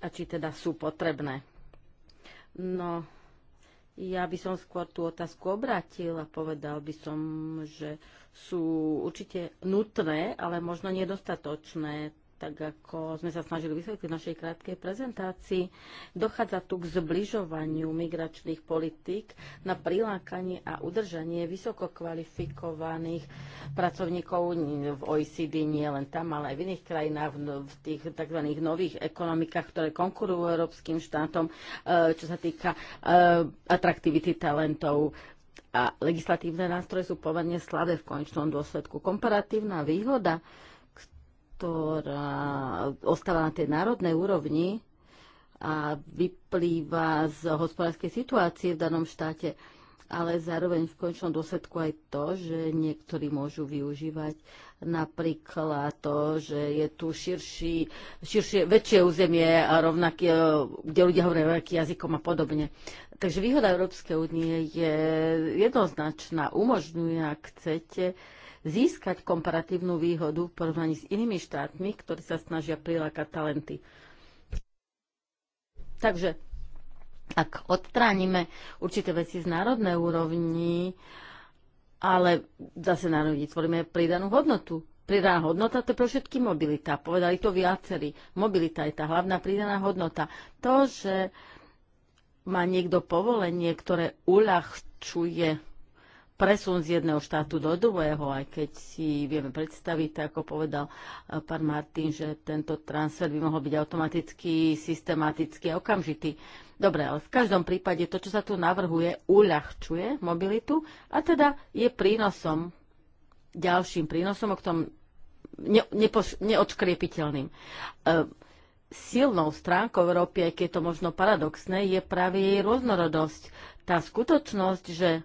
a či teda sú potrebné. No, ja by som skôr tú otázku obratil a povedal by som, že sú určite nutné, ale možno nedostatočné tak ako sme sa snažili vysvetliť v našej krátkej prezentácii, dochádza tu k zbližovaniu migračných politík na prilákanie a udržanie vysoko kvalifikovaných pracovníkov v OECD, nie len tam, ale aj v iných krajinách, v tých tzv. nových ekonomikách, ktoré konkurujú európskym štátom, e, čo sa týka e, atraktivity talentov a legislatívne nástroje sú pomerne slabé v konečnom dôsledku. Komparatívna výhoda ktorá ostáva na tej národnej úrovni a vyplýva z hospodárskej situácie v danom štáte, ale zároveň v končnom dôsledku aj to, že niektorí môžu využívať napríklad to, že je tu širší, širšie, väčšie územie, a rovnaké, kde ľudia hovoria rovnakým jazykom a podobne. Takže výhoda Európskej únie je jednoznačná. Umožňuje, ak chcete, uh, získať komparatívnu výhodu v porovnaní s inými štátmi, ktorí sa snažia prilákať talenty. Takže ak odstránime určité veci z národnej úrovni, ale zase na tvoríme pridanú hodnotu. Pridaná hodnota to je pre všetky mobilita. Povedali to viacerí. Mobilita je tá hlavná pridaná hodnota. To, že má niekto povolenie, ktoré uľahčuje presun z jedného štátu do druhého, aj keď si vieme predstaviť, tak ako povedal eh, pán Martin, že tento transfer by mohol byť automaticky, systematicky a okamžitý. Dobre, ale v každom prípade to, čo sa tu navrhuje, uľahčuje mobilitu a teda je prínosom, ďalším prínosom, o tom ne, nepoš, neodškriepiteľným. E, silnou stránkou Európy, aj keď je to možno paradoxné, je práve jej rôznorodosť. Tá skutočnosť, že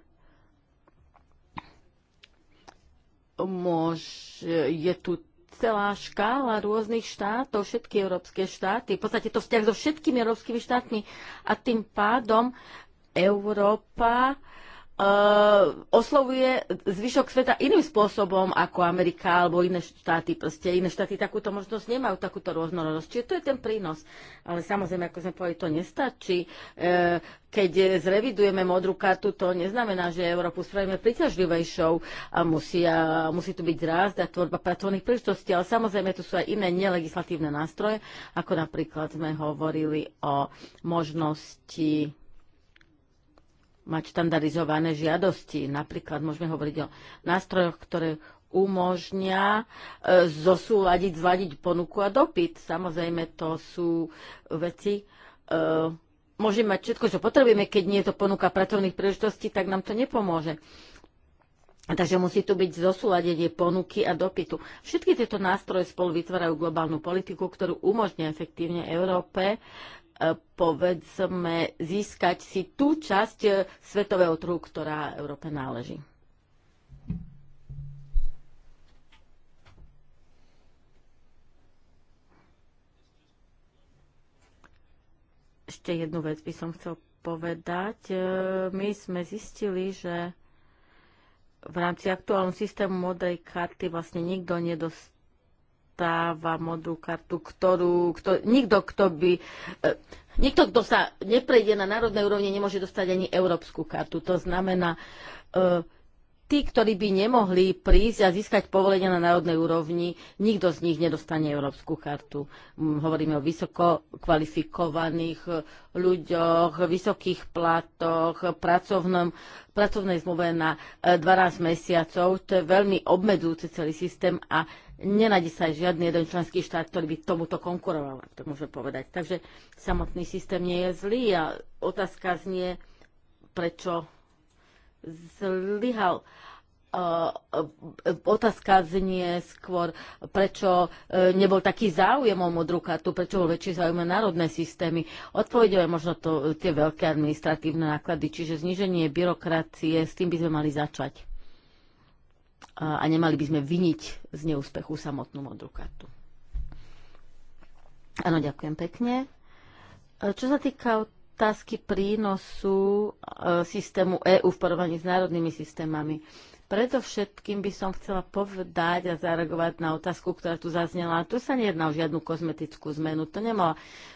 môž, je tu celá škála rôznych štátov, všetky európske štáty, v podstate to vzťah so všetkými európskymi štátmi a tým pádom Európa Eh, oslovuje zvyšok sveta iným spôsobom ako Amerika alebo iné štáty. Proste iné štáty takúto možnosť nemajú, takúto rôznorodosť. Čiže to je ten prínos. Ale samozrejme, ako sme povedali, to nestačí. Uh, keď zrevidujeme modrú kartu, to neznamená, že Európu spravíme priťažlivejšou a musí, a musí tu byť rást a tvorba pracovných príležitostí. Ale samozrejme, tu sú aj iné nelegislatívne nástroje, ako napríklad sme hovorili o možnosti mať štandardizované žiadosti. Napríklad môžeme hovoriť o nástrojoch, ktoré umožňa e, zosúľadiť, zladiť ponuku a dopyt. Samozrejme, to sú veci. E, môžeme mať všetko, čo potrebujeme, keď nie je to ponuka pracovných príležitostí, tak nám to nepomôže. Takže musí tu byť zosúladenie ponuky a dopytu. Všetky tieto nástroje spolu vytvárajú globálnu politiku, ktorú umožňuje efektívne Európe E, povedzme, získať si tú časť e, svetového trhu, ktorá Európe náleží. Ešte jednu vec by som chcel povedať. E, my sme zistili, že v rámci aktuálneho systému modrej karty vlastne nikto nedostal dostáva modrú kartu, ktorú kto, nikto, kto by... E, nikto, kto sa neprejde na národnej úrovni, nemôže dostať ani európsku kartu. To znamená, e, tí, ktorí by nemohli prísť a získať povolenia na národnej úrovni, nikto z nich nedostane európsku kartu. Mm, hovoríme o vysoko kvalifikovaných eh, ľuďoch, vysokých platoch, pracovnom, pracovnej zmluve na 12 eh, mesiacov. To je veľmi obmedzujúci celý systém a nenadí sa aj žiadny jeden členský štát, ktorý by tomuto konkuroval, ak to môžem povedať. Takže samotný systém nie je zlý a otázka znie, prečo zlyhal. Otázka znie skôr, prečo e, nebol taký záujem o modrú kartu, prečo bol väčší záujem národné systémy. Odpovedou je možno to, tie veľké administratívne náklady, čiže zníženie byrokracie, s tým by sme mali začať. A nemali by sme viniť z neúspechu samotnú modrú kartu. Áno, ďakujem pekne. E, čo sa týka otázky prínosu e, systému EÚ v porovnaní s národnými systémami. Preto všetkým by som chcela povedať a zareagovať na otázku, ktorá tu zaznela. Tu sa nejedná o žiadnu kozmetickú zmenu. To nemala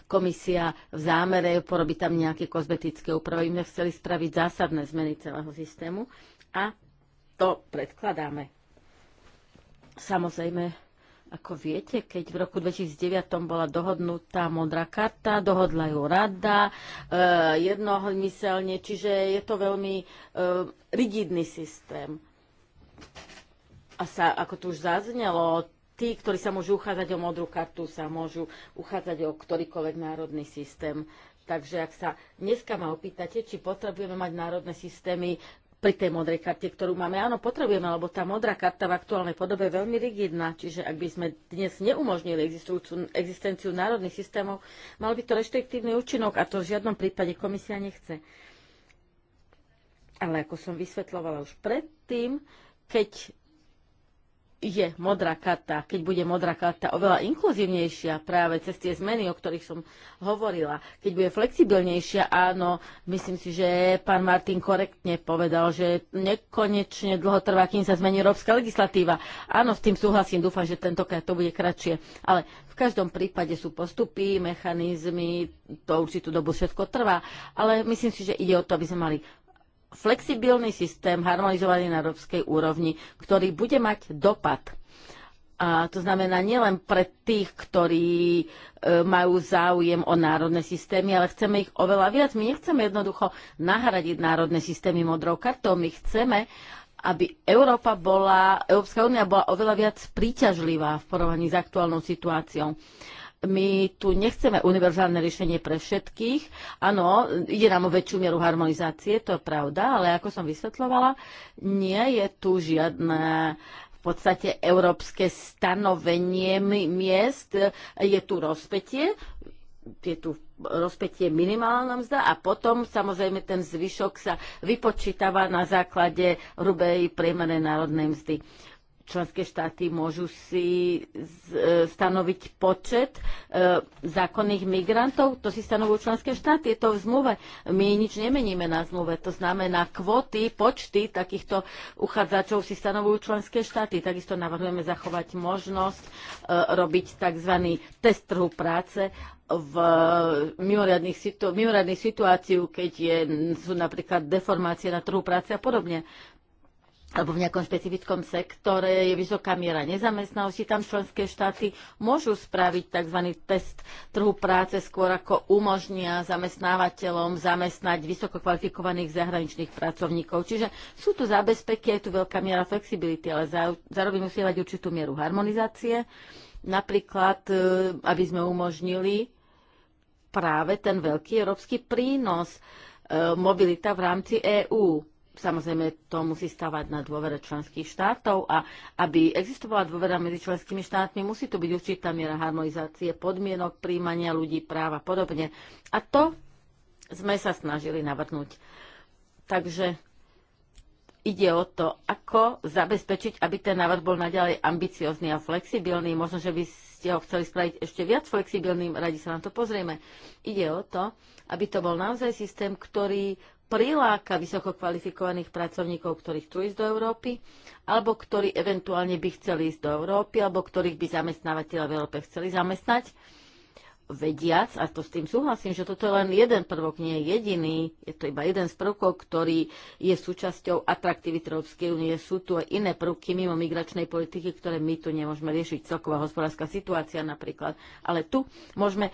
komisia v zámere porobiť tam nejaké kozmetické úpravy. My chceli spraviť zásadné zmeny celého systému a to predkladáme. Samozrejme, ako viete, keď v roku 2009 bola dohodnutá modrá karta, dohodla ju rada e, jednomyselne, čiže je to veľmi e, rigidný systém. A sa, ako tu už zaznelo, tí, ktorí sa môžu uchádzať o modrú kartu, sa môžu uchádzať o ktorýkoľvek národný systém. Takže ak sa dneska ma opýtate, či potrebujeme mať národné systémy pri tej modrej karte, ktorú máme. Áno, potrebujeme, lebo tá modrá karta v aktuálnej podobe je veľmi rigidná, čiže ak by sme dnes neumožnili existenciu národných systémov, mal by to reštriktívny účinok a to v žiadnom prípade komisia nechce. Ale ako som vysvetlovala už predtým, keď je modrá karta, keď bude modrá karta oveľa inkluzívnejšia práve cez tie zmeny, o ktorých som hovorila, keď bude flexibilnejšia, áno, myslím si, že pán Martin korektne povedal, že nekonečne dlho trvá, kým sa zmení európska legislatíva. Áno, s tým súhlasím, dúfam, že tentokrát to bude kratšie. Ale v každom prípade sú postupy, mechanizmy, to určitú dobu všetko trvá, ale myslím si, že ide o to, aby sme mali flexibilný systém harmonizovaný na európskej úrovni, ktorý bude mať dopad. A to znamená nielen pre tých, ktorí e, majú záujem o národné systémy, ale chceme ich oveľa viac. My nechceme jednoducho nahradiť národné systémy modrou kartou. My chceme, aby Európa bola, Európska únia bola oveľa viac príťažlivá v porovnaní s aktuálnou situáciou. My tu nechceme univerzálne riešenie pre všetkých. Áno, ide nám o väčšiu mieru harmonizácie, to je pravda, ale ako som vysvetľovala, nie je tu žiadne v podstate európske stanovenie miest. Je tu rozpetie, je tu rozpetie minimálna mzda a potom samozrejme ten zvyšok sa vypočítava na základe hrubej priemernej národnej mzdy členské štáty môžu si e, stanoviť počet e, zákonných migrantov. To si stanovujú členské štáty, je to v zmluve. My nič nemeníme na zmluve. To znamená, kvoty, počty takýchto uchádzačov si stanovujú členské štáty. Takisto navrhujeme zachovať možnosť e, robiť tzv. test trhu práce v mimoriadných, situ- mimoriadných situáciách, keď je, sú napríklad deformácie na trhu práce a podobne alebo v nejakom špecifickom sektore je vysoká miera nezamestnanosti, tam členské štáty môžu spraviť tzv. test trhu práce skôr ako umožnia zamestnávateľom zamestnať vysoko kvalifikovaných zahraničných pracovníkov. Čiže sú tu zabezpeky, je tu veľká miera flexibility, ale zároveň musí mať určitú mieru harmonizácie. Napríklad, e, aby sme umožnili práve ten veľký európsky prínos e, mobilita v rámci EÚ Samozrejme, to musí stávať na dôvere členských štátov a aby existovala dôvera medzi členskými štátmi, musí tu byť určitá miera harmonizácie podmienok, príjmania ľudí, práv a podobne. A to sme sa snažili navrhnúť. Takže ide o to, ako zabezpečiť, aby ten návrh bol naďalej ambiciozný a flexibilný. Možno, že by ste ho chceli spraviť ešte viac flexibilným, radi sa na to pozrieme. Ide o to, aby to bol naozaj systém, ktorý priláka vysoko kvalifikovaných pracovníkov, ktorí chcú ísť do Európy, alebo ktorí eventuálne by chceli ísť do Európy, alebo ktorých by zamestnávateľa v Európe chceli zamestnať vediac, a to s tým súhlasím, že toto je len jeden prvok, nie je jediný, je to iba jeden z prvkov, ktorý je súčasťou atraktivity Európskej únie. Sú tu aj iné prvky mimo migračnej politiky, ktoré my tu nemôžeme riešiť, celková hospodárska situácia napríklad. Ale tu môžeme e,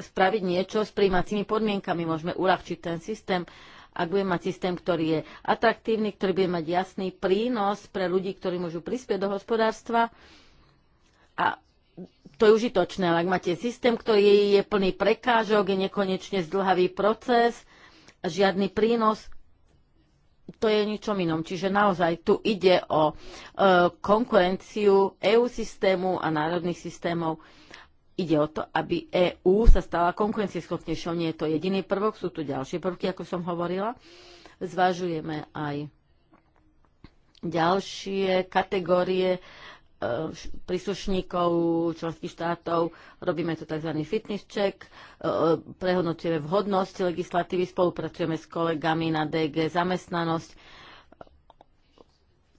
spraviť niečo s príjmacími podmienkami, môžeme uľahčiť ten systém. Ak bude mať systém, ktorý je atraktívny, ktorý bude mať jasný prínos pre ľudí, ktorí môžu prispieť do hospodárstva a to je užitočné, ale ak máte systém, ktorý je plný prekážok, je nekonečne zdlhavý proces, žiadny prínos, to je ničom inom. Čiže naozaj tu ide o e, konkurenciu EU systému a národných systémov Ide o to, aby EÚ sa stala konkurencieschopnejšou. Nie je to jediný prvok, sú tu ďalšie prvky, ako som hovorila. Zvažujeme aj ďalšie kategórie e, príslušníkov členských štátov, robíme tu tzv. fitness check, e, prehodnotujeme vhodnosť legislatívy, spolupracujeme s kolegami na DG zamestnanosť,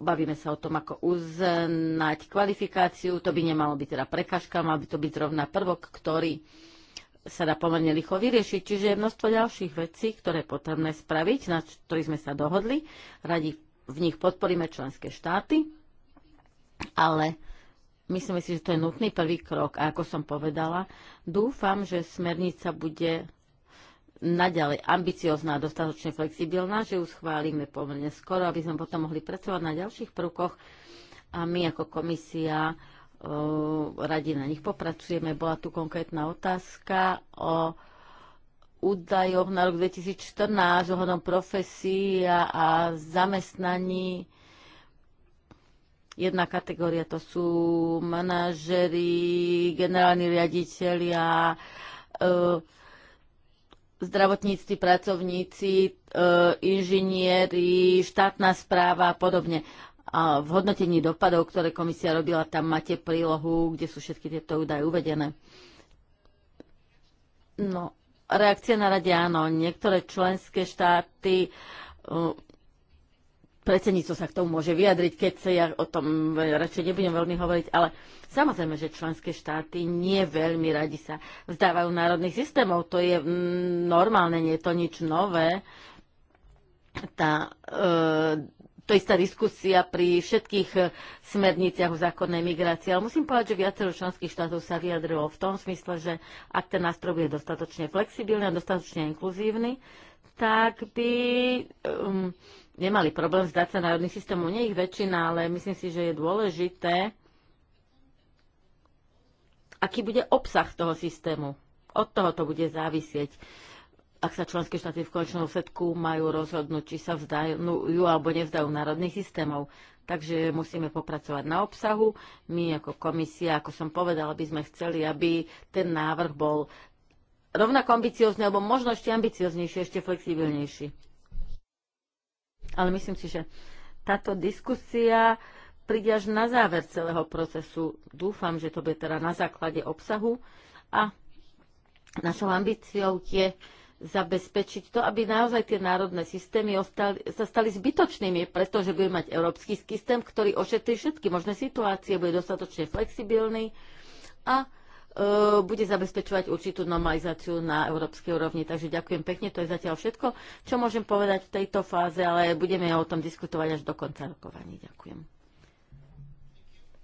bavíme sa o tom, ako uznať kvalifikáciu. To by nemalo byť teda prekažka, mal by to byť zrovna prvok, ktorý sa dá pomerne licho vyriešiť. Čiže je množstvo ďalších vecí, ktoré je potrebné spraviť, na ktorých sme sa dohodli. Radi v nich podporíme členské štáty, ale myslím si, že to je nutný prvý krok. A ako som povedala, dúfam, že smernica bude naďalej ambiciozná a dostatočne flexibilná, že ju schválime pomerne skoro, aby sme potom mohli pracovať na ďalších prvkoch a my ako komisia radi na nich popracujeme. Bola tu konkrétna otázka o údajoch na rok 2014 ohľadom profesí a, a zamestnaní. Jedna kategória to sú manažeri, generálni riaditeľia, e, zdravotníci, pracovníci, e, inžinieri, štátna správa a podobne. A v hodnotení dopadov, ktoré komisia robila, tam máte prílohu, kde sú všetky tieto údaje uvedené. No, reakcia na rade áno. Niektoré členské štáty e, predsedníctvo sa k tomu môže vyjadriť, keď sa ja o tom radšej nebudem veľmi hovoriť, ale samozrejme, že členské štáty nie veľmi radi sa vzdávajú národných systémov. To je mm, normálne, nie je to nič nové. Tá, e, to istá diskusia pri všetkých smerniciach o zákonnej migrácii. Ale musím povedať, že viacero členských štátov sa vyjadrilo v tom smysle, že ak ten nástroj je dostatočne flexibilný a dostatočne inkluzívny, tak by um, nemali problém zdať sa národných systémov. Nie ich väčšina, ale myslím si, že je dôležité, aký bude obsah toho systému. Od toho to bude závisieť ak sa členské štáty v konečnom dôsledku majú rozhodnúť, či sa vzdajú alebo nevzdajú národných systémov. Takže musíme popracovať na obsahu. My ako komisia, ako som povedala, by sme chceli, aby ten návrh bol rovnako ambiciózny, alebo možno ešte ambicioznejší, ešte flexibilnejší. Ale myslím si, že táto diskusia príde až na záver celého procesu. Dúfam, že to bude teda na základe obsahu a našou ambíciou je zabezpečiť to, aby naozaj tie národné systémy ostali, sa stali zbytočnými, pretože bude mať európsky systém, ktorý ošetrí všetky možné situácie, bude dostatočne flexibilný a E, bude zabezpečovať určitú normalizáciu na európskej úrovni. Takže ďakujem pekne, to je zatiaľ všetko, čo môžem povedať v tejto fáze, ale budeme o tom diskutovať až do konca rokovania. Ďakujem.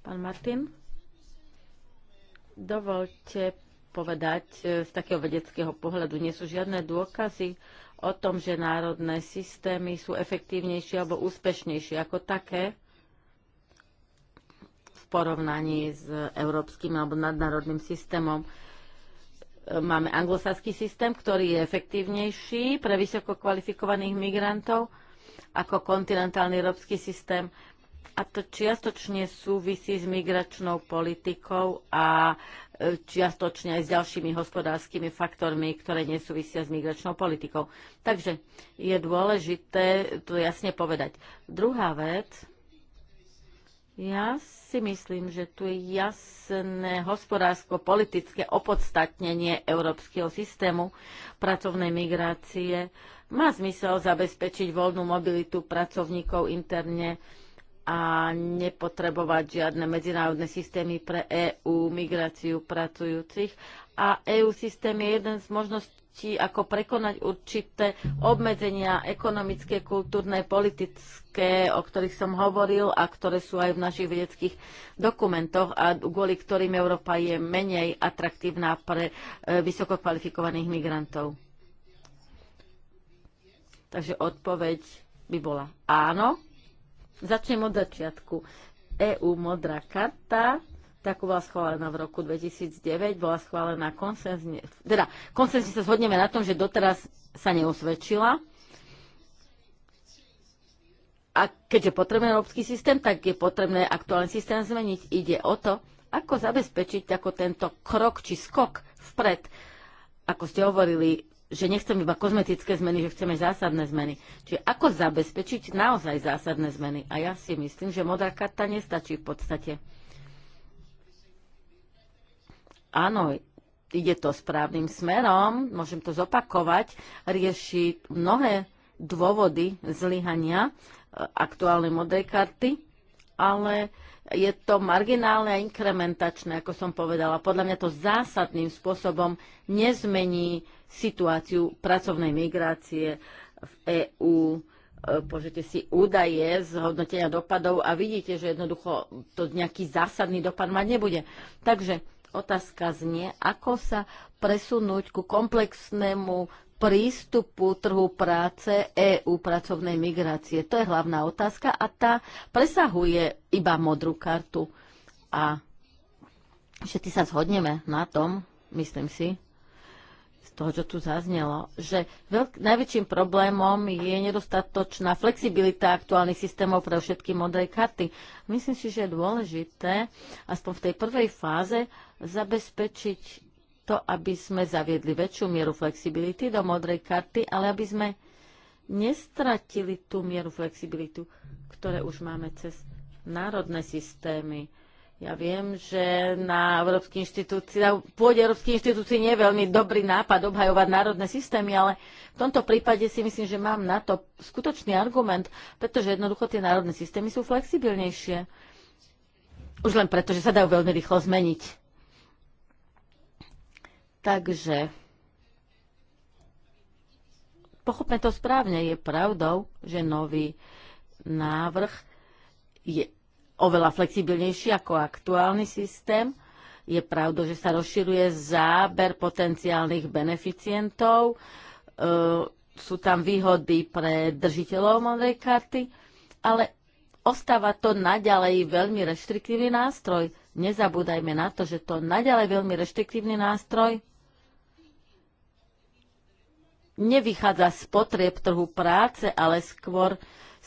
Pán Martin, dovolte povedať e, z takého vedeckého pohľadu. Nie sú žiadne dôkazy o tom, že národné systémy sú efektívnejšie alebo úspešnejšie ako také, porovnaní s európskym alebo nadnárodným systémom. Máme anglosaský systém, ktorý je efektívnejší pre vysoko kvalifikovaných migrantov ako kontinentálny európsky systém. A to čiastočne súvisí s migračnou politikou a e, čiastočne aj s ďalšími hospodárskymi faktormi, ktoré nesúvisia s migračnou politikou. Takže je dôležité to jasne povedať. Druhá vec, ja si myslím, že tu je jasné hospodársko-politické opodstatnenie európskeho systému pracovnej migrácie. Má zmysel zabezpečiť voľnú mobilitu pracovníkov interne a nepotrebovať žiadne medzinárodné systémy pre EÚ, migráciu pracujúcich. A EÚ systém je jeden z možností možností, ako prekonať určité obmedzenia ekonomické, kultúrne, politické, o ktorých som hovoril a ktoré sú aj v našich vedeckých dokumentoch a kvôli ktorým Európa je menej atraktívna pre e, vysoko kvalifikovaných migrantov. Takže odpoveď by bola áno. Začnem od začiatku. EU modrá karta tak bola schválená v roku 2009, bola schválená konsenzne, teda konsenzne sa zhodneme na tom, že doteraz sa neosvedčila. A keďže potrebujeme európsky systém, tak je potrebné aktuálny systém zmeniť. Ide o to, ako zabezpečiť ako tento krok či skok vpred. Ako ste hovorili, že nechcem iba kozmetické zmeny, že chceme zásadné zmeny. Čiže ako zabezpečiť naozaj zásadné zmeny. A ja si myslím, že modrá karta nestačí v podstate áno, ide to správnym smerom, môžem to zopakovať, rieši mnohé dôvody zlyhania e, aktuálnej modrej karty, ale je to marginálne a inkrementačné, ako som povedala. Podľa mňa to zásadným spôsobom nezmení situáciu pracovnej migrácie v EÚ. E, Požete si údaje z hodnotenia dopadov a vidíte, že jednoducho to nejaký zásadný dopad mať nebude. Takže Otázka znie, ako sa presunúť ku komplexnému prístupu trhu práce EÚ pracovnej migrácie. To je hlavná otázka a tá presahuje iba modrú kartu. A všetci sa zhodneme na tom, myslím si, toho, čo tu zaznelo, že veľk, najväčším problémom je nedostatočná flexibilita aktuálnych systémov pre všetky modré karty. Myslím si, že je dôležité, aspoň v tej prvej fáze, zabezpečiť to, aby sme zaviedli väčšiu mieru flexibility do modrej karty, ale aby sme nestratili tú mieru flexibilitu, ktoré už máme cez národné systémy ja viem, že na, európskej inštitúcii, na pôde Európskej inštitúcii nie je veľmi dobrý nápad obhajovať národné systémy, ale v tomto prípade si myslím, že mám na to skutočný argument, pretože jednoducho tie národné systémy sú flexibilnejšie. Už len preto, že sa dajú veľmi rýchlo zmeniť. Takže pochopme to správne. Je pravdou, že nový návrh je oveľa flexibilnejší ako aktuálny systém. Je pravda, že sa rozširuje záber potenciálnych beneficientov, e, sú tam výhody pre držiteľov modrej karty, ale ostáva to naďalej veľmi reštriktívny nástroj. Nezabúdajme na to, že to naďalej veľmi reštriktívny nástroj nevychádza z potrieb trhu práce, ale skôr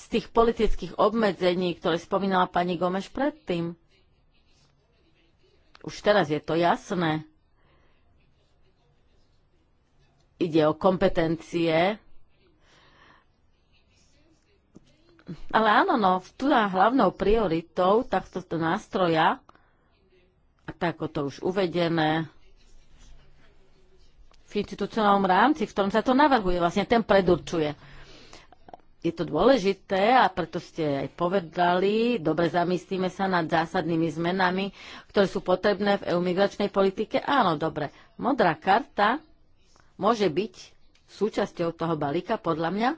z tých politických obmedzení, ktoré spomínala pani Gomeš predtým. Už teraz je to jasné. Ide o kompetencie. Ale áno, no, tu hlavnou prioritou takto nástroja, a tak to už uvedené, v institucionálnom rámci, v ktorom sa to navrhuje, vlastne ten predurčuje je to dôležité a preto ste aj povedali, dobre zamyslíme sa nad zásadnými zmenami, ktoré sú potrebné v EU migračnej politike. Áno, dobre. Modrá karta môže byť súčasťou toho balíka, podľa mňa,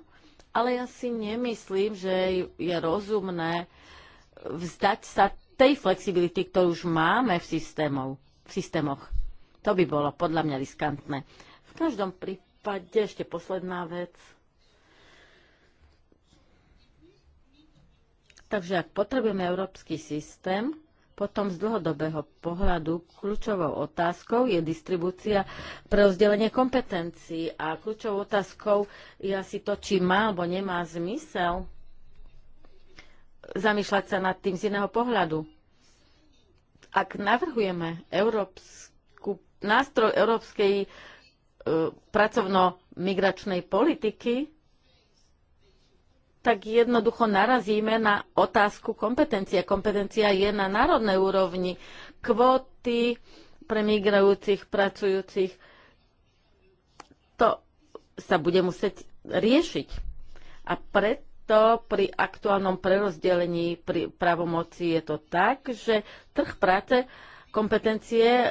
ale ja si nemyslím, že je rozumné vzdať sa tej flexibility, ktorú už máme v, systémov, v systémoch. To by bolo podľa mňa riskantné. V každom prípade ešte posledná vec Takže ak potrebujeme európsky systém, potom z dlhodobého pohľadu kľúčovou otázkou je distribúcia pre rozdelenie kompetencií a kľúčovou otázkou je asi to, či má alebo nemá zmysel zamýšľať sa nad tým z iného pohľadu. Ak navrhujeme európsku, nástroj európskej e, pracovno-migračnej politiky, tak jednoducho narazíme na otázku kompetencie. Kompetencia je na národnej úrovni. Kvóty pre migrujúcich, pracujúcich, to sa bude musieť riešiť. A preto pri aktuálnom prerozdelení pri pravomoci je to tak, že trh práce kompetencie e,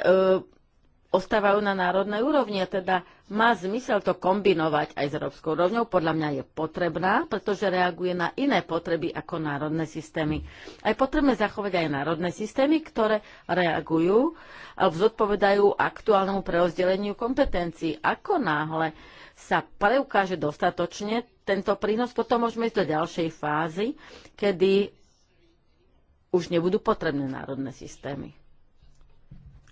ostávajú na národnej úrovni a teda má zmysel to kombinovať aj s európskou úrovňou. Podľa mňa je potrebná, pretože reaguje na iné potreby ako národné systémy. Aj potrebné zachovať aj národné systémy, ktoré reagujú a zodpovedajú aktuálnemu preozdeleniu kompetencií. Ako náhle sa preukáže dostatočne tento prínos, potom môžeme ísť do ďalšej fázy, kedy už nebudú potrebné národné systémy.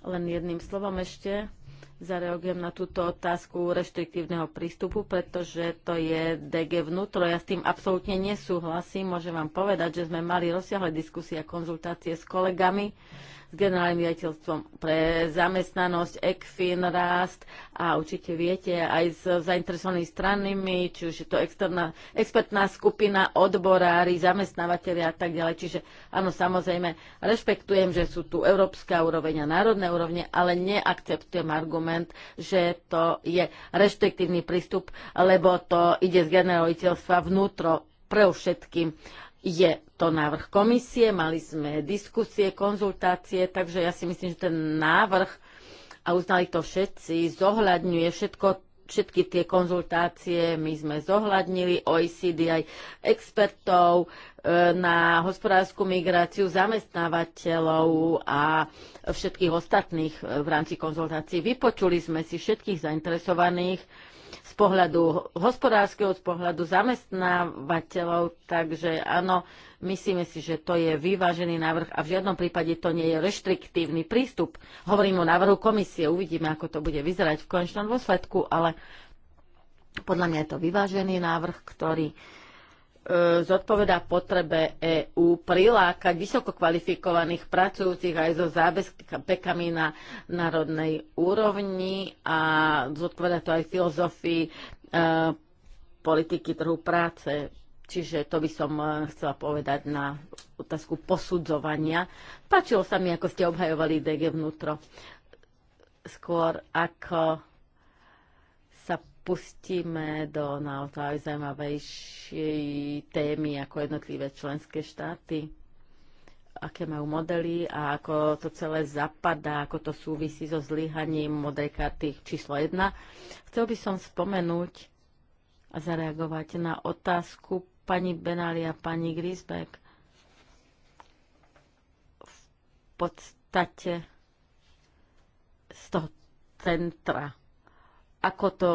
Len jedným slovom ešte zareagujem na túto otázku reštriktívneho prístupu, pretože to je DG vnútro. Ja s tým absolútne nesúhlasím. Môžem vám povedať, že sme mali rozsiahle diskusie a konzultácie s kolegami s generálnym riaditeľstvom pre zamestnanosť, ECFIN, RAST a určite viete aj s zainteresovanými stranami, či už je to externá, expertná skupina, odborári, zamestnávateľi a tak ďalej. Čiže áno, samozrejme, rešpektujem, že sú tu európska úroveň a národné úrovne, ale neakceptujem argument, že to je reštriktívny prístup, lebo to ide z generáliteľstva vnútro pre všetkým je to návrh komisie, mali sme diskusie, konzultácie, takže ja si myslím, že ten návrh, a uznali to všetci, zohľadňuje všetko, všetky tie konzultácie, my sme zohľadnili OECD aj expertov e, na hospodárskú migráciu, zamestnávateľov a všetkých ostatných e, v rámci konzultácií. Vypočuli sme si všetkých zainteresovaných, pohľadu hospodárskeho, z pohľadu zamestnávateľov, takže áno, myslíme si, že to je vyvážený návrh a v žiadnom prípade to nie je reštriktívny prístup. Hovorím o návrhu komisie, uvidíme, ako to bude vyzerať v konečnom dôsledku, ale podľa mňa je to vyvážený návrh, ktorý E, zodpovedá potrebe EÚ prilákať vysoko kvalifikovaných pracujúcich aj so zábezpekami na národnej úrovni a zodpovedá to aj filozofii e, politiky trhu práce. Čiže to by som e, chcela povedať na otázku posudzovania. Páčilo sa mi, ako ste obhajovali DG vnútro. Skôr ako pustíme do naozaj zaujímavejšej témy ako jednotlivé členské štáty, aké majú modely a ako to celé zapadá, ako to súvisí so zlyhaním modrej karty číslo 1. Chcel by som spomenúť a zareagovať na otázku pani Benali a pani Grisbeck. V podstate z toho centra ako to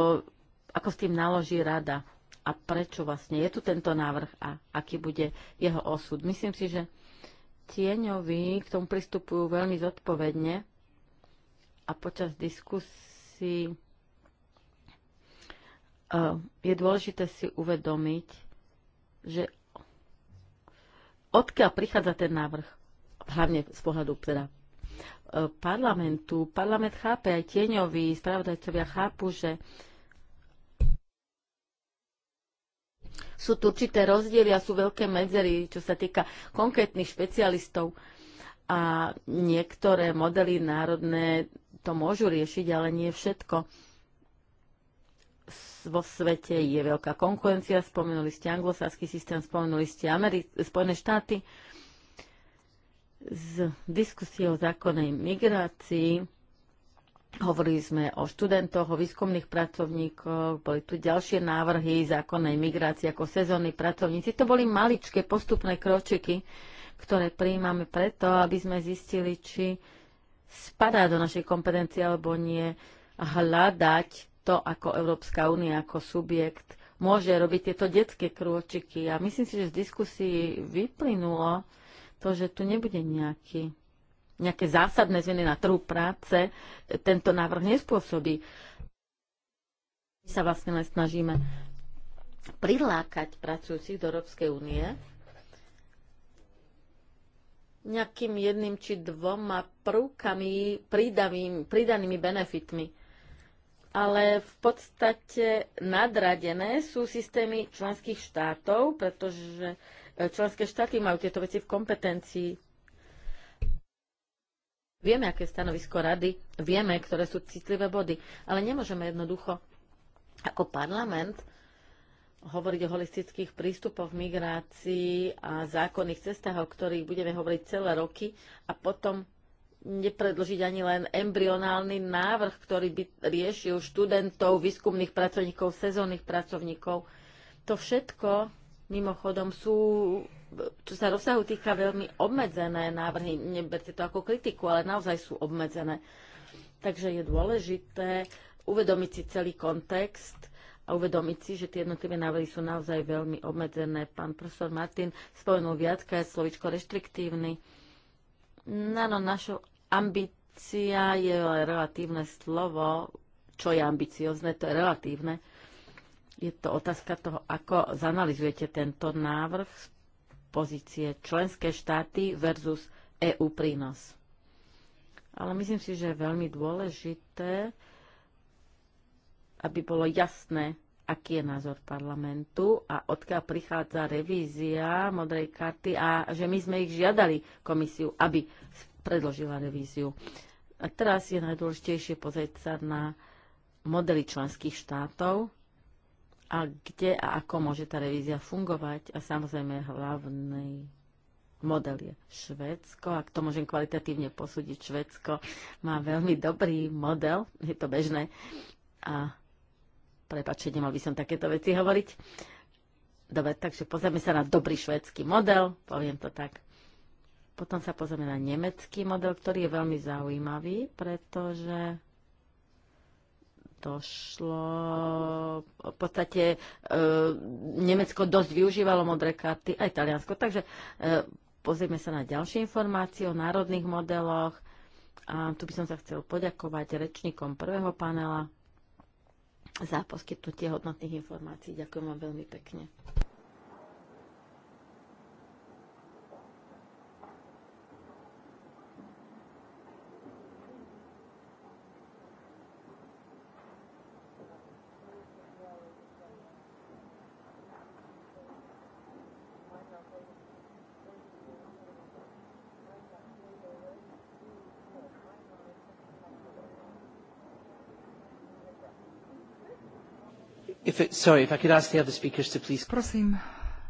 ako s tým naloží rada a prečo vlastne je tu tento návrh a aký bude jeho osud. Myslím si, že tieňoví k tomu pristupujú veľmi zodpovedne a počas diskusí e, je dôležité si uvedomiť, že odkiaľ prichádza ten návrh, hlavne z pohľadu teda e, parlamentu. Parlament chápe, aj tieňoví spravodajcovia chápu, že sú tu určité rozdiely a sú veľké medzery, čo sa týka konkrétnych špecialistov. A niektoré modely národné to môžu riešiť, ale nie všetko. Vo svete je veľká konkurencia, spomenuli ste anglosaský systém, spomenuli ste Ameri- Spojené štáty. Z diskusie o zákonnej migrácii Hovorili sme o študentoch, o výskumných pracovníkoch, boli tu ďalšie návrhy zákonnej migrácie ako sezónni pracovníci. To boli maličké postupné kročiky, ktoré prijímame preto, aby sme zistili, či spadá do našej kompetencie alebo nie hľadať to, ako Európska únia, ako subjekt môže robiť tieto detské krôčiky. A myslím si, že z diskusii vyplynulo to, že tu nebude nejaký nejaké zásadné zmeny na trhu práce tento návrh nespôsobí. My sa vlastne len snažíme prilákať pracujúcich do Európskej únie nejakým jedným či dvoma prúkami pridanými benefitmi. Ale v podstate nadradené sú systémy členských štátov, pretože členské štáty majú tieto veci v kompetencii Vieme, aké je stanovisko rady, vieme, ktoré sú citlivé body, ale nemôžeme jednoducho ako parlament hovoriť o holistických prístupoch migrácii a zákonných cestách, o ktorých budeme hovoriť celé roky a potom nepredložiť ani len embryonálny návrh, ktorý by riešil študentov, výskumných pracovníkov, sezónnych pracovníkov. To všetko mimochodom sú čo sa rozsahu týka, veľmi obmedzené návrhy. Neberte to ako kritiku, ale naozaj sú obmedzené. Takže je dôležité uvedomiť si celý kontext a uvedomiť si, že tie jednotlivé návrhy sú naozaj veľmi obmedzené. Pán profesor Martin spomenul viacka, slovičko reštriktívny. Áno, no, naša ambícia je relatívne slovo. Čo je ambiciozne, to je relatívne. Je to otázka toho, ako zanalizujete tento návrh pozície členské štáty versus EU prínos. Ale myslím si, že je veľmi dôležité, aby bolo jasné, aký je názor parlamentu a odkiaľ prichádza revízia modrej karty a že my sme ich žiadali komisiu, aby predložila revíziu. A teraz je najdôležitejšie pozrieť sa na modely členských štátov a kde a ako môže tá revízia fungovať. A samozrejme hlavný model je Švédsko. Ak to môžem kvalitatívne posúdiť, Švédsko má veľmi dobrý model, je to bežné. A prepačte, nemal by som takéto veci hovoriť. Dobre, takže pozrieme sa na dobrý švedský model, poviem to tak. Potom sa pozrieme na nemecký model, ktorý je veľmi zaujímavý, pretože šlo. v podstate e, Nemecko dosť využívalo modré karty, aj Taliansko. Takže e, pozrieme sa na ďalšie informácie o národných modeloch. A tu by som sa chcel poďakovať rečníkom prvého panela za poskytnutie hodnotných informácií. Ďakujem vám veľmi pekne. Prosím,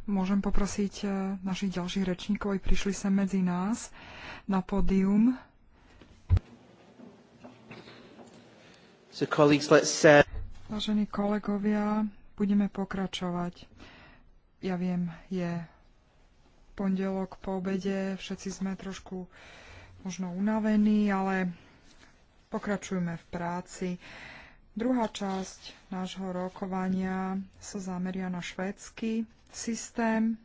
môžem poprosiť e, našich ďalších rečníkov, aby prišli sem medzi nás na pódium. So colleagues, let's, uh, Vážení kolegovia, budeme pokračovať. Ja viem, je pondelok po obede, všetci sme trošku možno unavení, ale pokračujme v práci. Druhá časť nášho rokovania sa zameria na švédsky systém.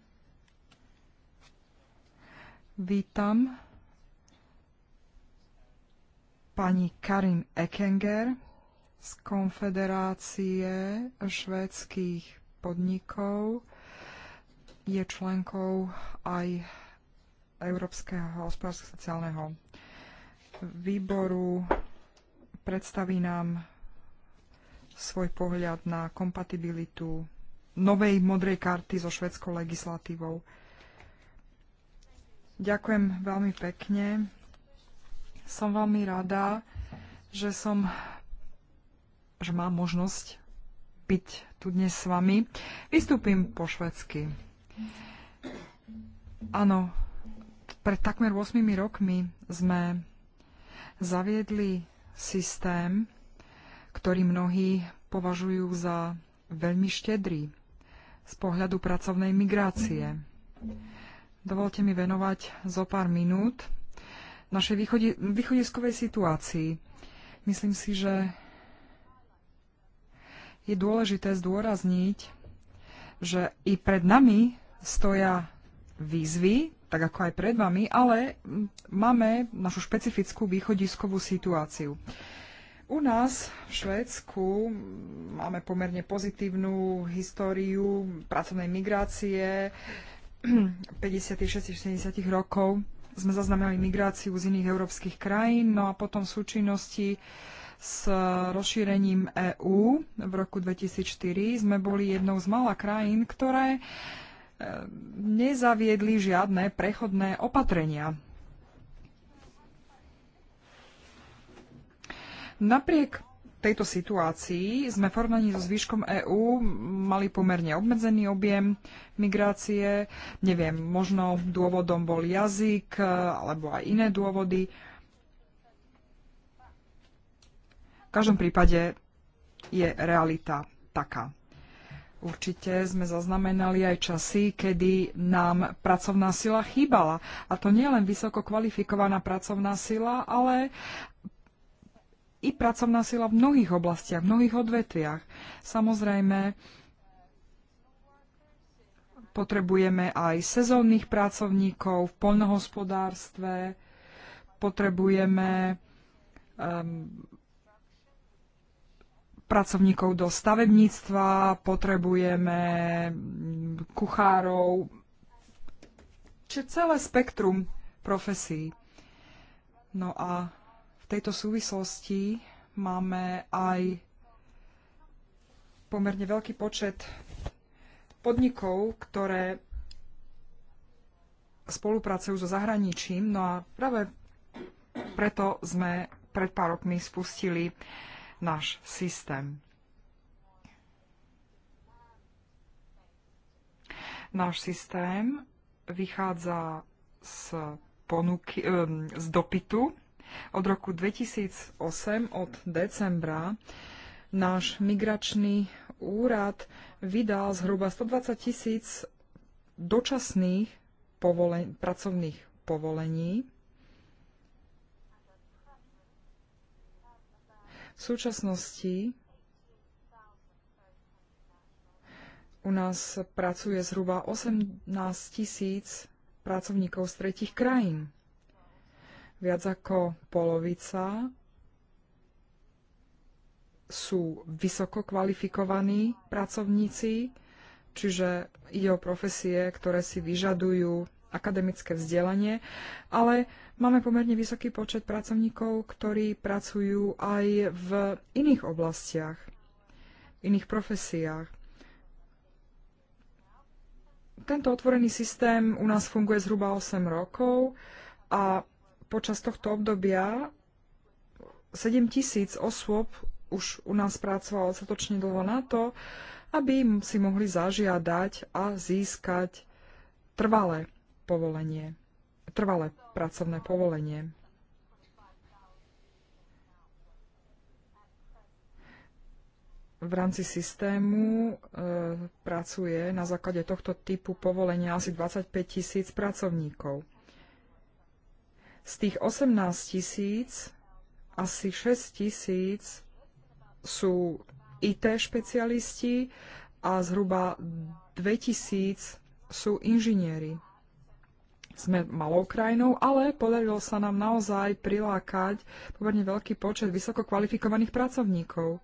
Vítam pani Karin Ekenger z Konfederácie švédskych podnikov. Je členkou aj Európskeho hospodárskeho sociálneho výboru. Predstaví nám svoj pohľad na kompatibilitu novej modrej karty so švedskou legislatívou. Ďakujem veľmi pekne. Som veľmi rada, že som že mám možnosť byť tu dnes s vami. Vystúpim po švedsky. Áno, pred takmer 8 rokmi sme zaviedli systém, ktorý mnohí považujú za veľmi štedrý z pohľadu pracovnej migrácie. Dovolte mi venovať zo pár minút našej východi- východiskovej situácii. Myslím si, že je dôležité zdôrazniť, že i pred nami stoja výzvy, tak ako aj pred vami, ale máme našu špecifickú východiskovú situáciu. U nás v Švédsku máme pomerne pozitívnu históriu pracovnej migrácie 50-60 [CLEARS THROAT] rokov. Sme zaznamenali migráciu z iných európskych krajín, no a potom v súčinnosti s rozšírením EÚ v roku 2004 sme boli jednou z mála krajín, ktoré eh, nezaviedli žiadne prechodné opatrenia Napriek tejto situácii sme v porovnaní so zvyškom EÚ mali pomerne obmedzený objem migrácie. Neviem, možno dôvodom bol jazyk e, alebo aj iné dôvody. V každom prípade je realita taká. Určite sme zaznamenali aj časy, kedy nám pracovná sila chýbala. A to nie len vysoko kvalifikovaná pracovná sila, ale i pracovná sila v mnohých oblastiach, v mnohých odvetviach. Samozrejme, potrebujeme aj sezónnych pracovníkov v poľnohospodárstve, potrebujeme um, pracovníkov do stavebníctva, potrebujeme mm, kuchárov, čiže celé spektrum profesí. No a tejto súvislosti máme aj pomerne veľký počet podnikov, ktoré spolupracujú so zahraničím. No a práve preto sme pred pár rokmi spustili náš systém. Náš systém vychádza z, ponuky, z dopitu od roku 2008, od decembra, náš migračný úrad vydal zhruba 120 tisíc dočasných povolen- pracovných povolení. V súčasnosti u nás pracuje zhruba 18 tisíc pracovníkov z tretich krajín. Viac ako polovica sú vysoko kvalifikovaní pracovníci, čiže ide o profesie, ktoré si vyžadujú akademické vzdelanie, ale máme pomerne vysoký počet pracovníkov, ktorí pracujú aj v iných oblastiach, iných profesiách. Tento otvorený systém u nás funguje zhruba 8 rokov a počas tohto obdobia 7 tisíc osôb už u nás pracovalo dostatočne dlho na to, aby si mohli zažiadať a získať trvalé povolenie, trvalé pracovné povolenie. v rámci systému e, pracuje na základe tohto typu povolenia asi 25 tisíc pracovníkov. Z tých 18 tisíc asi 6 tisíc sú IT špecialisti a zhruba 2 tisíc sú inžinieri. Sme malou krajinou, ale podarilo sa nám naozaj prilákať pomerne veľký počet vysoko kvalifikovaných pracovníkov.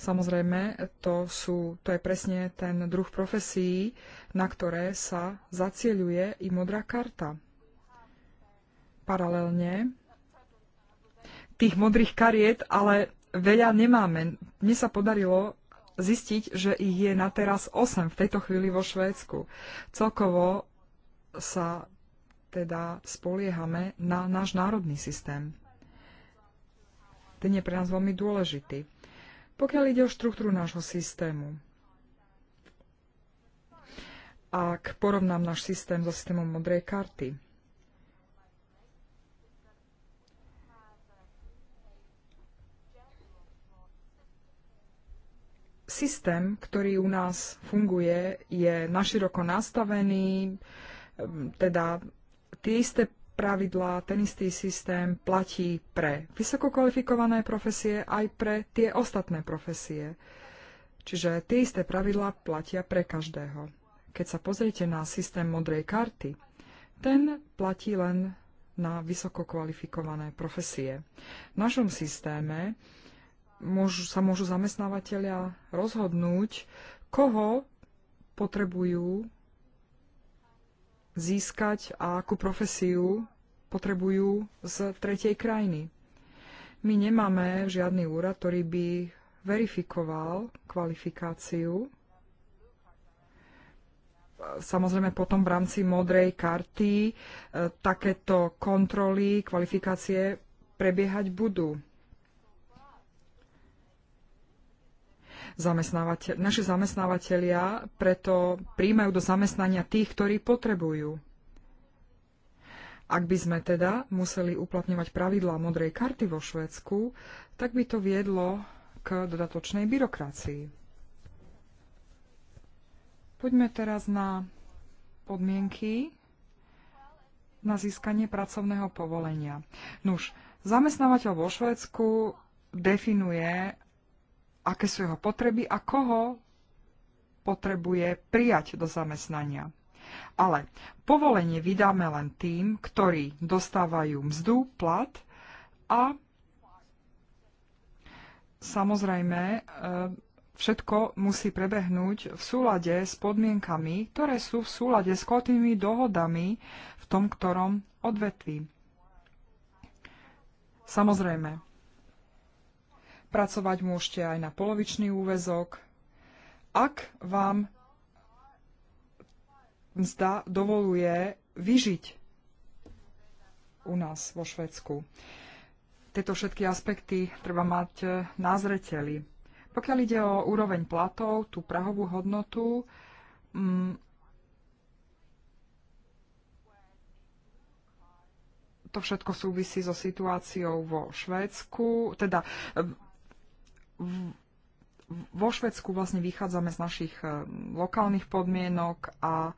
Samozrejme, to, sú, to je presne ten druh profesí, na ktoré sa zacieľuje i modrá karta paralelne tých modrých kariet, ale veľa nemáme. Mne sa podarilo zistiť, že ich je na teraz 8 v tejto chvíli vo Švédsku. Celkovo sa teda spoliehame na náš národný systém. Ten je pre nás veľmi dôležitý. Pokiaľ ide o štruktúru nášho systému, ak porovnám náš systém so systémom modrej karty, systém, ktorý u nás funguje, je naširoko nastavený, ehm, teda tie isté pravidlá, ten istý systém platí pre vysokokvalifikované profesie aj pre tie ostatné profesie. Čiže tie isté pravidlá platia pre každého. Keď sa pozriete na systém modrej karty, ten platí len na vysokokvalifikované profesie. V našom systéme môžu, sa môžu zamestnávateľia rozhodnúť, koho potrebujú získať a akú profesiu potrebujú z tretej krajiny. My nemáme žiadny úrad, ktorý by verifikoval kvalifikáciu. Samozrejme potom v rámci modrej karty e, takéto kontroly, kvalifikácie prebiehať budú. Zamestnávateľ, naši zamestnávateľia preto príjmajú do zamestnania tých, ktorí potrebujú. Ak by sme teda museli uplatňovať pravidlá modrej karty vo Švedsku, tak by to viedlo k dodatočnej byrokracii. Poďme teraz na podmienky na získanie pracovného povolenia. Nuž, zamestnávateľ vo Švédsku definuje aké sú jeho potreby a koho potrebuje prijať do zamestnania. Ale povolenie vydáme len tým, ktorí dostávajú mzdu, plat a samozrejme e, všetko musí prebehnúť v súlade s podmienkami, ktoré sú v súlade s kotými dohodami v tom ktorom odvetví. Samozrejme, Pracovať môžete aj na polovičný úvezok. Ak vám mzda dovoluje vyžiť u nás vo Švedsku. Tieto všetky aspekty treba mať e, na zreteli. Pokiaľ ide o úroveň platov, tú prahovú hodnotu, mm, to všetko súvisí so situáciou vo Švédsku. Teda e, vo Švedsku vlastne vychádzame z našich eh, lokálnych podmienok a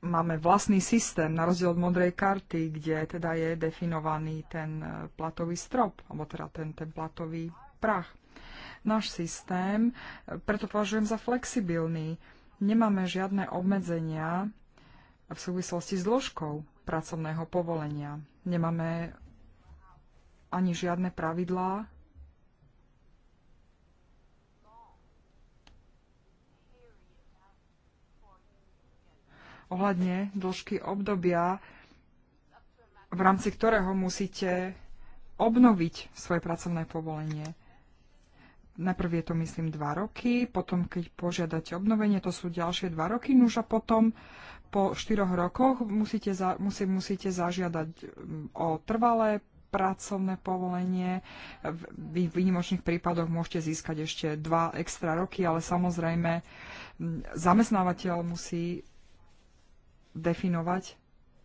máme vlastný systém na rozdiel od modrej karty, kde teda je definovaný ten eh, platový strop, alebo teda ten, ten platový prach. Náš systém eh, preto považujem za flexibilný. Nemáme žiadne obmedzenia v súvislosti s dĺžkou pracovného povolenia. Nemáme ani žiadne pravidlá. ohľadne dĺžky obdobia, v rámci ktorého musíte obnoviť svoje pracovné povolenie. Najprv je to, myslím, dva roky, potom, keď požiadate obnovenie, to sú ďalšie dva roky, nuž a potom po štyroch rokoch musíte, za, musí, musíte zažiadať mm, o trvalé pracovné povolenie. V výnimočných prípadoch môžete získať ešte dva extra roky, ale samozrejme zamestnávateľ musí definovať,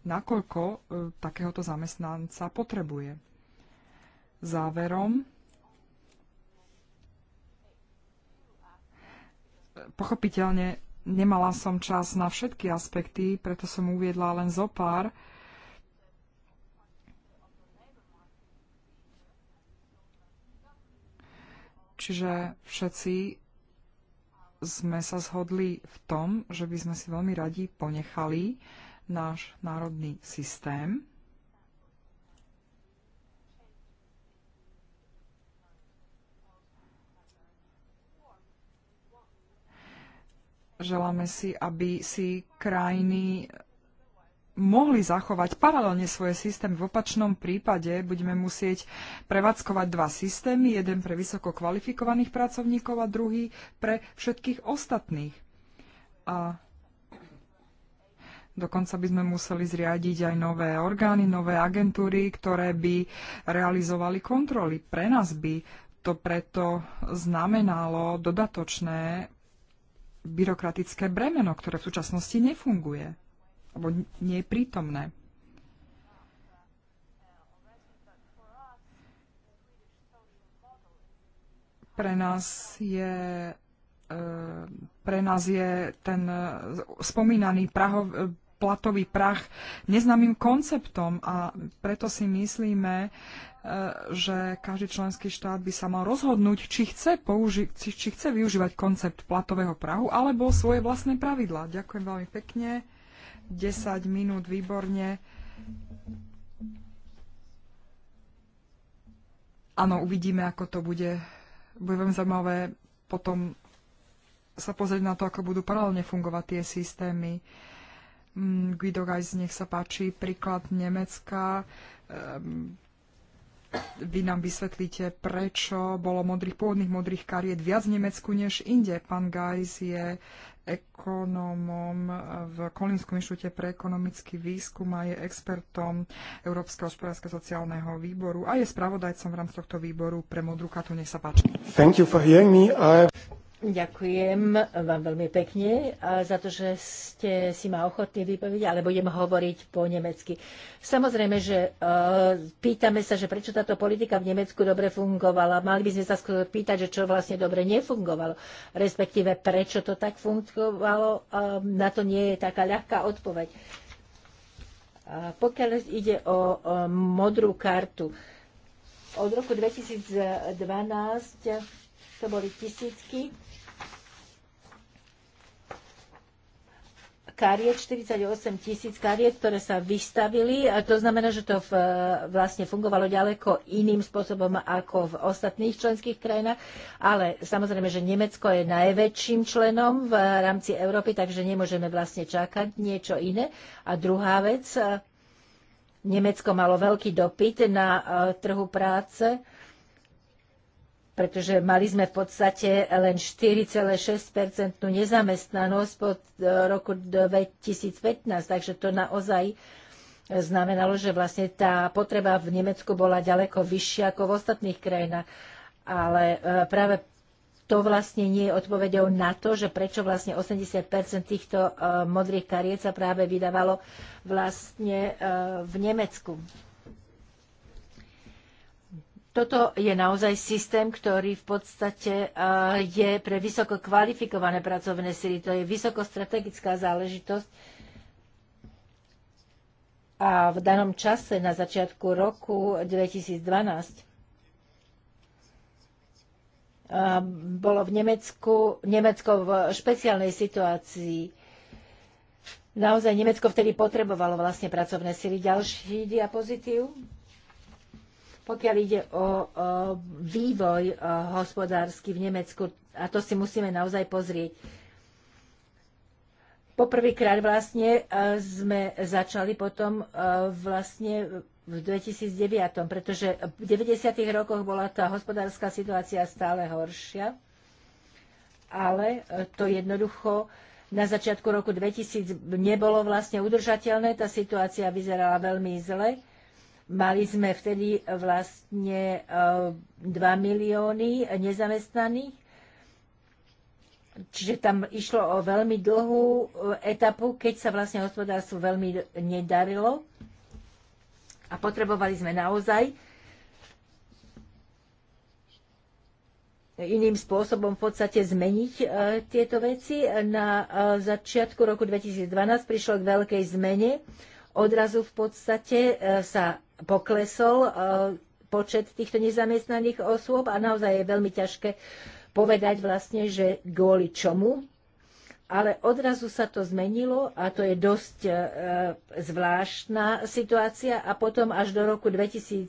nakoľko e, takéhoto zamestnanca potrebuje. Záverom, pochopiteľne nemala som čas na všetky aspekty, preto som uviedla len zo pár, Čiže všetci sme sa zhodli v tom, že by sme si veľmi radi ponechali náš národný systém. Želáme si, aby si krajiny mohli zachovať paralelne svoje systémy. V opačnom prípade budeme musieť prevádzkovať dva systémy, jeden pre vysoko kvalifikovaných pracovníkov a druhý pre všetkých ostatných. A Dokonca by sme museli zriadiť aj nové orgány, nové agentúry, ktoré by realizovali kontroly. Pre nás by to preto znamenalo dodatočné byrokratické bremeno, ktoré v súčasnosti nefunguje alebo nie je prítomné. Pre nás je e, pre nás je ten spomínaný prahov, platový prach neznámym konceptom a preto si myslíme, e, že každý členský štát by sa mal rozhodnúť, či chce, použi- či, či chce využívať koncept platového prahu alebo svoje vlastné pravidlá. Ďakujem veľmi pekne. 10 minút, výborne. Áno, uvidíme, ako to bude. Bude veľmi zaujímavé potom sa pozrieť na to, ako budú paralelne fungovať tie systémy. Mm, Guido Geis, nech sa páči, príklad Nemecka. Ehm, vy nám vysvetlíte, prečo bolo modrých, pôvodných modrých kariet viac v Nemecku než inde. Pán Geis je ekonómom v Kolínskom inštitúte pre ekonomický výskum a je expertom Európskeho hospodárskeho sociálneho výboru a je spravodajcom v rámci tohto výboru pre modrú kartu. Nech sa páči. Thank you for hearing me. I... Ďakujem vám veľmi pekne za to, že ste si ma ochotní vypovedať, ale budem hovoriť po nemecky. Samozrejme, že e, pýtame sa, že prečo táto politika v Nemecku dobre fungovala. Mali by sme sa skôr pýtať, že čo vlastne dobre nefungovalo, respektíve prečo to tak fungovalo. na to nie je taká ľahká odpoveď. pokiaľ ide o, modrú kartu, od roku 2012 to boli tisícky kariet, 48 tisíc kariet, ktoré sa vystavili. A to znamená, že to v, vlastne fungovalo ďaleko iným spôsobom ako v ostatných členských krajinách. Ale samozrejme, že Nemecko je najväčším členom v rámci Európy, takže nemôžeme vlastne čakať niečo iné. A druhá vec, Nemecko malo veľký dopyt na eh, trhu práce pretože mali sme v podstate len 4,6% nezamestnanosť pod e, roku 2015, takže to naozaj znamenalo, že vlastne tá potreba v Nemecku bola ďaleko vyššia ako v ostatných krajinách. Ale e, práve to vlastne nie je odpovedou na to, že prečo vlastne 80 týchto e, modrých kariet sa práve vydávalo vlastne v Nemecku. Toto je naozaj systém, ktorý v podstate e, je pre vysoko kvalifikované pracovné sily. To je vysokostrategická záležitosť. A v danom čase na začiatku roku 2012 e, bolo v Nemecku, Nemecko v špeciálnej situácii. Naozaj Nemecko vtedy potrebovalo vlastne pracovné sily. Ďalší diapozitív pokiaľ ide o, vývoj hospodársky v Nemecku, a to si musíme naozaj pozrieť. Poprvýkrát vlastne e, sme začali potom e, vlastne v 2009, pretože v 90. rokoch bola tá hospodárska situácia stále horšia, ale e, to jednoducho na začiatku roku 2000 nebolo vlastne udržateľné, tá situácia vyzerala veľmi zle Mali sme vtedy vlastne 2 eh, milióny nezamestnaných, čiže tam išlo o veľmi dlhú eh, etapu, keď sa vlastne hospodárstvo veľmi nedarilo a potrebovali sme naozaj iným spôsobom v podstate zmeniť eh, tieto veci. Na začiatku roku 2012 prišlo k veľkej zmene. Odrazu v podstate sa poklesol e, počet týchto nezamestnaných osôb a naozaj je veľmi ťažké povedať vlastne, že kvôli čomu. Ale odrazu sa to zmenilo a to je dosť e, zvláštna situácia a potom až do roku 2008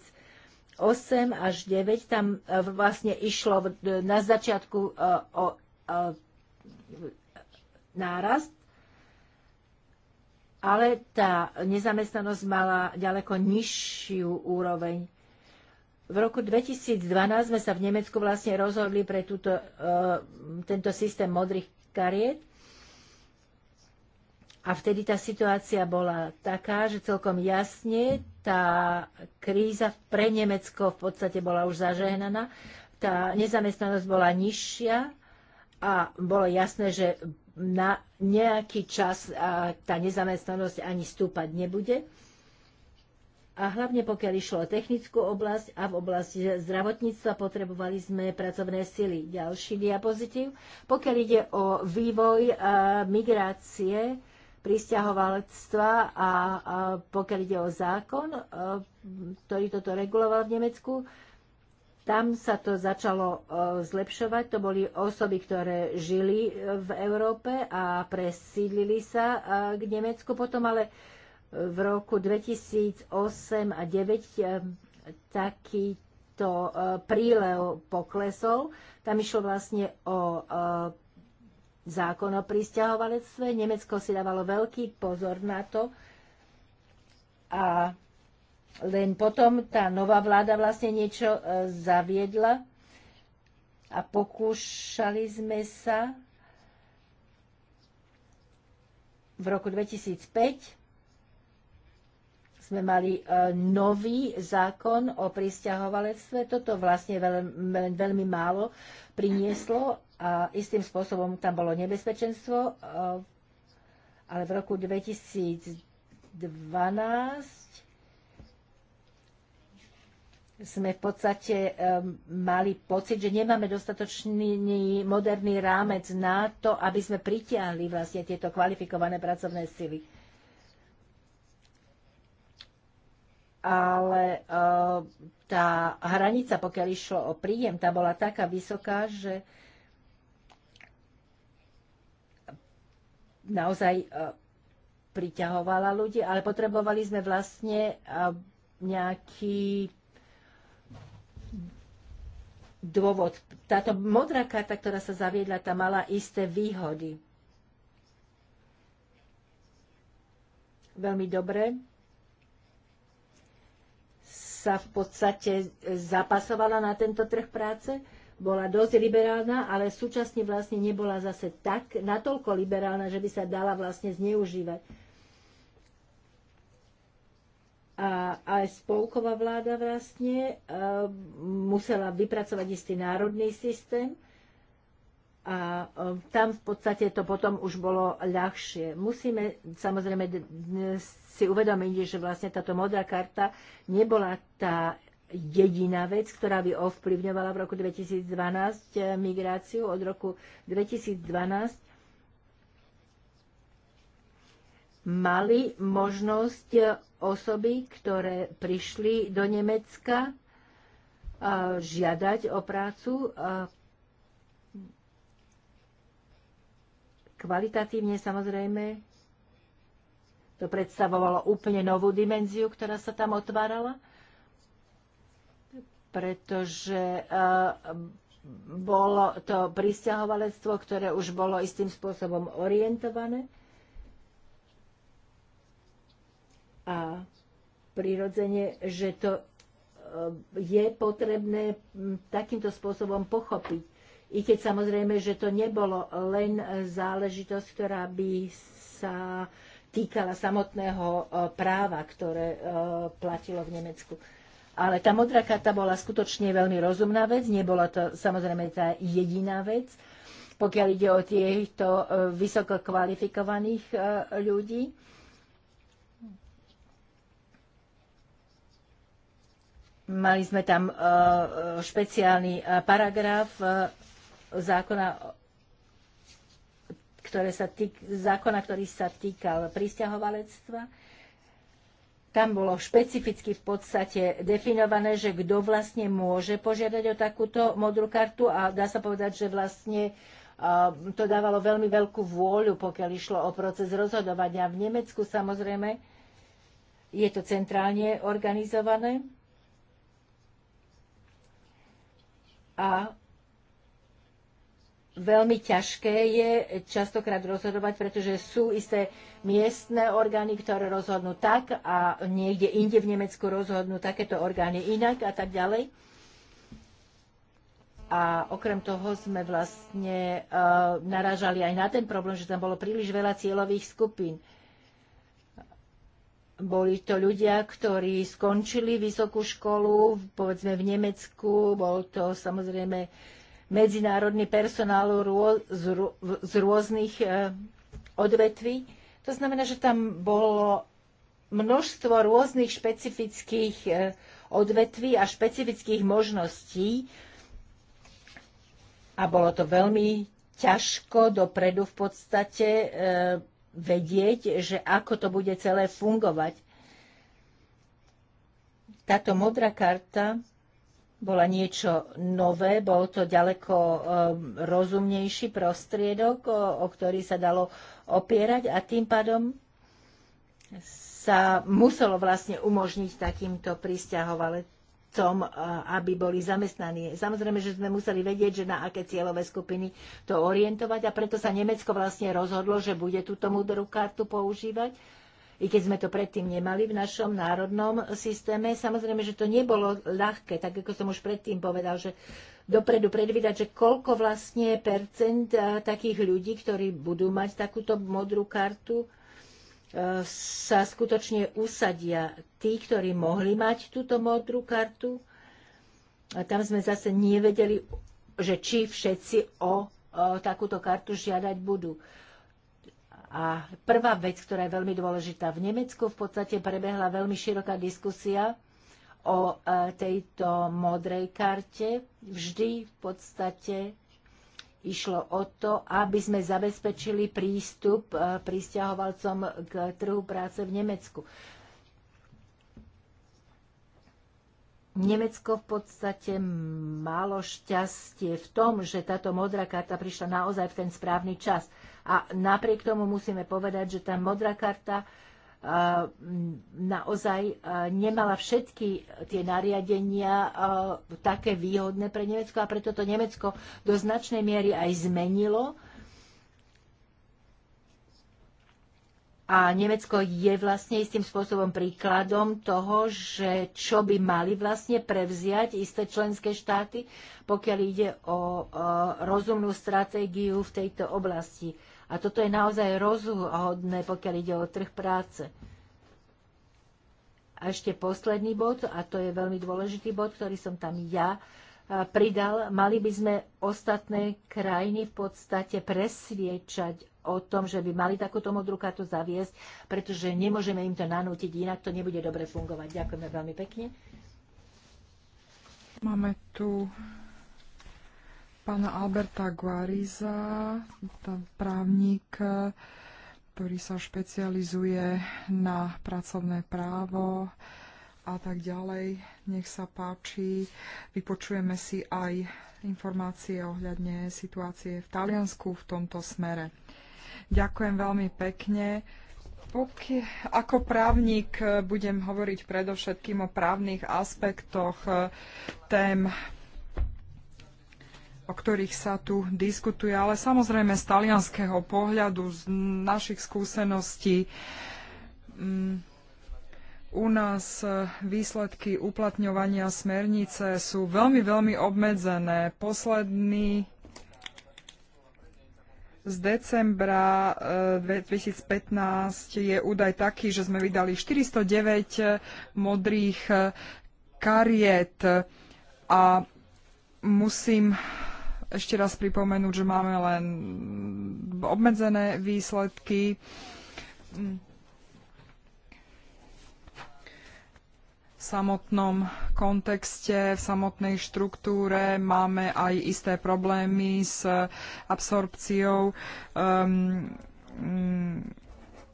až 9 tam e, vlastne išlo na začiatku o, o, o nárast ale tá nezamestnanosť mala ďaleko nižšiu úroveň. V roku 2012 sme sa v Nemecku vlastne rozhodli pre túto, e, tento systém modrých kariet. A vtedy tá situácia bola taká, že celkom jasne tá kríza pre Nemecko v podstate bola už zažehnaná. Tá nezamestnanosť bola nižšia a bolo jasné, že na nejaký čas tá nezamestnanosť ani stúpať nebude. A hlavne pokiaľ išlo o technickú oblasť a v oblasti zdravotníctva potrebovali sme pracovné sily. Ďalší diapozitív. Pokiaľ ide o vývoj migrácie, pristahovalectva a, a pokiaľ ide o zákon, ktorý toto reguloval v Nemecku, tam sa to začalo e, zlepšovať. To boli osoby, ktoré žili e, v Európe a presídlili sa e, k Nemecku potom, ale v roku 2008 a 2009 takýto prílev poklesol. Tam išlo vlastne o zákon o pristahovalectve. Nemecko si dávalo veľký pozor na to a len potom tá nová vláda vlastne niečo e, zaviedla a pokúšali sme sa v roku 2005 sme mali e, nový zákon o pristahovalectve. Toto vlastne veľmi, veľmi málo prinieslo a istým spôsobom tam bolo nebezpečenstvo, e, ale v roku 2012 sme v podstate mali pocit, že nemáme dostatočný moderný rámec na to, aby sme pritiahli vlastne tieto kvalifikované pracovné sily. Ale tá hranica, pokiaľ išlo o príjem, tá bola taká vysoká, že naozaj priťahovala ľudí, ale potrebovali sme vlastne nejaký dôvod. Táto modrá karta, ktorá sa zaviedla, tá mala isté výhody. Veľmi dobre sa v podstate zapasovala na tento trh práce, bola dosť liberálna, ale súčasne vlastne nebola zase tak natoľko liberálna, že by sa dala vlastne zneužívať a aj spolková vláda vlastne e, musela vypracovať istý národný systém a e, tam v podstate to potom už bolo ľahšie. Musíme samozrejme si uvedomiť, že vlastne táto modrá karta nebola tá jediná vec, ktorá by ovplyvňovala v roku 2012 e, migráciu. Od roku 2012 mali možnosť e, osoby, ktoré prišli do Nemecka e, žiadať o prácu. E, kvalitatívne samozrejme to predstavovalo úplne novú dimenziu, ktorá sa tam otvárala, pretože bolo to pristahovalectvo, ktoré už bolo istým spôsobom orientované A prirodzene, že to e, je potrebné takýmto spôsobom pochopiť. I keď samozrejme, že to nebolo len záležitosť, ktorá by sa týkala samotného e, práva, ktoré e, platilo v Nemecku. Ale tá modrá karta bola skutočne veľmi rozumná vec, nebola to samozrejme tá jediná vec, pokiaľ ide o týchto vysoko kvalifikovaných ľudí Mali sme tam e, e, špeciálny e, paragraf zákona, ktoré sa týk, zákona, ktorý sa týkal pristahovalectva. Tam bolo špecificky v podstate definované, že kto vlastne môže požiadať o takúto modrú kartu a dá sa povedať, že vlastne to dávalo veľmi veľkú vôľu, pokiaľ išlo o proces rozhodovania. V Nemecku samozrejme je to centrálne organizované a veľmi ťažké je častokrát rozhodovať, pretože sú isté miestne orgány, ktoré rozhodnú tak a niekde inde v Nemecku rozhodnú takéto orgány inak a tak ďalej. A okrem toho sme vlastne uh, eh, naražali aj na ten problém, že tam bolo príliš veľa cieľových skupín. Uh, boli to ľudia, ktorí skončili vysokú školu, povedzme v Nemecku, bol to samozrejme medzinárodný personál z rôznych e, odvetví. To znamená, že tam bolo množstvo rôznych špecifických e, odvetví a špecifických možností a bolo to veľmi ťažko dopredu v podstate e, vedieť, že ako to bude celé fungovať. Táto modrá karta bola niečo nové, bol to ďaleko ehm, rozumnejší prostriedok, o, ktorý sa dalo opierať a tým pádom sa muselo vlastne umožniť takýmto pristahovale, tom, eh, aby boli zamestnaní. Samozrejme, že sme museli vedieť, že na aké cieľové skupiny to orientovať a preto sa Nemecko vlastne rozhodlo, že bude túto modrú kartu používať. I keď sme to predtým nemali v našom národnom systéme, samozrejme, že to nebolo ľahké, tak ako som už predtým povedal, že dopredu predvídať, že koľko vlastne percent eh, takých ľudí, ktorí budú mať takúto modrú kartu, sa skutočne usadia tí, ktorí mohli mať túto modrú kartu. A tam sme zase nevedeli, že či všetci o, o takúto kartu žiadať budú. A prvá vec, ktorá je veľmi dôležitá, v Nemecku v podstate prebehla veľmi široká diskusia o e, tejto modrej karte. Vždy v podstate Išlo o to, aby sme zabezpečili prístup e, pristahovalcom k trhu práce v Nemecku. Nemecko v podstate malo šťastie v tom, že táto modrá karta prišla naozaj v ten správny čas. A napriek tomu musíme povedať, že tá modrá karta Ehm, naozaj e, nemala všetky tie nariadenia e, také výhodné pre Nemecko a preto to Nemecko do značnej miery aj zmenilo. A Nemecko je vlastne istým spôsobom príkladom toho, že čo by mali vlastne prevziať isté členské štáty, pokiaľ ide o e, rozumnú stratégiu v tejto oblasti. A toto je naozaj rozhodné, pokiaľ ide o trh práce. A ešte posledný bod, a to je veľmi dôležitý bod, ktorý som tam ja pridal, mali by sme ostatné krajiny v podstate presviečať o tom, že by mali takúto modrú kartu zaviesť, pretože nemôžeme im to nanútiť, inak to nebude dobre fungovať. Ďakujeme veľmi pekne. Máme tu pána Alberta Guariza, právnik, ktorý sa špecializuje na pracovné právo a tak ďalej. Nech sa páči, vypočujeme si aj informácie ohľadne situácie v Taliansku v tomto smere. Ďakujem veľmi pekne. Poky, ako právnik budem hovoriť predovšetkým o právnych aspektoch eh, tém o ktorých sa tu diskutuje, ale samozrejme z talianského pohľadu, z našich skúseností. Mm, u nás e, výsledky uplatňovania smernice sú veľmi, veľmi obmedzené. Posledný z decembra 2015 e, je údaj taký, že sme vydali 409 e, modrých kariet a musím ešte raz pripomenúť, že máme len obmedzené výsledky. V samotnom kontexte, v samotnej štruktúre máme aj isté problémy s absorpciou um, um,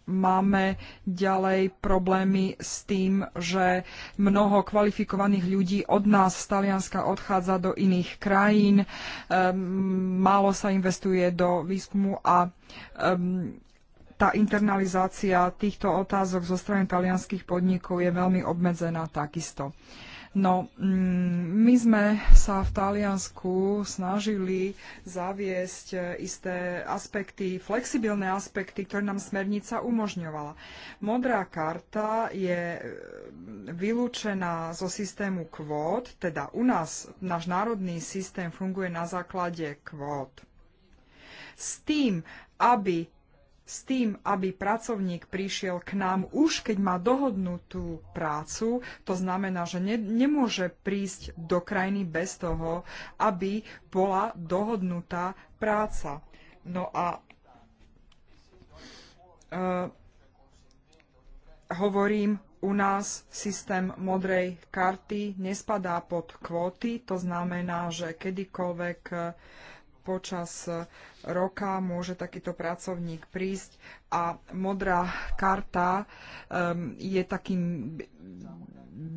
máme ďalej problémy s tým, že mnoho kvalifikovaných ľudí od nás z Talianska odchádza do iných krajín, ehm, málo sa investuje do výskumu a ehm, tá internalizácia týchto otázok zo strany talianských podnikov je veľmi obmedzená takisto. No, mm, my sme sa v Taliansku snažili zaviesť e, isté aspekty, flexibilné aspekty, ktoré nám smernica umožňovala. Modrá karta je e, vylúčená zo systému kvót, teda u nás náš národný systém funguje na základe kvót. S tým, aby s tým, aby pracovník prišiel k nám už, keď má dohodnutú prácu, to znamená, že ne, nemôže prísť do krajiny bez toho, aby bola dohodnutá práca. No a uh, hovorím, u nás systém modrej karty nespadá pod kvóty, to znamená, že kedykoľvek uh, počas e, roka môže takýto pracovník prísť a modrá karta je takým,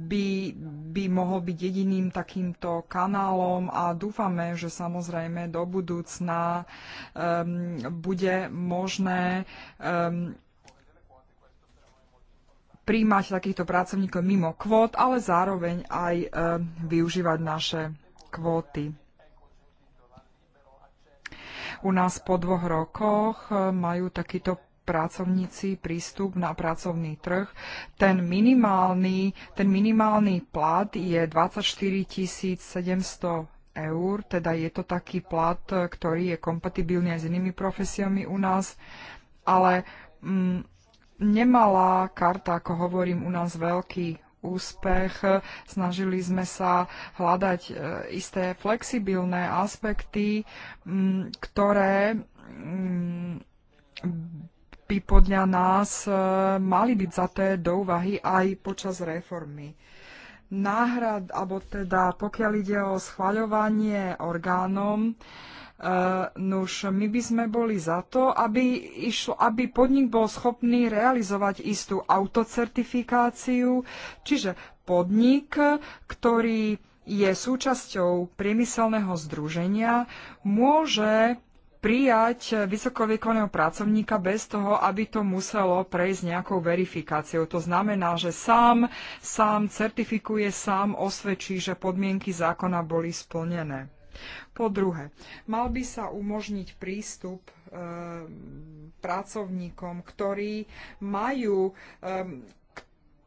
by, by mohol byť jediným takýmto kanálom a dúfame, že samozrejme do budúcna um, bude možné um, príjmať takýchto pracovníkov mimo kvót, ale zároveň aj využívať naše kvóty. U nás po dvoch rokoch e, majú takýto pracovníci prístup na pracovný trh. Ten minimálny, ten minimálny plat je 24 700 eur, teda je to taký plat, e, ktorý je kompatibilný aj s inými profesiami u nás, ale mm, nemalá karta, ako hovorím, u nás veľký úspech. Snažili sme sa hľadať e, isté flexibilné aspekty, ktoré by podľa nás e, mali byť zaté do úvahy aj počas reformy náhrad, alebo teda pokiaľ ide o schvaľovanie orgánom, Uh, nuž, my by sme boli za to, aby, išlo, aby podnik bol schopný realizovať istú autocertifikáciu, čiže podnik, ktorý je súčasťou priemyselného združenia, môže prijať vysokovýkonného pracovníka bez toho, aby to muselo prejsť nejakou verifikáciou. To znamená, že sám, sám certifikuje, sám osvedčí, že podmienky zákona boli splnené. Po druhé, mal by sa umožniť prístup e, pracovníkom, ktorí majú e,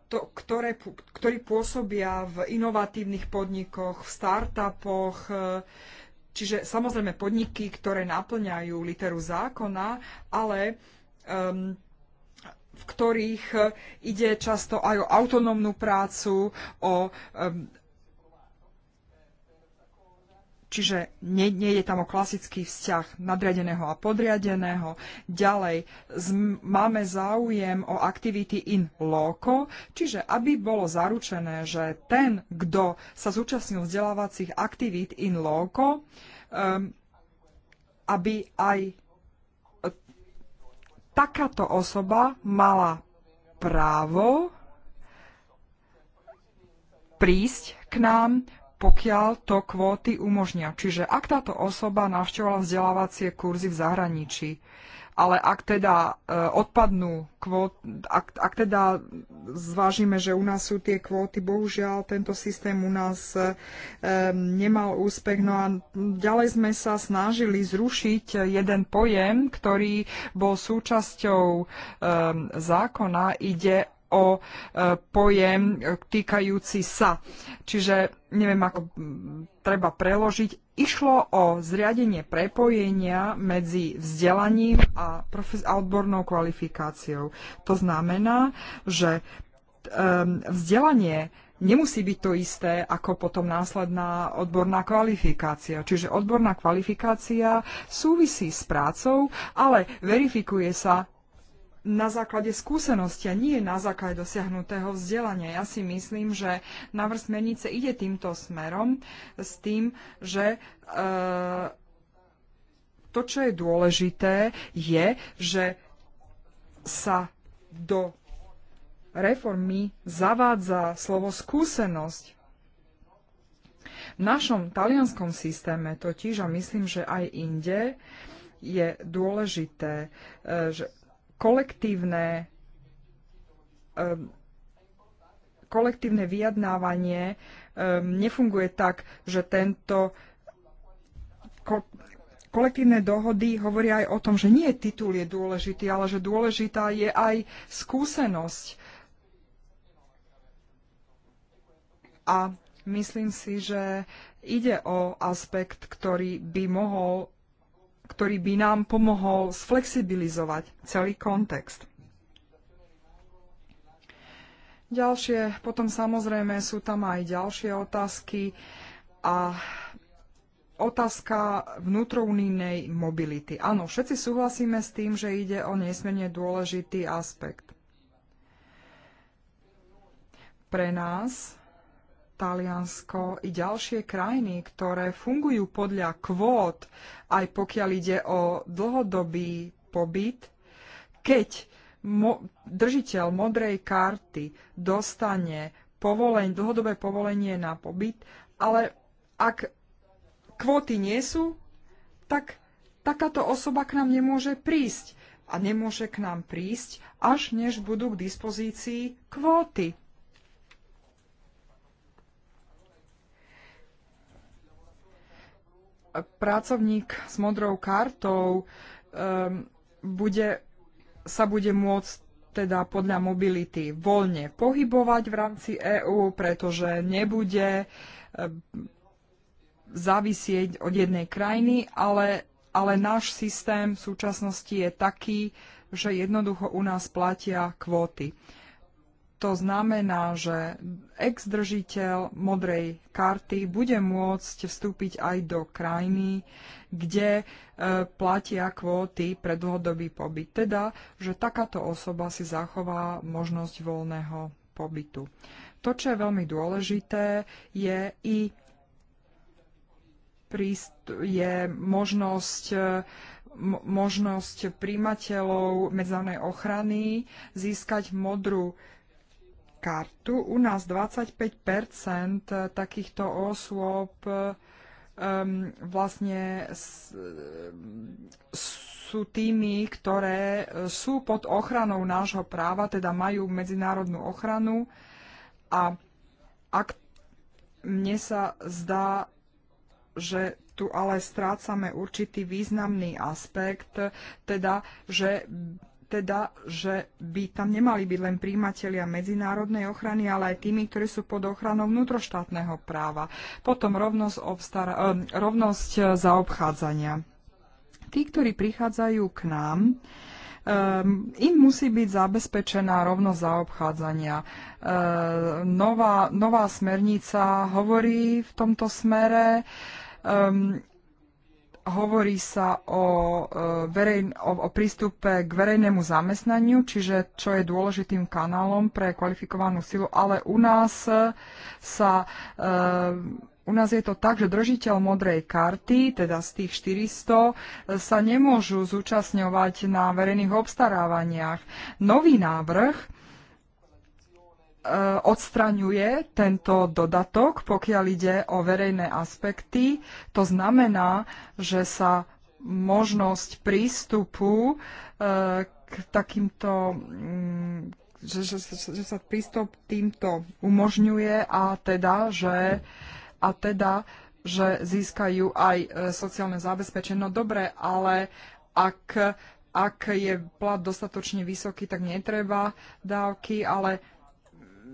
to, ktoré, ktorí pôsobia v inovatívnych podnikoch, v startupoch, e, čiže samozrejme podniky, ktoré naplňajú literu zákona, ale um, v ktorých e, ide často aj o autonómnu prácu, o um, Čiže nie, nie je tam o klasický vzťah nadriadeného a podriadeného. Ďalej z, máme záujem o aktivity in loco, čiže aby bolo zaručené, že ten, kto sa zúčastnil vzdelávacích aktivít in loco, um, aby aj e, takáto osoba mala právo prísť k nám pokiaľ to kvóty umožnia. Čiže ak táto osoba navštevovala vzdelávacie kurzy v zahraničí, ale ak teda e, odpadnú kvóty, ak, ak teda zvážime, že u nás sú tie kvóty, bohužiaľ tento systém u nás um, nemal úspech. No a ďalej sme sa snažili zrušiť jeden pojem, ktorý bol súčasťou um, zákona. Ide o e, pojem týkajúci sa. Čiže neviem, ako treba preložiť. Išlo o zriadenie prepojenia medzi vzdelaním a, a odbornou kvalifikáciou. To znamená, že vzdelanie nemusí byť to isté ako potom následná odborná kvalifikácia. Čiže odborná kvalifikácia súvisí s prácou, ale verifikuje sa na základe skúsenosti a nie na základe dosiahnutého vzdelania. Ja si myslím, že návrh smernice ide týmto smerom s tým, že e, to, čo je dôležité, je, že sa do reformy zavádza slovo skúsenosť. V našom talianskom systéme totiž, a myslím, že aj inde, je dôležité, e, že kolektívne eh, kolektívne vyjadnávanie eh, nefunguje tak, že tento ko, kolektívne dohody hovoria aj o tom, že nie titul je dôležitý, ale že dôležitá je aj skúsenosť. A myslím si, že ide o aspekt, ktorý by mohol ktorý by nám pomohol sflexibilizovať celý kontext. Ďalšie, potom samozrejme sú tam aj ďalšie otázky a otázka vnútrounínej mobility. Áno, všetci súhlasíme s tým, že ide o nesmierne dôležitý aspekt. Pre nás Taliansko i ďalšie krajiny, ktoré fungujú podľa kvót, aj pokiaľ ide o dlhodobý pobyt, keď mo- držiteľ modrej karty dostane povolenie, dlhodobé povolenie na pobyt, ale ak kvóty nie sú, tak takáto osoba k nám nemôže prísť. A nemôže k nám prísť, až než budú k dispozícii kvóty. pracovník s modrou kartou um, bude, sa bude môcť teda podľa mobility voľne pohybovať v rámci EÚ, pretože nebude um, ehm, závisieť od jednej krajiny, ale, ale náš systém v súčasnosti je taký, že jednoducho u nás platia kvóty to znamená, že ex-držiteľ modrej karty bude môcť vstúpiť aj do krajiny, kde e, platia kvóty pre dlhodobý pobyt. Teda, že takáto osoba si zachová možnosť voľného pobytu. To, čo je veľmi dôležité, je i je možnosť e, možnosť príjmateľov medzanej ochrany získať modrú kartu. U nás 25 takýchto osôb um, vlastne s, sú tými, ktoré sú pod ochranou nášho práva, teda majú medzinárodnú ochranu. A ak mne sa zdá, že tu ale strácame určitý významný aspekt, teda, že teda, že by tam nemali byť len príjimatelia medzinárodnej ochrany, ale aj tými, ktorí sú pod ochranou vnútroštátneho práva. Potom rovnosť, obstar- eh, rovnosť eh, zaobchádzania. Tí, ktorí prichádzajú k nám, Um, im musí byť zabezpečená rovnosť zaobchádzania. Um, nová, nová smernica hovorí v tomto smere. Um, hovorí sa o, e, verej, o, o prístupe k verejnému zamestnaniu, čiže čo je dôležitým kanálom pre kvalifikovanú silu, ale u nás sa e, u nás je to tak, že držiteľ modrej karty, teda z tých 400, sa nemôžu zúčastňovať na verejných obstarávaniach. Nový návrh E, odstraňuje tento dodatok, pokiaľ ide o verejné aspekty. To znamená, že sa možnosť prístupu e, k takýmto mm, že, že, že sa prístup týmto umožňuje a teda, že, a teda, že získajú aj e, sociálne zabezpečenie. No dobre, ale ak, ak je plat dostatočne vysoký, tak netreba dávky, ale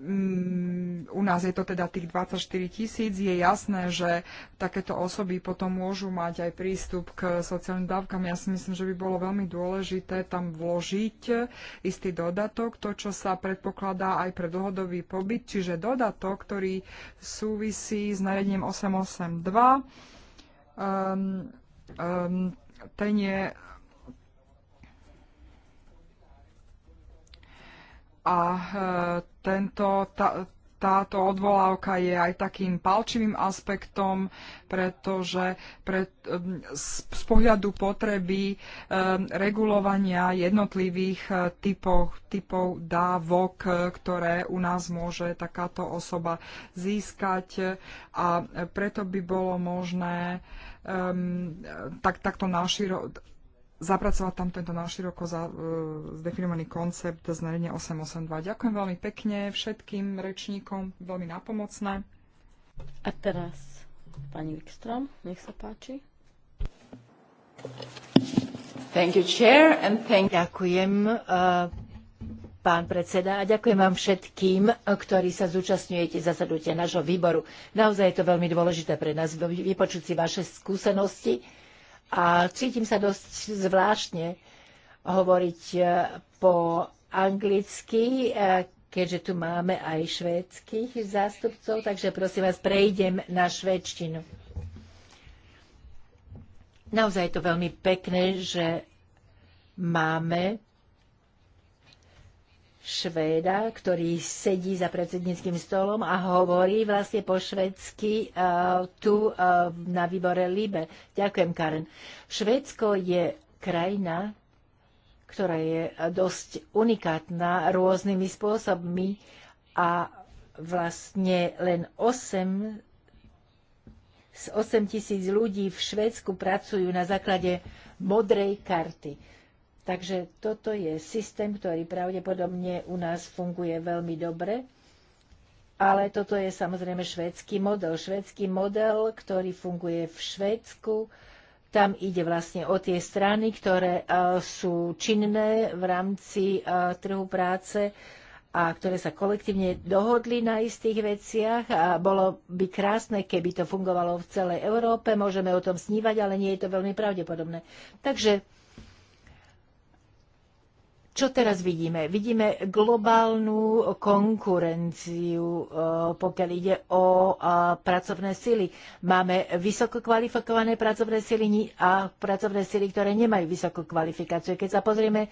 Mm, u nás je to teda tých 24 tisíc, je jasné, že takéto osoby potom môžu mať aj prístup k sociálnym dávkam. Ja si myslím, že by bolo veľmi dôležité tam vložiť istý dodatok, to, čo sa predpokladá aj pre dlhodobý pobyt, čiže dodatok, ktorý súvisí s nariadením 882. Um, um, ten je a tento, tá, táto odvolávka je aj takým palčivým aspektom, pretože pre, z, z pohľadu potreby e, regulovania jednotlivých e, typov, typov dávok, e, ktoré u nás môže takáto osoba získať a preto by bolo možné um, tak, takto naširo zapracovať tam tento naširoko za, e, zdefinovaný koncept z 882. Ďakujem veľmi pekne všetkým rečníkom, veľmi napomocné. A teraz pani Wikström, nech sa páči. Thank you, chair, and thank... Ďakujem, uh, pán predseda, a ďakujem vám všetkým, ktorí sa zúčastňujete zasadnutia nášho výboru. Naozaj je to veľmi dôležité pre nás vypočuť si vaše skúsenosti a cítim sa dosť zvláštne hovoriť e, po anglicky, e, keďže tu máme aj švédskych zástupcov, takže prosím vás, prejdem na švédštinu. Naozaj je to veľmi pekné, že máme Švéda, ktorý sedí za predsedníckým stolom a hovorí vlastne po švedsky uh, tu uh, na výbore Libe. Ďakujem, Karen. Švédsko je krajina, ktorá je dosť unikátna rôznymi spôsobmi a vlastne len 8 z 8 tisíc ľudí v Švédsku pracujú na základe modrej karty. Takže toto je systém, ktorý pravdepodobne u nás funguje veľmi dobre, ale toto je samozrejme švédsky model. Švédsky model, ktorý funguje v Švédsku, tam ide vlastne o tie strany, ktoré e, sú činné v rámci e, trhu práce a ktoré sa kolektívne dohodli na istých veciach a bolo by krásne, keby to fungovalo v celej Európe. Môžeme o tom snívať, ale nie je to veľmi pravdepodobné. Takže čo teraz vidíme? Vidíme globálnu konkurenciu, e, pokiaľ ide o e, pracovné sily. Máme vysoko kvalifikované pracovné sily a pracovné sily, ktoré nemajú vysokú kvalifikáciu. Keď sa pozrieme e,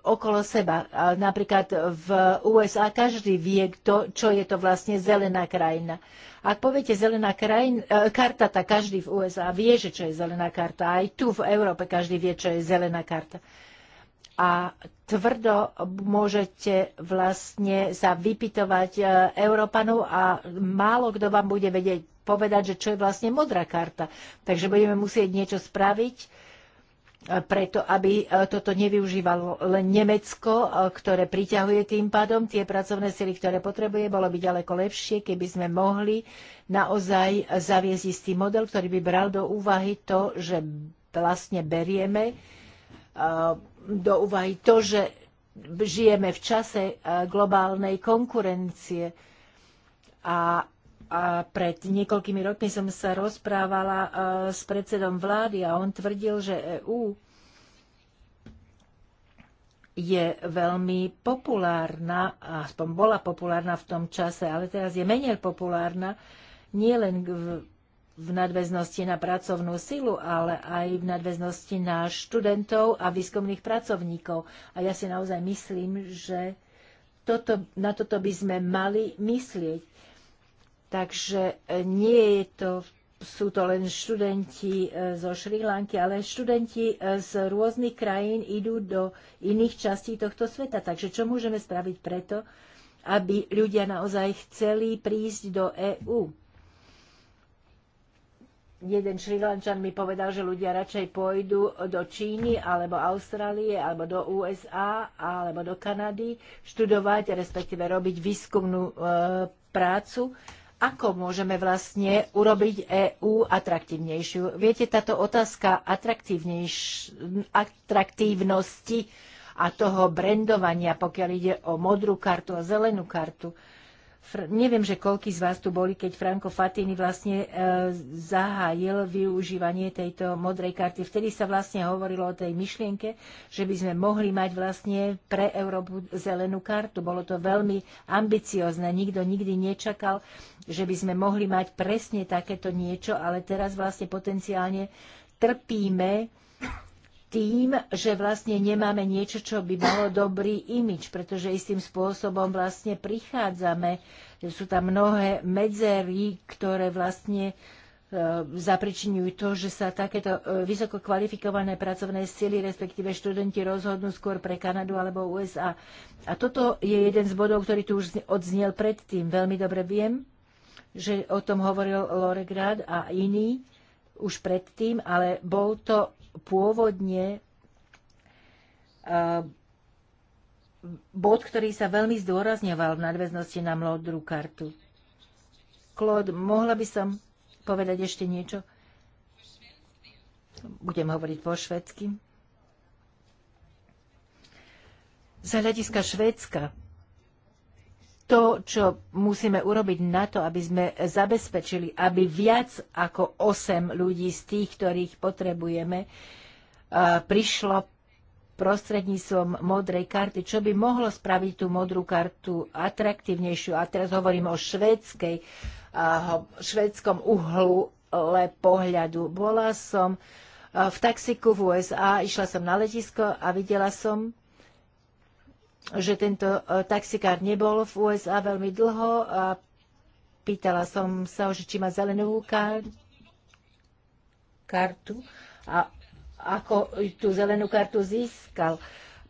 okolo seba. Napríklad v USA každý vie, to, čo je to vlastne zelená krajina. Ak poviete zelená krajina, karta, tak každý v USA vie, že čo je zelená karta. Aj tu v Európe každý vie, čo je zelená karta a tvrdo môžete vlastne sa vypitovať e, Európanov a málo kto vám bude vedieť povedať, že čo je vlastne modrá karta. Takže budeme musieť niečo spraviť e, preto, aby e, toto nevyužívalo len Nemecko, ktoré priťahuje tým pádom tie pracovné sily, ktoré potrebuje. Bolo by ďaleko lepšie, keby sme mohli naozaj zaviesť istý model, ktorý by bral do úvahy to, že vlastne berieme do úvahy to, že žijeme v čase e, globálnej konkurencie. A, a pred niekoľkými rokmi som sa rozprávala e, s predsedom vlády a on tvrdil, že EÚ je veľmi populárna, aspoň bola populárna v tom čase, ale teraz je menej populárna, nie len v nadväznosti na pracovnú silu, ale aj v nadväznosti na študentov a výskumných pracovníkov. A ja si naozaj myslím, že toto, na toto by sme mali myslieť. Takže e, nie je to, sú to len študenti e, zo Šri Lanky, ale študenti e, z rôznych krajín idú do iných častí tohto sveta. Takže čo môžeme spraviť preto, aby ľudia naozaj chceli prísť do EÚ? jeden Šrilančan mi povedal, že ľudia radšej pôjdu do Číny alebo Austrálie alebo do USA alebo do Kanady študovať, respektíve robiť výskumnú e, prácu. Ako môžeme vlastne urobiť EÚ atraktívnejšiu? Viete, táto otázka atraktívnosti a toho brandovania, pokiaľ ide o modrú kartu a zelenú kartu, Fr- neviem, že koľky z vás tu boli, keď Franco Fatini vlastne e, zahájil využívanie tejto modrej karty. Vtedy sa vlastne hovorilo o tej myšlienke, že by sme mohli mať vlastne pre Európu zelenú kartu. Bolo to veľmi ambiciozne. Nikto nikdy nečakal, že by sme mohli mať presne takéto niečo, ale teraz vlastne potenciálne trpíme tým, že vlastne nemáme niečo, čo by malo dobrý imič, pretože istým spôsobom vlastne prichádzame, sú tam mnohé medzery, ktoré vlastne e, zapričinujú to, že sa takéto e, vysoko kvalifikované pracovné sily, respektíve študenti rozhodnú skôr pre Kanadu alebo USA. A toto je jeden z bodov, ktorý tu už odznel predtým. Veľmi dobre viem, že o tom hovoril Loregrad a iní už predtým, ale bol to pôvodne eh, bod, ktorý sa veľmi zdôrazňoval v nadväznosti na modrú kartu. Claude, mohla by som povedať ešte niečo? Budem hovoriť po švedsky. Z hľadiska Švédska to, čo musíme urobiť na to, aby sme zabezpečili, aby viac ako 8 ľudí z tých, ktorých potrebujeme, prišlo prostredníctvom modrej karty, čo by mohlo spraviť tú modrú kartu atraktívnejšiu. A teraz hovorím o švédskej, švédskom uhlu le pohľadu. Bola som v taxiku v USA, išla som na letisko a videla som že tento e, taxikár nebol v USA veľmi dlho a pýtala som sa, že či má zelenú kartu a ako tú zelenú kartu získal.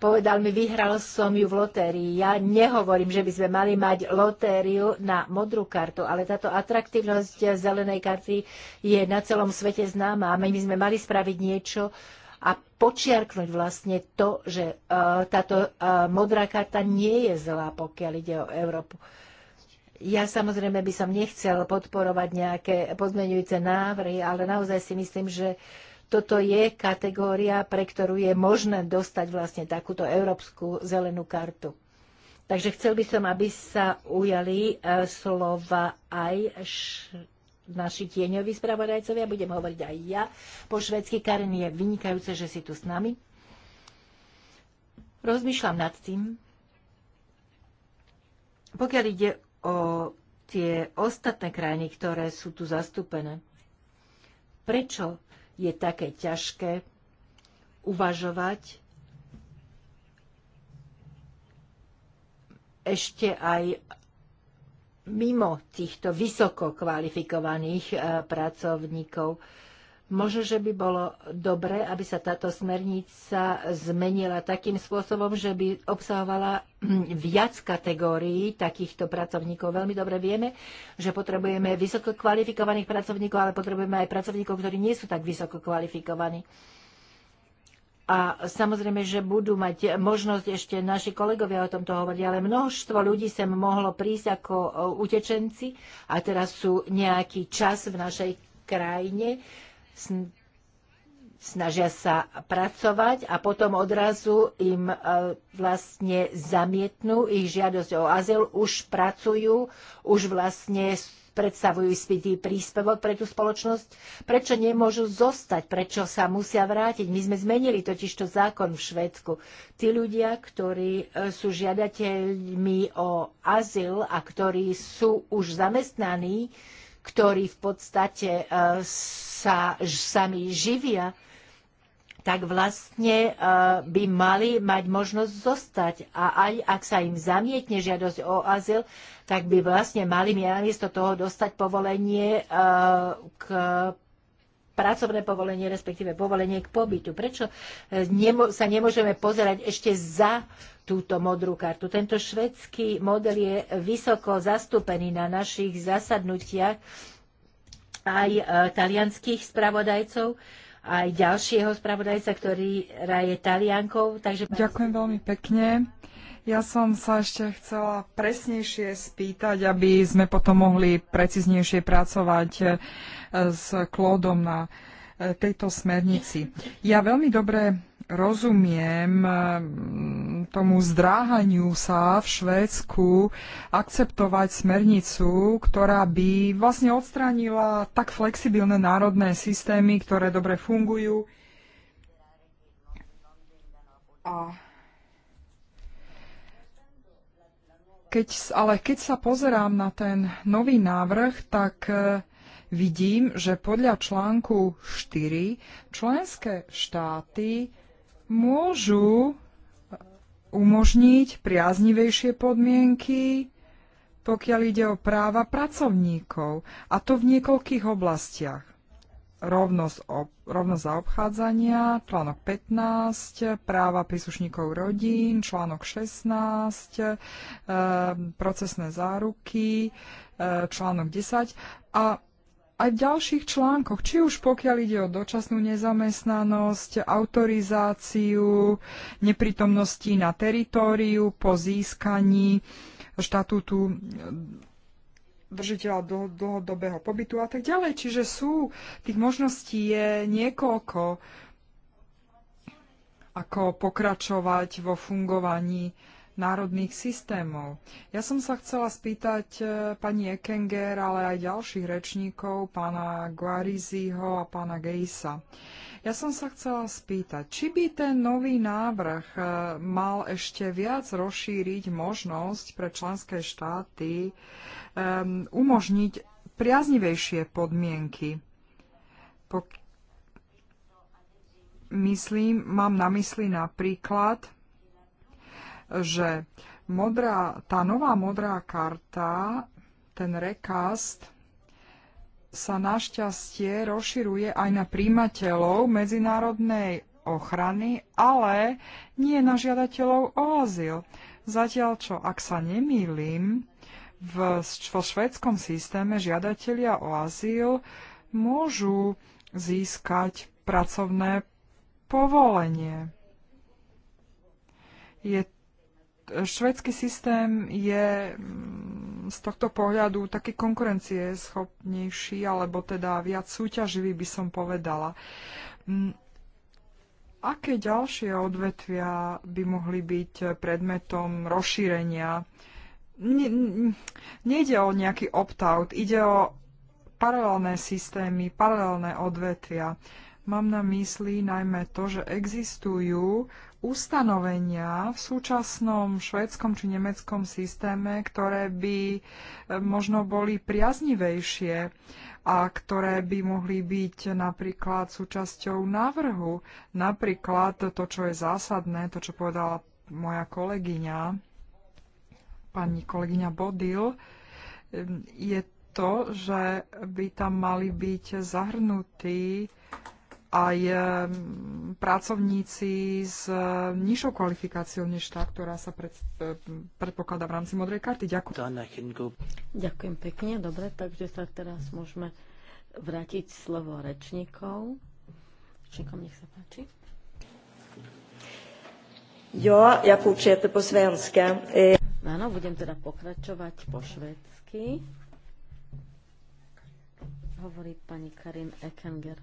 Povedal mi, vyhral som ju v lotérii. Ja nehovorím, že by sme mali mať lotériu na modrú kartu, ale táto atraktívnosť zelenej karty je na celom svete známa a my by sme mali spraviť niečo, uh, počiarknúť vlastne to, že e, táto e, modrá karta nie je zlá, pokiaľ ide o Európu. Ja samozrejme by som nechcel podporovať nejaké pozmeňujúce návrhy, ale naozaj si myslím, že toto je kategória, pre ktorú je možné dostať vlastne takúto európsku zelenú kartu. Takže chcel by som, aby sa ujali e, slova aj naši tieňoví spravodajcovia, budem hovoriť aj ja. Po švedsky Karen je vynikajúce, že si tu s nami. Rozmýšľam nad tým, pokiaľ ide o tie ostatné krajiny, ktoré sú tu zastúpené, prečo je také ťažké uvažovať ešte aj mimo týchto vysoko kvalifikovaných e, pracovníkov. Možno, že by bolo dobré, aby sa táto smernica zmenila takým spôsobom, že by obsahovala hm, viac kategórií takýchto pracovníkov. Veľmi dobre vieme, že potrebujeme vysoko kvalifikovaných pracovníkov, ale potrebujeme aj pracovníkov, ktorí nie sú tak vysoko kvalifikovaní. A samozrejme, že budú mať možnosť ešte naši kolegovia o tomto hovoriť, ale množstvo ľudí sem mohlo prísť ako e, utečenci a teraz sú nejaký čas v našej krajine, snažia sa pracovať a potom odrazu im e, vlastne zamietnú ich žiadosť o azyl, už pracujú, už vlastne predstavujú istý príspevok pre tú spoločnosť, prečo nemôžu zostať, prečo sa musia vrátiť. My sme zmenili totižto zákon v Švedsku. Tí ľudia, ktorí e, sú žiadateľmi o azyl a ktorí sú už zamestnaní, ktorí v podstate e, sa sami živia, tak vlastne e, by mali mať možnosť zostať. A aj ak sa im zamietne žiadosť o azyl, tak by vlastne mali miesto toho dostať povolenie e, k pracovné povolenie, respektíve povolenie k pobytu. Prečo e, sa nemôžeme pozerať ešte za túto modrú kartu? Tento švedský model je vysoko zastúpený na našich zasadnutiach aj talianských spravodajcov. Uh, aj ďalšieho spravodajca, ktorý je Taliankou. Takže... Ďakujem veľmi pekne. Ja som sa ešte chcela presnejšie spýtať, aby sme potom mohli preciznejšie pracovať e, s Klódom na e, tejto smernici. Ja veľmi dobre rozumiem eh, tomu zdráhaniu sa v Švédsku akceptovať smernicu, ktorá by vlastne odstránila tak flexibilné národné systémy, ktoré dobre fungujú. A keď, ale keď sa pozerám na ten nový návrh, tak eh, vidím, že podľa článku 4 členské štáty môžu umožniť priaznivejšie podmienky, pokiaľ ide o práva pracovníkov, a to v niekoľkých oblastiach. Rovnosť, ob, rovnosť zaobchádzania, článok 15, práva príslušníkov rodín, článok 16, e, eh, procesné záruky, e, článok 10 a aj v ďalších článkoch, či už pokiaľ ide o dočasnú nezamestnanosť, autorizáciu, neprítomnosti na teritóriu po získaní štatútu e, držiteľa dlhodobého pobytu a tak ďalej. Čiže sú, tých možností je niekoľko, ako pokračovať vo fungovaní národných systémov. Ja som sa chcela spýtať e, pani Ekenger, ale aj ďalších rečníkov, pána Guariziho a pána Geisa. Ja som sa chcela spýtať, či by ten nový návrh e, mal ešte viac rozšíriť možnosť pre členské štáty um, umožniť priaznivejšie podmienky. Pok- Myslím, mám na mysli napríklad že modrá, tá nová modrá karta, ten rekast, sa našťastie rozširuje aj na príjimateľov medzinárodnej ochrany, ale nie na žiadateľov o azyl. Zatiaľ čo, ak sa nemýlim, v, vo švedskom systéme žiadatelia o azyl môžu získať pracovné povolenie. Je švedský systém je mm, z tohto pohľadu taký konkurencieschopnejší, alebo teda viac súťaživý by som povedala. Mm, aké ďalšie odvetvia by mohli byť predmetom rozšírenia? nejde o nejaký opt-out, ide o paralelné systémy, paralelné odvetvia. Mám na mysli najmä to, že existujú ustanovenia v súčasnom švédskom či nemeckom systéme, ktoré by e, možno boli priaznivejšie a ktoré by mohli byť napríklad súčasťou návrhu. Napríklad to, čo je zásadné, to, čo povedala moja kolegyňa, pani kolegyňa Bodil, e, je to, že by tam mali byť zahrnutí aj eh, pracovníci s eh, nižšou kvalifikáciou než tá, ktorá sa pred, eh, predpokladá v rámci modrej karty. Ďakujem. Ďakujem pekne. Dobre, takže sa teraz môžeme vrátiť slovo rečníkov. Rečníkom nech sa páči. Jo, ja fortsätter po svenské. E, Áno, budem teda pokračovať po švedsky. Hovorí pani Karin Ekenger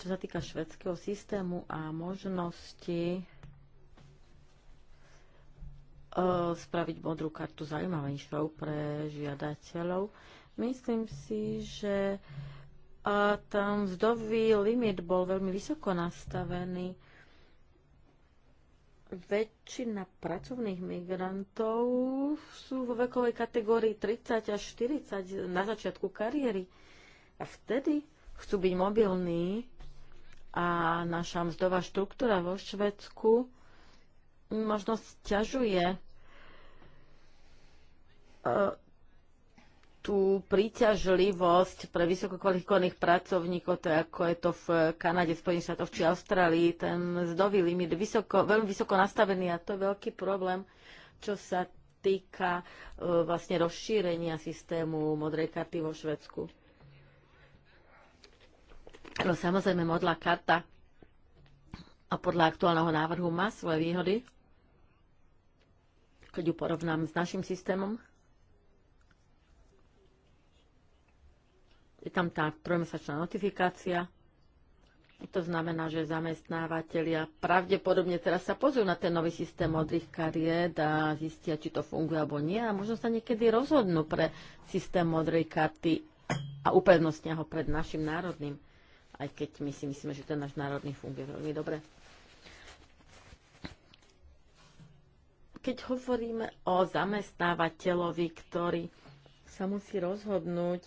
čo sa týka švedského systému a možnosti e, spraviť modrú kartu zaujímavejšou pre žiadateľov. Myslím si, že a tam vzdový limit bol veľmi vysoko nastavený. Väčšina pracovných migrantov sú vo vekovej kategórii 30 až 40 na začiatku kariéry. A vtedy chcú byť mobilní a naša mzdová štruktúra vo Švedsku možno sťažuje e, tú príťažlivosť pre vysokokvalifikovaných pracovníkov, to je ako je to v Kanade, Spojených štátoch či Austrálii, ten zdový limit vysoko, veľmi vysoko nastavený a to je veľký problém, čo sa týka e, vlastne rozšírenia systému modrej karty vo Švedsku. No samozrejme, modlá karta a podľa aktuálneho návrhu má svoje výhody, keď ju porovnám s našim systémom. Je tam tá trojmesačná notifikácia. To znamená, že zamestnávateľia pravdepodobne teraz sa pozrú na ten nový systém modrých kariet a zistia, či to funguje alebo nie. A možno sa niekedy rozhodnú pre systém modrej karty a upevnostnia ho pred našim národným aj keď my si myslíme, že ten náš národný funguje veľmi dobre. Keď hovoríme o zamestnávateľovi, ktorý sa musí rozhodnúť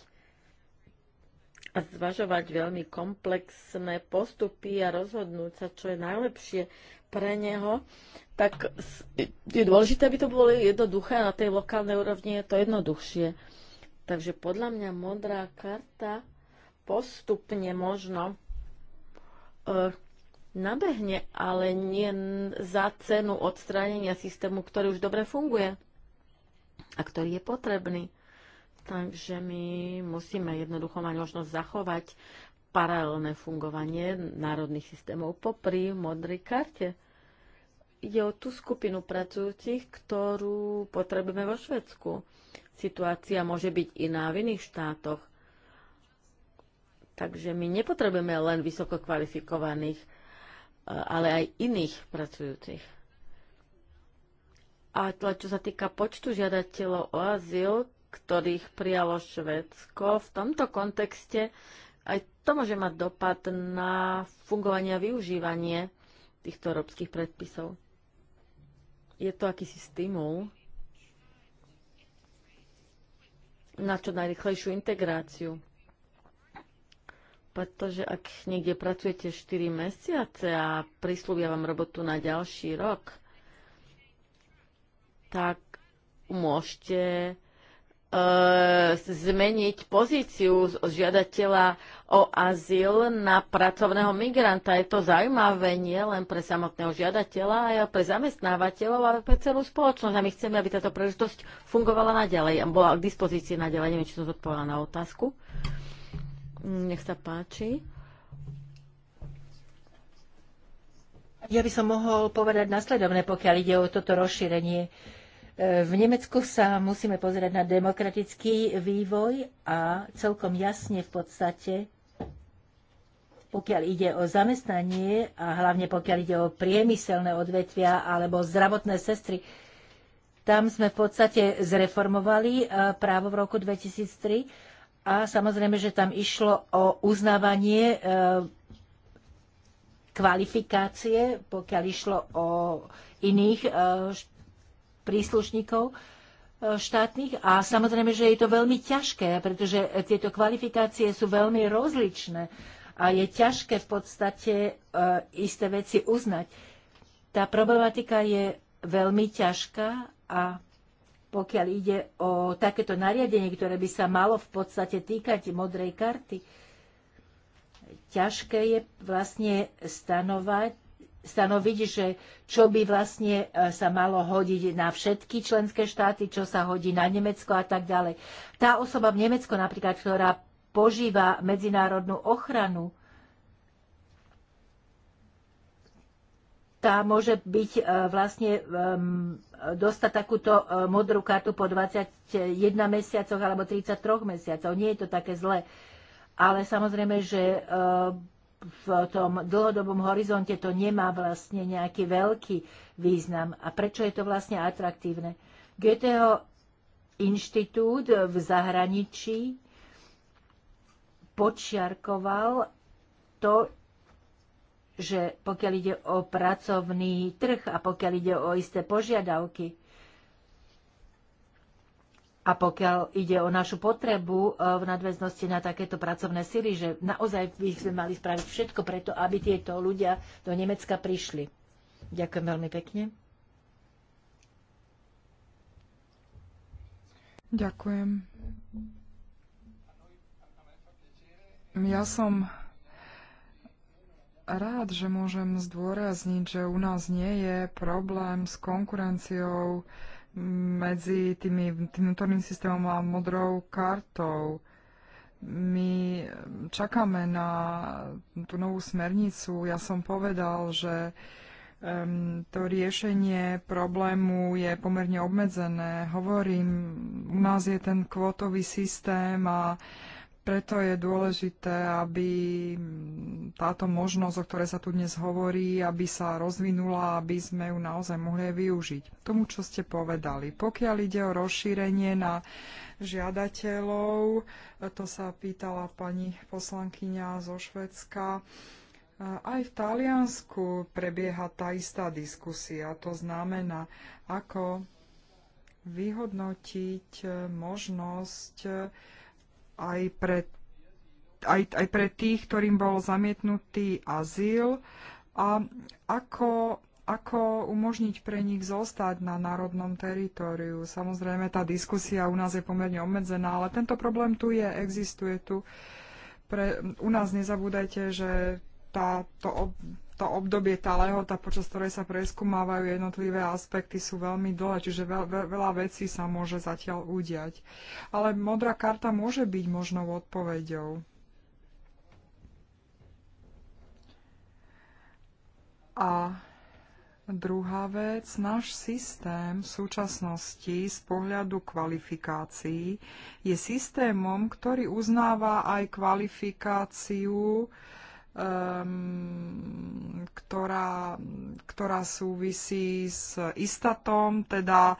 a zvažovať veľmi komplexné postupy a rozhodnúť sa, čo je najlepšie pre neho, tak je dôležité, aby to bolo jednoduché a na tej lokálnej úrovni je to jednoduchšie. Takže podľa mňa modrá karta postupne možno e, nabehne, ale nie za cenu odstránenia systému, ktorý už dobre funguje a ktorý je potrebný. Takže my musíme jednoducho mať možnosť zachovať paralelné fungovanie národných systémov popri modrej karte. Ide o tú skupinu pracujúcich, ktorú potrebujeme vo Švedsku. Situácia môže byť iná v iných štátoch Takže my nepotrebujeme len vysoko kvalifikovaných, e, ale aj iných pracujúcich. A to, čo sa týka počtu žiadateľov o azyl, ktorých prijalo Švedsko, v tomto kontexte aj to môže mať dopad na fungovanie a využívanie týchto európskych predpisov. Je to akýsi stimul na čo najrychlejšiu integráciu pretože ak niekde pracujete 4 mesiace a prislúbia vám robotu na ďalší rok, tak môžete e, zmeniť pozíciu žiadateľa o azyl na pracovného migranta. Je to zaujímavé nie len pre samotného žiadateľa, ale pre zamestnávateľov, ale pre celú spoločnosť. A my chceme, aby táto príležitosť fungovala naďalej a bola k dispozícii naďalej. Neviem, či som zodpovedala na otázku. Nech sa páči. Ja by som mohol povedať nasledovné, pokiaľ ide o toto rozšírenie. E, v Nemecku sa musíme pozerať na demokratický vývoj a celkom jasne v podstate, pokiaľ ide o zamestnanie a hlavne pokiaľ ide o priemyselné odvetvia alebo zdravotné sestry, tam sme v podstate zreformovali e, právo v roku 2003 a samozrejme, že tam išlo o uznávanie e, kvalifikácie, pokiaľ išlo o iných e, príslušníkov e, štátnych a samozrejme, že je to veľmi ťažké, pretože tieto kvalifikácie sú veľmi rozličné a je ťažké v podstate isté veci uznať. Tá problematika je veľmi ťažká a pokiaľ ide o takéto nariadenie, ktoré by sa malo v podstate týkať modrej karty. Ťažké je vlastne stanovať, stanoviť, že čo by vlastne e, sa malo hodiť na všetky členské štáty, čo sa hodí na Nemecko a tak ďalej. Tá osoba v Nemecku napríklad, ktorá požíva medzinárodnú ochranu, tá môže byť e, vlastne e, dostať takúto e, modrú kartu po 21 mesiacoch alebo 33 mesiacov. Nie je to také zlé. Ale samozrejme, že v tom dlhodobom horizonte to nemá vlastne nejaký veľký význam. A prečo je to vlastne atraktívne? Goetheho inštitút v zahraničí počiarkoval to, že pokiaľ ide o pracovný trh a pokiaľ ide o isté požiadavky a pokiaľ ide o našu potrebu eh, v nadväznosti na takéto pracovné sily, že naozaj by sme mali spraviť všetko preto, aby tieto ľudia do Nemecka prišli. Ďakujem veľmi pekne. Ďakujem. Ja som rád, že môžem zdôrazniť, že u nás nie je problém s konkurenciou medzi tými, tým vnútorným systémom a modrou kartou. My čakáme na tú novú smernicu. Ja som povedal, že um, to riešenie problému je pomerne obmedzené. Hovorím, u nás je ten kvotový systém a uh, preto je dôležité, aby táto možnosť, o ktorej sa tu dnes hovorí, aby sa rozvinula, aby sme ju naozaj mohli využiť. Tomu, čo ste povedali. Pokiaľ ide o rozšírenie na žiadateľov, to sa pýtala pani poslankyňa zo Švedska, aj v Taliansku prebieha tá istá diskusia. To znamená, ako vyhodnotiť možnosť aj pre, aj, aj pre tých, ktorým bol zamietnutý azyl a ako, ako umožniť pre nich zostať na národnom teritoriu. Samozrejme, tá diskusia u nás je pomerne obmedzená, ale tento problém tu je, existuje tu. Pre, u nás nezabúdajte, že táto, to obdobie, tá lehota, počas ktorej sa preskúmávajú jednotlivé aspekty, sú veľmi dlhé, čiže veľa vecí sa môže zatiaľ udiať. Ale modrá karta môže byť možnou odpoveďou. A druhá vec, náš systém v súčasnosti z pohľadu kvalifikácií je systémom, ktorý uznáva aj kvalifikáciu, uh, um, ktorá, ktorá súvisí s istatom, teda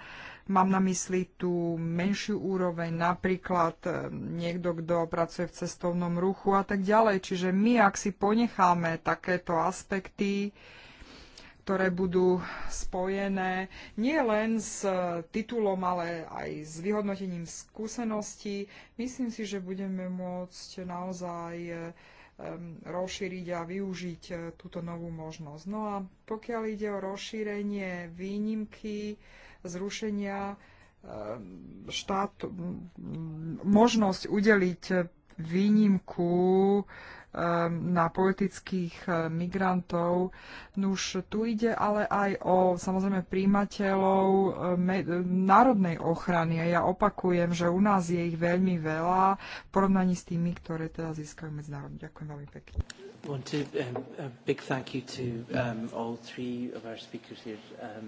mám na mysli tú menšiu úroveň, napríklad ehm, niekto, kto pracuje v cestovnom ruchu a tak ďalej. Čiže my, ak si ponecháme takéto aspekty, ktoré budú spojené nie len s titulom, ale aj s vyhodnotením skúseností. Myslím si, že budeme môcť naozaj rozšíriť a využiť e, túto novú možnosť. No a pokiaľ ide o rozšírenie výnimky, zrušenia e, štátu možnosť udeliť výnimku na politických eh, migrantov. Nuž tu ide ale aj o samozrejme príjimateľov eh, národnej ochrany. A ja opakujem, že u nás je ich veľmi veľa v porovnaní s tými, ktoré teda získajú medzinárodne. Ďakujem veľmi pekne. Um, um, um,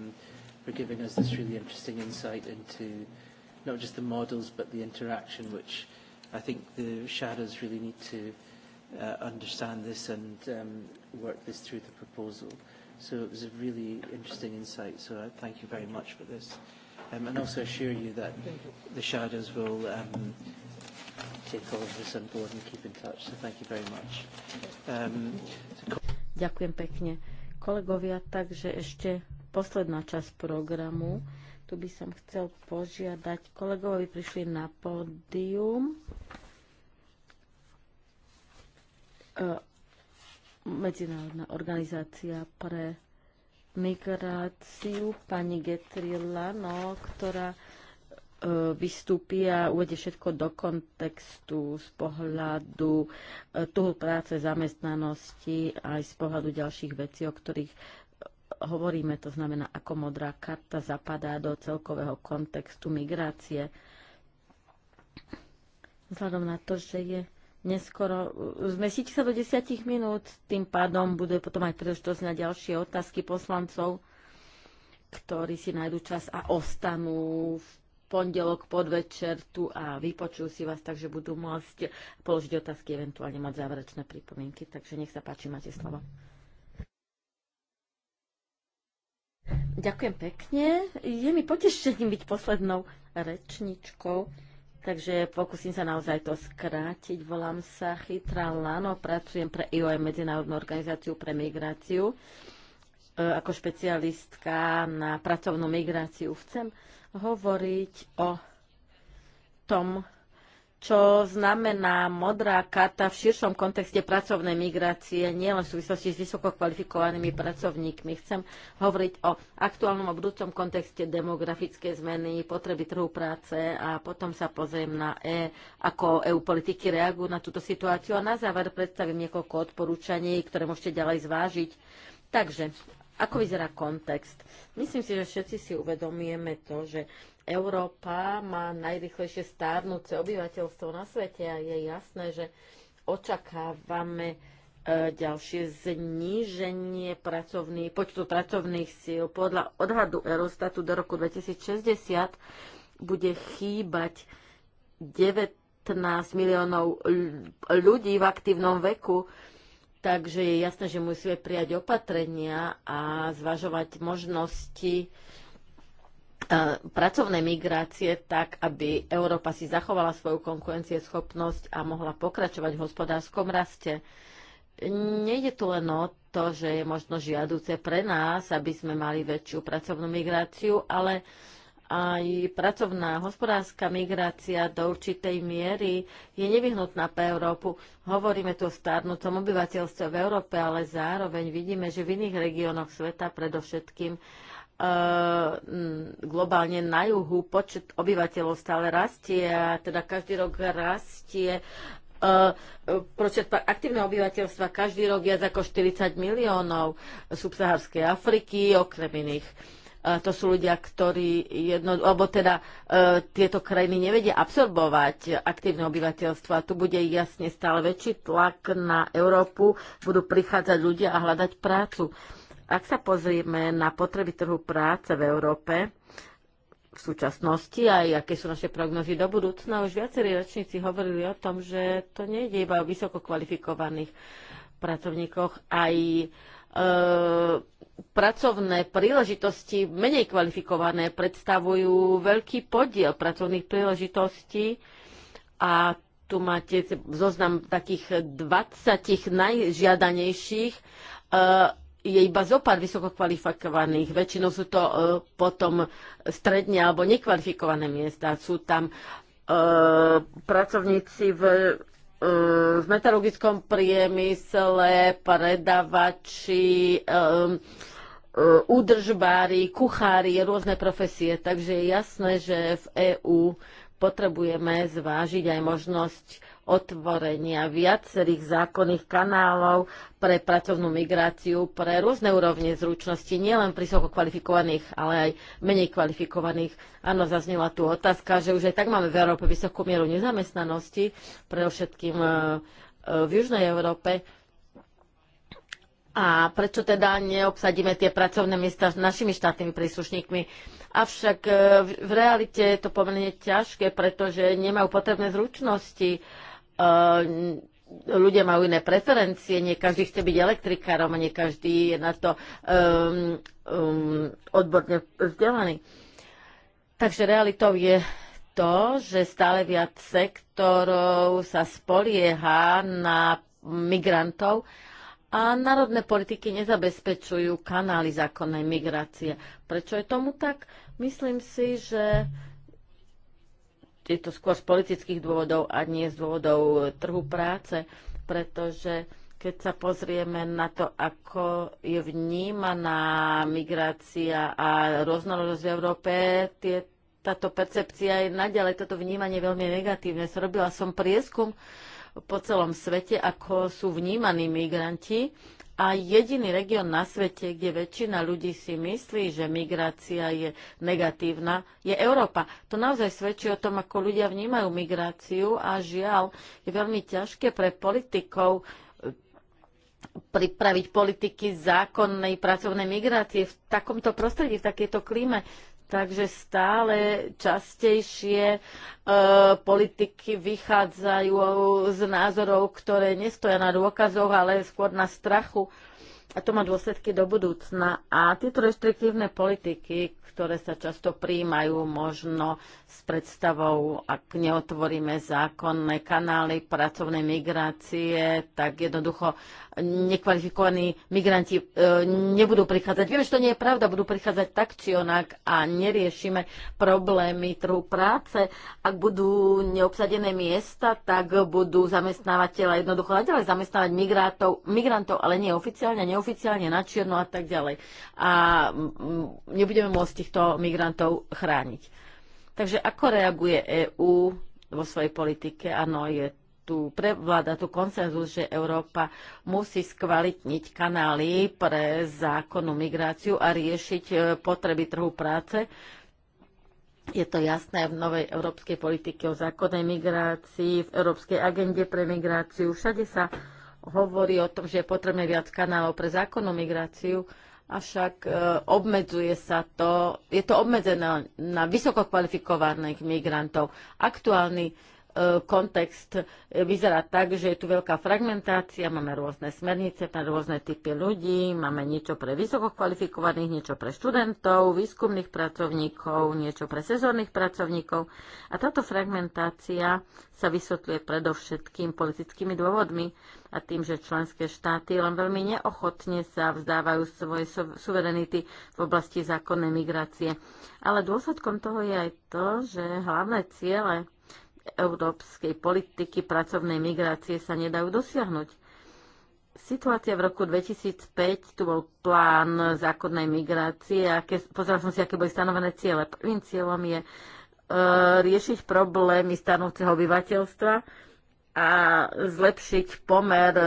for giving us this really interesting insight into not just the models but the interaction which I think the shadows really need to uh, understand this and um, work this through the proposal. So it was a really interesting insight, so I thank you very much for this. Um, and also assure you that you. the shadows will um, take all of this on board and keep in touch, so thank you very much. Um, to... Ďakujem pekne. Kolegovia, takže ešte posledná časť programu. Tu by som chcel požiadať kolegovi, prišli na pódium. E, Medzinárodná organizácia pre migráciu, pani no, ktorá e, vystúpi a uvedie všetko do kontextu z pohľadu e, trhu práce, zamestnanosti aj z pohľadu ďalších vecí, o ktorých hovoríme. To znamená, ako modrá karta zapadá do celkového kontextu migrácie. Vzhľadom na to, že je neskoro. Uh, Zmestíte sa do desiatich minút, tým pádom bude potom aj príležitosť na ďalšie otázky poslancov, ktorí si nájdu čas a ostanú v pondelok podvečer tu a vypočujú si vás, takže budú môcť položiť otázky, eventuálne mať záverečné pripomienky. Takže nech sa páči, máte slovo. Ďakujem pekne. Je mi potešením byť poslednou rečničkou takže pokúsim sa naozaj to skrátiť. Volám sa Chytra Lano, pracujem pre IOM, Medzinárodnú organizáciu pre migráciu, e, ako špecialistka na pracovnú migráciu. Chcem hovoriť o tom, čo znamená modrá karta v širšom kontexte pracovnej migrácie, nielen v súvislosti s vysoko kvalifikovanými pracovníkmi. Chcem hovoriť o aktuálnom a budúcom kontexte demografickej zmeny, potreby trhu práce a potom sa pozriem na E, ako EU politiky reagujú na túto situáciu a na záver predstavím niekoľko odporúčaní, ktoré môžete ďalej zvážiť. Takže, ako vyzerá kontext? Myslím si, že všetci si uvedomujeme to, že Európa má najrychlejšie stárnuce obyvateľstvo na svete a je jasné, že očakávame e, ďalšie zníženie počtu pracovných síl. Podľa odhadu Eurostatu do roku 2060 bude chýbať 19 miliónov ľudí v aktívnom veku, takže je jasné, že musíme prijať opatrenia a zvažovať možnosti E, pracovnej migrácie tak, aby Európa si zachovala svoju konkurencieschopnosť a mohla pokračovať v hospodárskom raste. Nejde tu len o to, že je možno žiaduce pre nás, aby sme mali väčšiu pracovnú migráciu, ale aj pracovná hospodárska migrácia do určitej miery je nevyhnutná pre Európu. Hovoríme tu o starnutom obyvateľstve v Európe, ale zároveň vidíme, že v iných regiónoch sveta, predovšetkým Ehm, globálne na juhu počet obyvateľov stále rastie a teda každý rok rastie ehm, počet aktívneho obyvateľstva každý rok viac ako 40 miliónov subsaharskej Afriky, okrem iných. Ehm, to sú ľudia, ktorí jedno, alebo teda tieto krajiny nevedia absorbovať aktívne obyvateľstvo a tu bude jasne stále väčší tlak na Európu, budú prichádzať ľudia a hľadať prácu. Ak sa pozrieme na potreby trhu práce v Európe, v súčasnosti aj aké sú naše prognozy do budúcna. Už viacerí ročníci hovorili o tom, že to je iba o vysoko kvalifikovaných pracovníkoch, aj e, pracovné príležitosti menej kvalifikované predstavujú veľký podiel pracovných príležitostí a tu máte zoznam takých 20 najžiadanejších. E, je iba zopár vysoko kvalifikovaných. Väčšinou sú to e, potom stredne alebo nekvalifikované miesta. Sú tam e, pracovníci v e, v metalurgickom priemysle, predavači, údržbári, kuchári, rôzne profesie. Takže je jasné, že v EÚ potrebujeme zvážiť aj možnosť otvorenia viacerých zákonných kanálov pre pracovnú migráciu pre rôzne úrovne zručnosti, nielen vysoko kvalifikovaných, ale aj menej kvalifikovaných. Áno, zaznela tu otázka, že už aj tak máme v Európe vysokú mieru nezamestnanosti, pre všetkým e, e, v Južnej Európe. A prečo teda neobsadíme tie pracovné miesta s našimi štátnymi príslušníkmi? Avšak e, v realite je to pomerne ťažké, pretože nemajú potrebné zručnosti Ehm, ľudia majú iné preferencie, nie každý chce byť elektrikárom a nie každý je na to um, um, odborne vzdelaný. Takže realitou je to, že stále viac sektorov sa spolieha na migrantov a národné politiky nezabezpečujú kanály zákonnej migrácie. Prečo je tomu tak? Myslím si, že je to skôr z politických dôvodov a nie z dôvodov e, trhu práce, pretože keď sa pozrieme na to, ako je vnímaná migrácia a rôznorodosť v Európe, tie, táto percepcia je naďalej, toto vnímanie je veľmi negatívne. Robila som prieskum po celom svete, ako sú vnímaní migranti a jediný región na svete, kde väčšina ľudí si myslí, že migrácia je negatívna, je Európa. To naozaj svedčí o tom, ako ľudia vnímajú migráciu a žiaľ, je veľmi ťažké pre politikov eh, pripraviť politiky zákonnej pracovnej migrácie v takomto prostredí, v takejto klíme. Takže stále častejšie e, politiky vychádzajú z názorov, ktoré nestoja na dôkazoch, ale skôr na strachu. A to má dôsledky do budúcna. A tieto reštriktívne politiky, ktoré sa často príjmajú možno s predstavou, ak neotvoríme zákonné kanály pracovnej migrácie, tak jednoducho nekvalifikovaní migranti e, nebudú prichádzať. Viem, že to nie je pravda, budú prichádzať tak či onak a neriešime problémy trhu práce. Ak budú neobsadené miesta, tak budú zamestnávateľa jednoducho naďalej zamestnávať migrátov, migrantov, ale nie oficiálne, neoficiálne oficiálne na čierno a tak ďalej. A mm, mm, nebudeme môcť týchto migrantov chrániť. Takže ako reaguje EÚ vo svojej politike? Áno, je tu prevláda tu konsenzus, že Európa musí skvalitniť kanály pre zákonnú migráciu a riešiť e, potreby trhu práce. Je to jasné v novej európskej politike o zákonnej migrácii, v európskej agende pre migráciu. Všade sa hovorí o tom, že je potrebné viac kanálov pre zákonnú migráciu, avšak e, obmedzuje sa to, je to obmedzené na vysoko kvalifikovaných migrantov. Aktuálny E, kontext e, vyzerá tak, že je tu veľká fragmentácia, máme rôzne smernice pre rôzne typy ľudí, máme niečo pre vysoko kvalifikovaných, niečo pre študentov, výskumných pracovníkov, niečo pre sezónnych pracovníkov. A táto fragmentácia sa vysvetľuje predovšetkým politickými dôvodmi a tým, že členské štáty len veľmi neochotne sa vzdávajú svoje suverenity v oblasti zákonnej migrácie. Ale dôsledkom toho je aj to, že hlavné ciele európskej politiky pracovnej migrácie sa nedajú dosiahnuť. Situácia v roku 2005, tu bol plán zákonnej migrácie, aké, pozrela som si, aké boli stanovené ciele. Prvým cieľom je e, riešiť problémy stanúceho obyvateľstva a zlepšiť pomer e,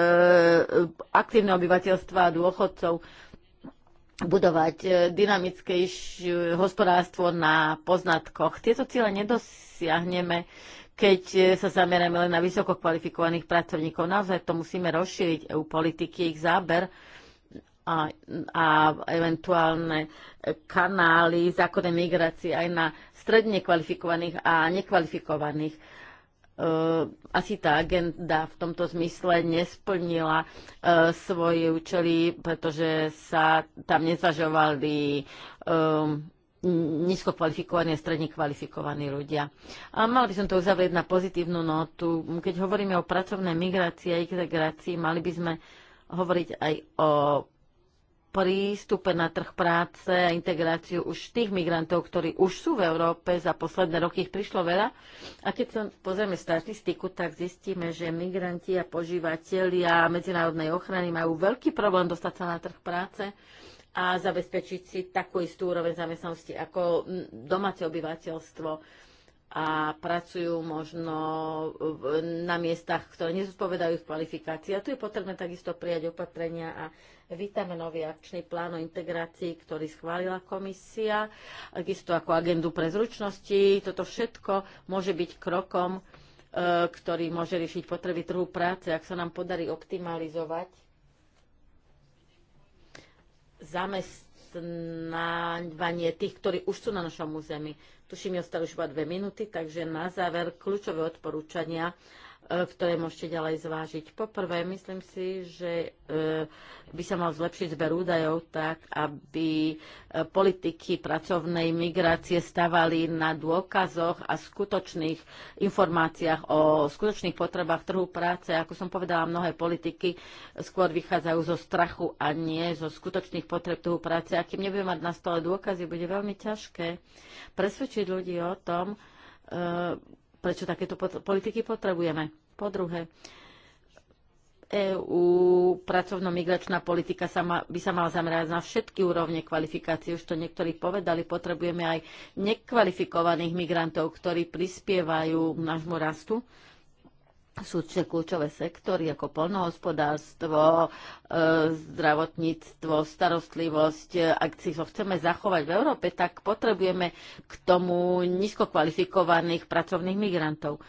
aktívneho obyvateľstva a dôchodcov budovať e, dynamickejšie hospodárstvo na poznatkoch. Tieto ciele nedosiahneme keď e, sa zameráme len na vysoko kvalifikovaných pracovníkov. Naozaj to musíme rozšíriť EU politiky, ich záber a, a eventuálne e, kanály zákonnej migrácie aj na stredne kvalifikovaných a nekvalifikovaných. E, asi tá agenda v tomto zmysle nesplnila svoje účely, pretože sa tam nezvažovali nízko kvalifikovaní a stredne kvalifikovaní ľudia. A mala by som to uzavrieť na pozitívnu notu. Keď hovoríme o pracovnej migrácii a integrácii, mali by sme hovoriť aj o prístupe na trh práce a integráciu už tých migrantov, ktorí už sú v Európe, za posledné roky ich prišlo veľa. A keď sa pozrieme statistiku, tak zistíme, že migranti a požívateľia medzinárodnej ochrany majú veľký problém dostať sa na trh práce a zabezpečiť si takú istú úroveň zamestnanosti ako domáce obyvateľstvo a pracujú možno na miestach, ktoré nezodpovedajú ich kvalifikácii. A tu je potrebné takisto prijať opatrenia a vítame nový akčný plán o integrácii, ktorý schválila komisia, takisto ako agendu pre zručnosti. Toto všetko môže byť krokom, e, ktorý môže riešiť potreby trhu práce, ak sa nám podarí optimalizovať zamestnávanie tých, ktorí už sú na našom území. Tuším, mi ostali už iba dve minúty, takže na záver kľúčové odporúčania E, ktoré môžete ďalej zvážiť. Poprvé, myslím si, že e, by sa mal zlepšiť zber údajov tak, aby e, politiky pracovnej migrácie stavali na dôkazoch a skutočných informáciách o skutočných potrebách trhu práce. Ako som povedala, mnohé politiky skôr vychádzajú zo strachu a nie zo skutočných potreb trhu práce. A kým nebudeme mať na stole dôkazy, bude veľmi ťažké presvedčiť ľudí o tom, prečo takéto politiky potrebujeme. Po druhé, EÚ pracovno-migračná politika sa ma, by sa mala zamerať na všetky úrovne kvalifikácie. Už to niektorí povedali, potrebujeme aj nekvalifikovaných migrantov, ktorí prispievajú k nášmu rastu sú kľúčové sektory ako polnohospodárstvo, e, zdravotníctvo, starostlivosť. Ak si ho chceme zachovať v Európe, tak potrebujeme k tomu nízko kvalifikovaných pracovných migrantov.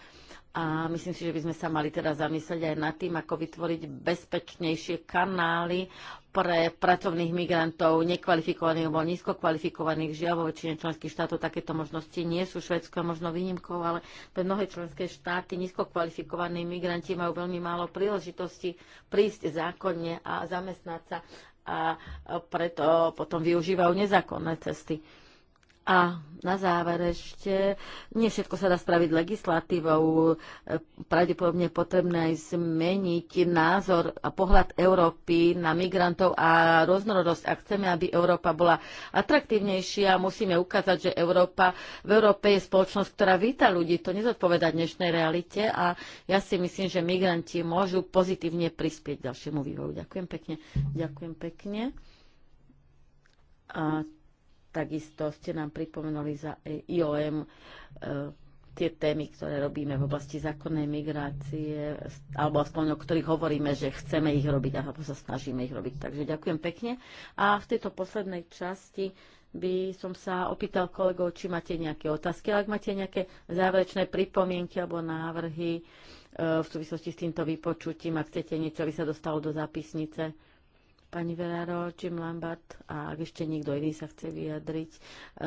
A myslím si, že by sme sa mali teda zamyslieť aj nad tým, ako vytvoriť bezpečnejšie kanály pre pracovných migrantov, nekvalifikovaných alebo nízko kvalifikovaných žiaľ vo väčšine členských štátov takéto možnosti nie sú. Švedsko je možno výnimkou, ale pre mnohé členské štáty nízko kvalifikovaní migranti majú veľmi málo príležitosti prísť zákonne a zamestnať sa a preto potom využívajú nezákonné cesty. A na záver ešte, nie všetko sa dá spraviť legislatívou. Pravdepodobne je potrebné aj zmeniť názor a pohľad Európy na migrantov a rôznorodosť. Ak chceme, aby Európa bola atraktívnejšia, musíme ukázať, že Európa, v Európe je spoločnosť, ktorá víta ľudí. To nezodpoveda dnešnej realite a ja si myslím, že migranti môžu pozitívne prispieť ďalšiemu vývoju. Ďakujem pekne. Ďakujem pekne. A Takisto ste nám pripomenuli za IOM e, tie témy, ktoré robíme v oblasti zákonnej migrácie, alebo aspoň o ktorých hovoríme, že chceme ich robiť a sa snažíme ich robiť. Takže ďakujem pekne. A v tejto poslednej časti by som sa opýtal kolegov, či máte nejaké otázky, ale ak máte nejaké záverečné pripomienky alebo návrhy e, v súvislosti s týmto vypočutím, ak chcete niečo, aby sa dostalo do zápisnice pani Veraro, Jim Lambert a ak ešte niekto iný sa chce vyjadriť, e,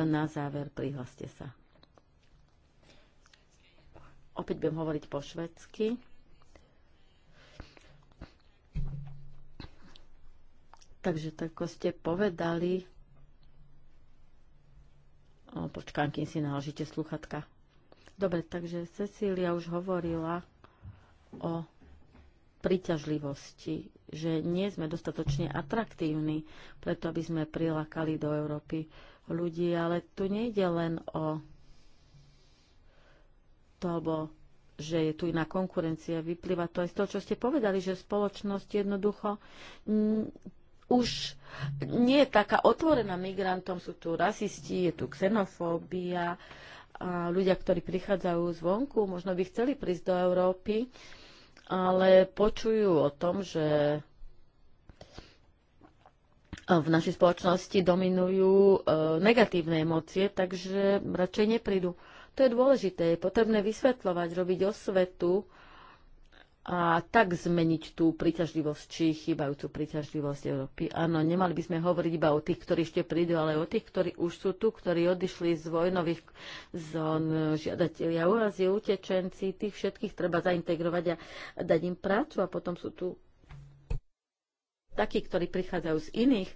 na záver prihlaste sa. Opäť budem hovoriť po švedsky. Takže tak ako ste povedali, o, počkám, kým si naložíte sluchatka. Dobre, takže Cecília už hovorila o príťažlivosti že nie sme dostatočne atraktívni, preto aby sme prilákali do Európy ľudí, ale tu nejde len o to, alebo že je tu iná konkurencia. Vyplýva to aj z toho, čo ste povedali, že spoločnosť jednoducho už nie je taká otvorená migrantom. Sú tu rasisti, je tu xenofóbia, a ľudia, ktorí prichádzajú zvonku, možno by chceli prísť do Európy, ale počujú o tom, že v našej spoločnosti dominujú e, negatívne emócie, takže radšej neprídu. To je dôležité, je potrebné vysvetľovať, robiť osvetu, a tak zmeniť tú príťažlivosť, či chýbajúcu príťažlivosť Európy. Áno, nemali by sme hovoriť iba o tých, ktorí ešte prídu, ale o tých, ktorí už sú tu, ktorí odišli z vojnových zón, žiadatelia o azyl, utečenci, tých všetkých treba zaintegrovať a dať im prácu a potom sú tu takí, ktorí prichádzajú z iných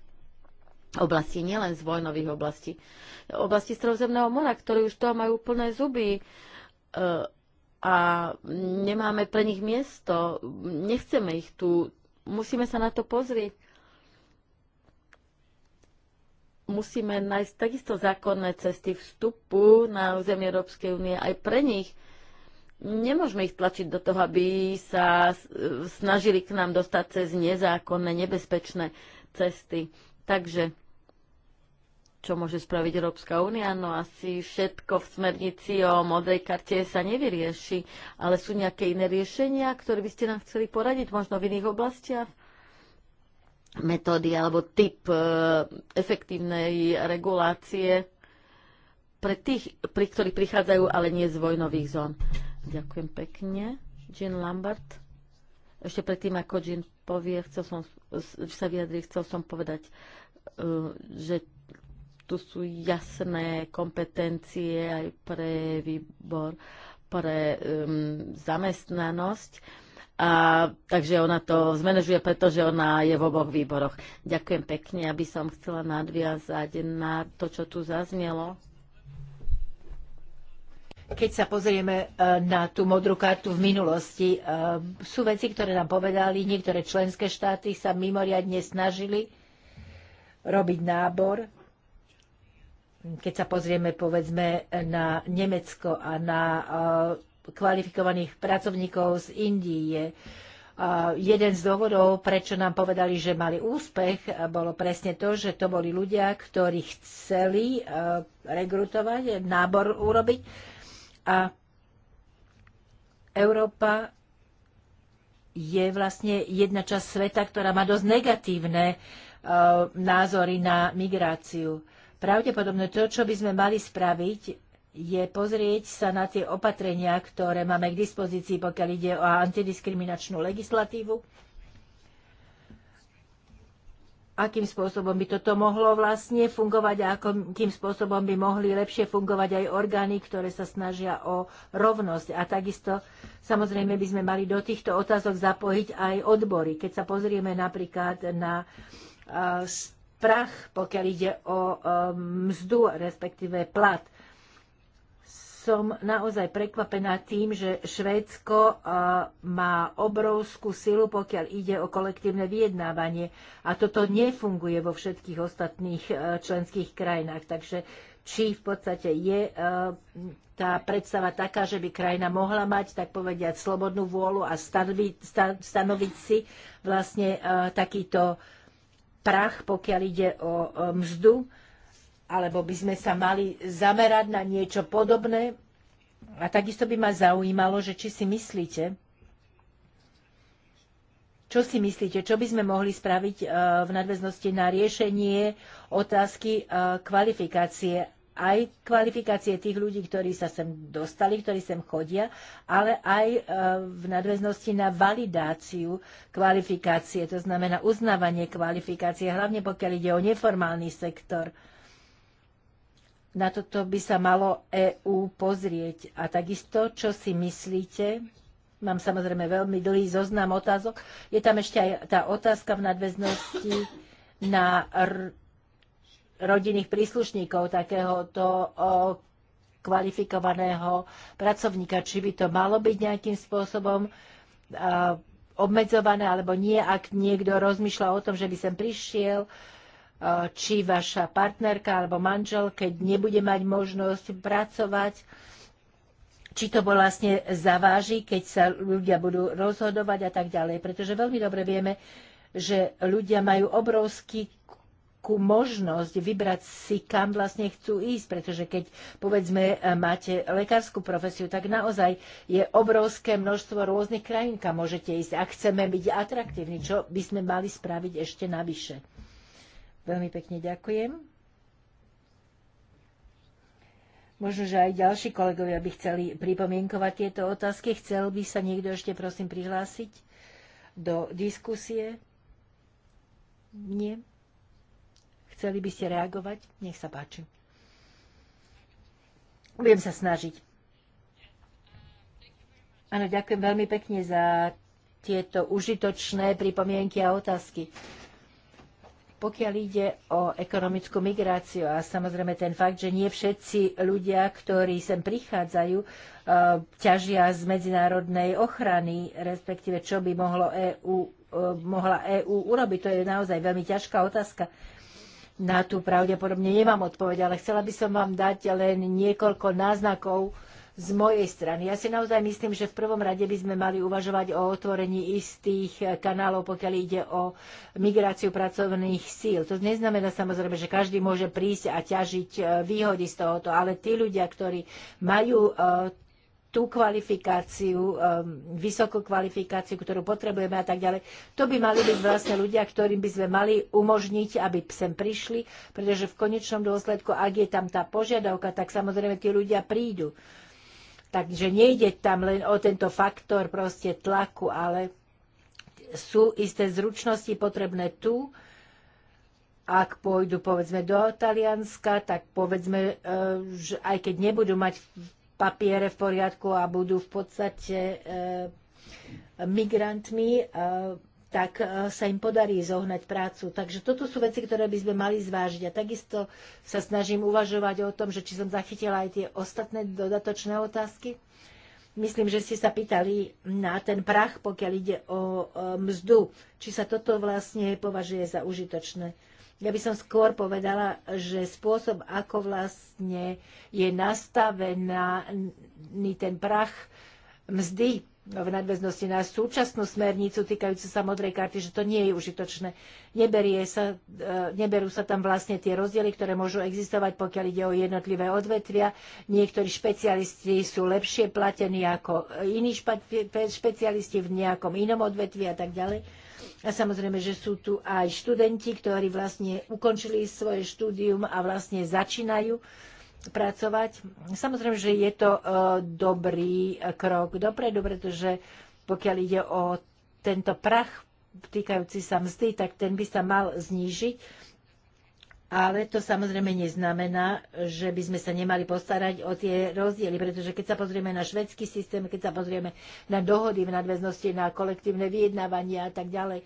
oblastí, nielen z vojnových oblastí. Oblasti strozemného mora, ktorí už to majú plné zuby. E, a nemáme pre nich miesto, nechceme ich tu, musíme sa na to pozrieť. Musíme nájsť takisto zákonné cesty vstupu na územie Európskej únie aj pre nich. Nemôžeme ich tlačiť do toho, aby sa snažili k nám dostať cez nezákonné, nebezpečné cesty. Takže čo môže spraviť Európska únia? No asi všetko v smernici o modrej karte sa nevyrieši, ale sú nejaké iné riešenia, ktoré by ste nám chceli poradiť, možno v iných oblastiach? metódy alebo typ e, efektívnej regulácie pre tých, pri ktorých prichádzajú, ale nie z vojnových zón. Ďakujem pekne. Jean Lambert. Ešte predtým, ako Jean povie, chcel som, sa vyjadri, chcel som povedať, e, že tu sú jasné kompetencie aj pre výbor pre um, zamestnanosť. A, takže ona to zmenežuje, pretože ona je v oboch výboroch. Ďakujem pekne, aby som chcela nadviazať na to, čo tu zaznelo. Keď sa pozrieme e, na tú modrú kartu v minulosti, e, sú veci, ktoré nám povedali, niektoré členské štáty sa mimoriadne snažili robiť nábor keď sa pozrieme povedzme na Nemecko a na e, kvalifikovaných pracovníkov z Indie, e, jeden z dôvodov, prečo nám povedali, že mali úspech, bolo presne to, že to boli ľudia, ktorí chceli e, rekrutovať, nábor urobiť a Európa je vlastne jedna časť sveta, ktorá má dosť negatívne názory na migráciu pravdepodobne to, čo by sme mali spraviť, je pozrieť sa na tie opatrenia, ktoré máme k dispozícii, pokiaľ ide o antidiskriminačnú legislatívu. Akým spôsobom by toto mohlo vlastne fungovať a akým spôsobom by mohli lepšie fungovať aj orgány, ktoré sa snažia o rovnosť. A takisto samozrejme by sme mali do týchto otázok zapojiť aj odbory. Keď sa pozrieme napríklad na uh, prach, pokiaľ ide o mzdu, respektíve plat. Som naozaj prekvapená tým, že Švédsko má obrovskú silu, pokiaľ ide o kolektívne vyjednávanie. A toto nefunguje vo všetkých ostatných e, členských krajinách. Takže či v podstate je e, tá predstava taká, že by krajina mohla mať, tak povediať, slobodnú vôľu a stanoviť, stanoviť si vlastne e, takýto prach, pokiaľ ide o mzdu, alebo by sme sa mali zamerať na niečo podobné. A takisto by ma zaujímalo, že či si myslíte, čo si myslíte, čo by sme mohli spraviť e, v nadväznosti na riešenie otázky e, kvalifikácie aj kvalifikácie tých ľudí, ktorí sa sem dostali, ktorí sem chodia, ale aj e, v nadväznosti na validáciu kvalifikácie, to znamená uznávanie kvalifikácie, hlavne pokiaľ ide o neformálny sektor. Na toto by sa malo EÚ pozrieť. A takisto, čo si myslíte, mám samozrejme veľmi dlhý zoznam otázok, je tam ešte aj tá otázka v nadväznosti na rodinných príslušníkov takéhoto kvalifikovaného pracovníka, či by to malo byť nejakým spôsobom obmedzované alebo nie, ak niekto rozmýšľa o tom, že by sem prišiel, či vaša partnerka alebo manžel, keď nebude mať možnosť pracovať, či to vlastne zaváži, keď sa ľudia budú rozhodovať a tak ďalej. Pretože veľmi dobre vieme, že ľudia majú obrovský nejakú možnosť vybrať si, kam vlastne chcú ísť, pretože keď povedzme e, máte lekárskú profesiu, tak naozaj je obrovské množstvo rôznych krajín, kam môžete ísť a chceme byť atraktívni, čo by sme mali spraviť ešte navyše. Veľmi pekne ďakujem. Možno, že aj ďalší kolegovia by chceli pripomienkovať tieto otázky. Chcel by sa niekto ešte prosím prihlásiť do diskusie? Nie? Chceli by ste reagovať? Nech sa páči. Budem sa snažiť. Áno, ďakujem veľmi pekne za tieto užitočné pripomienky a otázky. Pokiaľ ide o ekonomickú migráciu a samozrejme ten fakt, že nie všetci ľudia, ktorí sem prichádzajú, eh, ťažia z medzinárodnej ochrany, respektíve čo by mohlo EU, eh, mohla EÚ urobiť, to je naozaj veľmi ťažká otázka na tú pravdepodobne nemám odpoveď, ale chcela by som vám dať len niekoľko náznakov z mojej strany. Ja si naozaj myslím, že v prvom rade by sme mali uvažovať o otvorení istých kanálov, pokiaľ ide o migráciu pracovných síl. To neznamená samozrejme, že každý môže prísť a ťažiť eh, výhody z tohoto, ale tí ľudia, ktorí majú eh, tú kvalifikáciu, um, vysokú kvalifikáciu, ktorú potrebujeme a tak ďalej. To by mali byť vlastne ľudia, ktorým by sme mali umožniť, aby sem prišli, pretože v konečnom dôsledku, ak je tam tá požiadavka, tak samozrejme tí ľudia prídu. Takže nejde tam len o tento faktor proste tlaku, ale sú isté zručnosti potrebné tu, ak pôjdu povedzme do Talianska, tak povedzme, eh, že aj keď nebudú mať papiere v poriadku a budú v podstate e, migrantmi, e, tak e, sa im podarí zohnať prácu. Takže toto sú veci, ktoré by sme mali zvážiť. A takisto sa snažím uvažovať o tom, že či som zachytila aj tie ostatné dodatočné otázky. Myslím, že ste sa pýtali na ten prach, pokiaľ ide o mzdu, či sa toto vlastne považuje za užitočné. Ja by som skôr povedala, že spôsob, ako vlastne je nastavený ten prach mzdy v nadväznosti na súčasnú smernicu týkajúcu sa modrej karty, že to nie je užitočné. Neberie sa, e, neberú sa tam vlastne tie rozdiely, ktoré môžu existovať, pokiaľ ide o jednotlivé odvetvia. Niektorí špecialisti sú lepšie platení ako iní špecialisti v nejakom inom odvetvi a tak ďalej. A samozrejme, že sú tu aj študenti, ktorí vlastne ukončili svoje štúdium a vlastne začínajú pracovať. Samozrejme, že je to e, dobrý krok dopredu, pretože pokiaľ ide o tento prach týkajúci sa mzdy, tak ten by sa mal znížiť ale to samozrejme neznamená, že by sme sa nemali postarať o tie rozdiely, pretože keď sa pozrieme na švedský systém, keď sa pozrieme na dohody v nadväznosti na kolektívne vyjednávania a tak ďalej,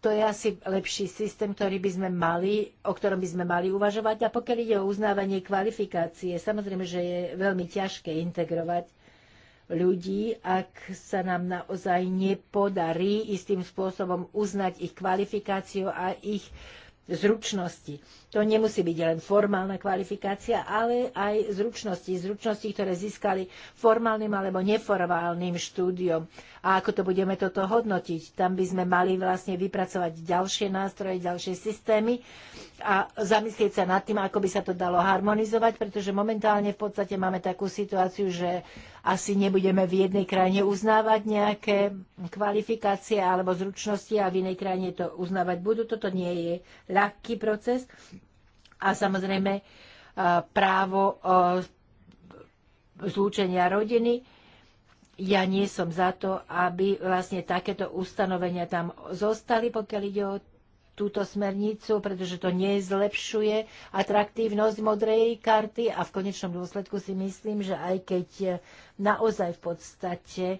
to je asi lepší systém, ktorý by sme mali, o ktorom by sme mali uvažovať. A pokiaľ ide o uznávanie kvalifikácie, samozrejme, že je veľmi ťažké integrovať ľudí, ak sa nám naozaj nepodarí istým spôsobom uznať ich kvalifikáciu a ich zručnosti. To nemusí byť len formálna kvalifikácia, ale aj zručnosti. Zručnosti, ktoré získali formálnym alebo neformálnym štúdiom. A ako to budeme toto hodnotiť? Tam by sme mali vlastne vypracovať ďalšie nástroje, ďalšie systémy a zamyslieť sa nad tým, ako by sa to dalo harmonizovať, pretože momentálne v podstate máme takú situáciu, že asi nebudeme v jednej krajine uznávať nejaké kvalifikácie alebo zručnosti a v inej krajine to uznávať budú. Toto nie je ľahký proces. A samozrejme e, právo e, zlúčenia rodiny. Ja nie som za to, aby vlastne takéto ustanovenia tam zostali, pokiaľ ide o túto smernicu, pretože to nezlepšuje atraktívnosť modrej karty a v konečnom dôsledku si myslím, že aj keď naozaj v podstate e,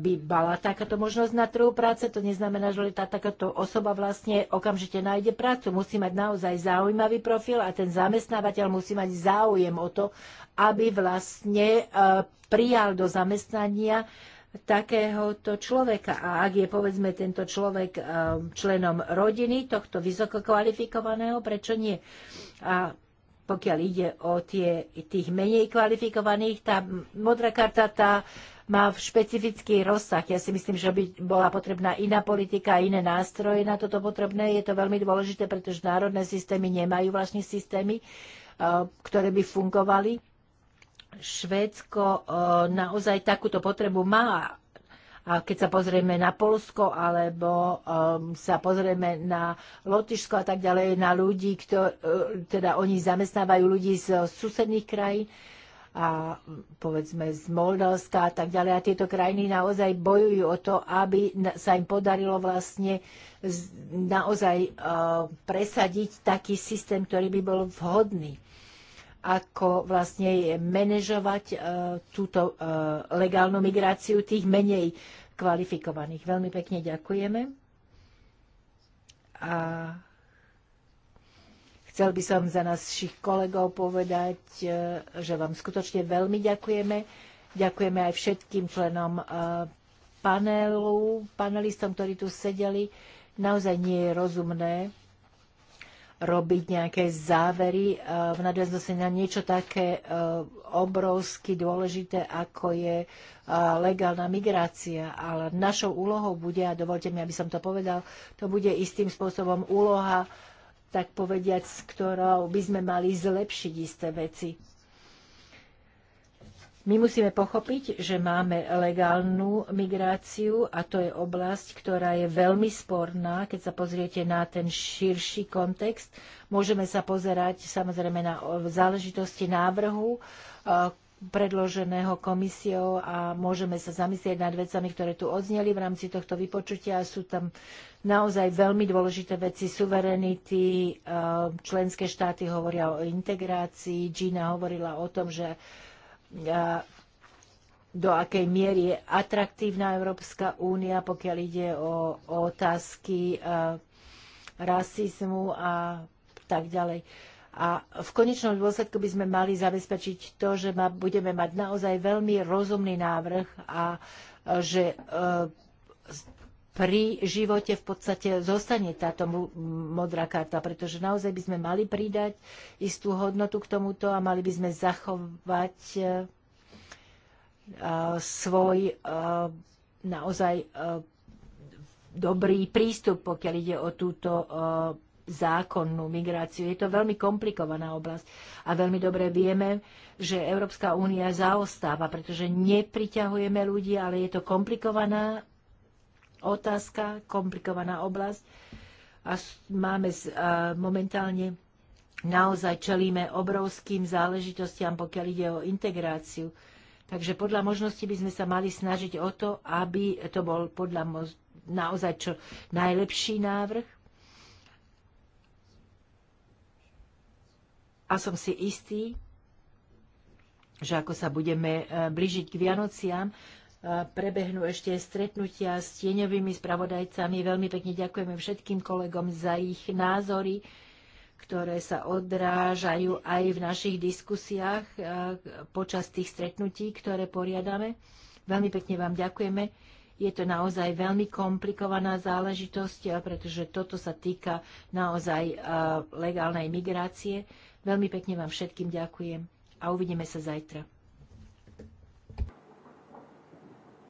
by bala takáto možnosť na trhu práce, to neznamená, že tá takáto osoba vlastne okamžite nájde prácu. Musí mať naozaj zaujímavý profil a ten zamestnávateľ musí mať záujem o to, aby vlastne e, prijal do zamestnania takéhoto človeka. A ak je povedzme tento človek eh, členom rodiny tohto vysoko kvalifikovaného, prečo nie? A pokiaľ ide o tie, tých menej kvalifikovaných, tá modrá karta tá má v špecifický rozsah. Ja si myslím, že by bola potrebná iná politika, iné nástroje na toto potrebné. Je to veľmi dôležité, pretože národné systémy nemajú vlastne systémy, eh, ktoré by fungovali Švédsko e, naozaj takúto potrebu má. A keď sa pozrieme na Polsko alebo um, sa pozrieme na Lotyšsko a tak ďalej, na ľudí, kto, e, teda oni zamestnávajú ľudí z susedných krajín a povedzme z Moldavska a tak ďalej. A tieto krajiny naozaj bojujú o to, aby sa im podarilo vlastne naozaj uh, presadiť taký systém, ktorý by bol vhodný ako vlastne je manažovať e, túto e, legálnu migráciu tých menej kvalifikovaných. Veľmi pekne ďakujeme. A chcel by som za našich kolegov povedať, e, že vám skutočne veľmi ďakujeme. Ďakujeme aj všetkým členom panelu, panelistom, ktorí tu sedeli. Naozaj nie je rozumné, robiť nejaké závery e, v nadväznosti na niečo také e, obrovsky dôležité, ako je e, legálna migrácia. Ale našou úlohou bude, a dovolte mi, aby som to povedal, to bude istým spôsobom úloha, tak povediať, s ktorou by sme mali zlepšiť isté veci my musíme pochopiť, že máme legálnu migráciu a to je oblasť, ktorá je veľmi sporná. Keď sa pozriete na ten širší kontext, môžeme sa pozerať samozrejme na záležitosti návrhu e, predloženého komisiou a môžeme sa zamyslieť nad vecami, ktoré tu odzneli v rámci tohto vypočutia. Sú tam naozaj veľmi dôležité veci suverenity. E, členské štáty hovoria o integrácii. Gina hovorila o tom, že do akej miery je atraktívna Európska únia, pokiaľ ide o, o otázky e, rasizmu a tak ďalej. A v konečnom dôsledku by sme mali zabezpečiť to, že ma, budeme mať naozaj veľmi rozumný návrh a, e, že e, pri živote v podstate zostane táto modrá karta, pretože naozaj by sme mali pridať istú hodnotu k tomuto a mali by sme zachovať e, e, svoj e, naozaj dobrý prístup, pokiaľ ide o túto zákonnú migráciu. Je to veľmi komplikovaná oblasť a veľmi dobre vieme, že Európska únia zaostáva, pretože nepriťahujeme ľudí, ale je to komplikovaná otázka, komplikovaná oblasť a máme momentálne naozaj čelíme obrovským záležitostiam, pokiaľ ide o integráciu. Takže podľa možnosti by sme sa mali snažiť o to, aby to bol podľa naozaj čo najlepší návrh. A som si istý, že ako sa budeme e, blížiť k Vianociam, prebehnú ešte stretnutia s tieňovými spravodajcami. Veľmi pekne ďakujeme všetkým kolegom za ich názory, ktoré sa odrážajú aj v našich diskusiách počas tých stretnutí, ktoré poriadame. Veľmi pekne vám ďakujeme. Je to naozaj veľmi komplikovaná záležitosť, pretože toto sa týka naozaj legálnej migrácie. Veľmi pekne vám všetkým ďakujem a uvidíme sa zajtra.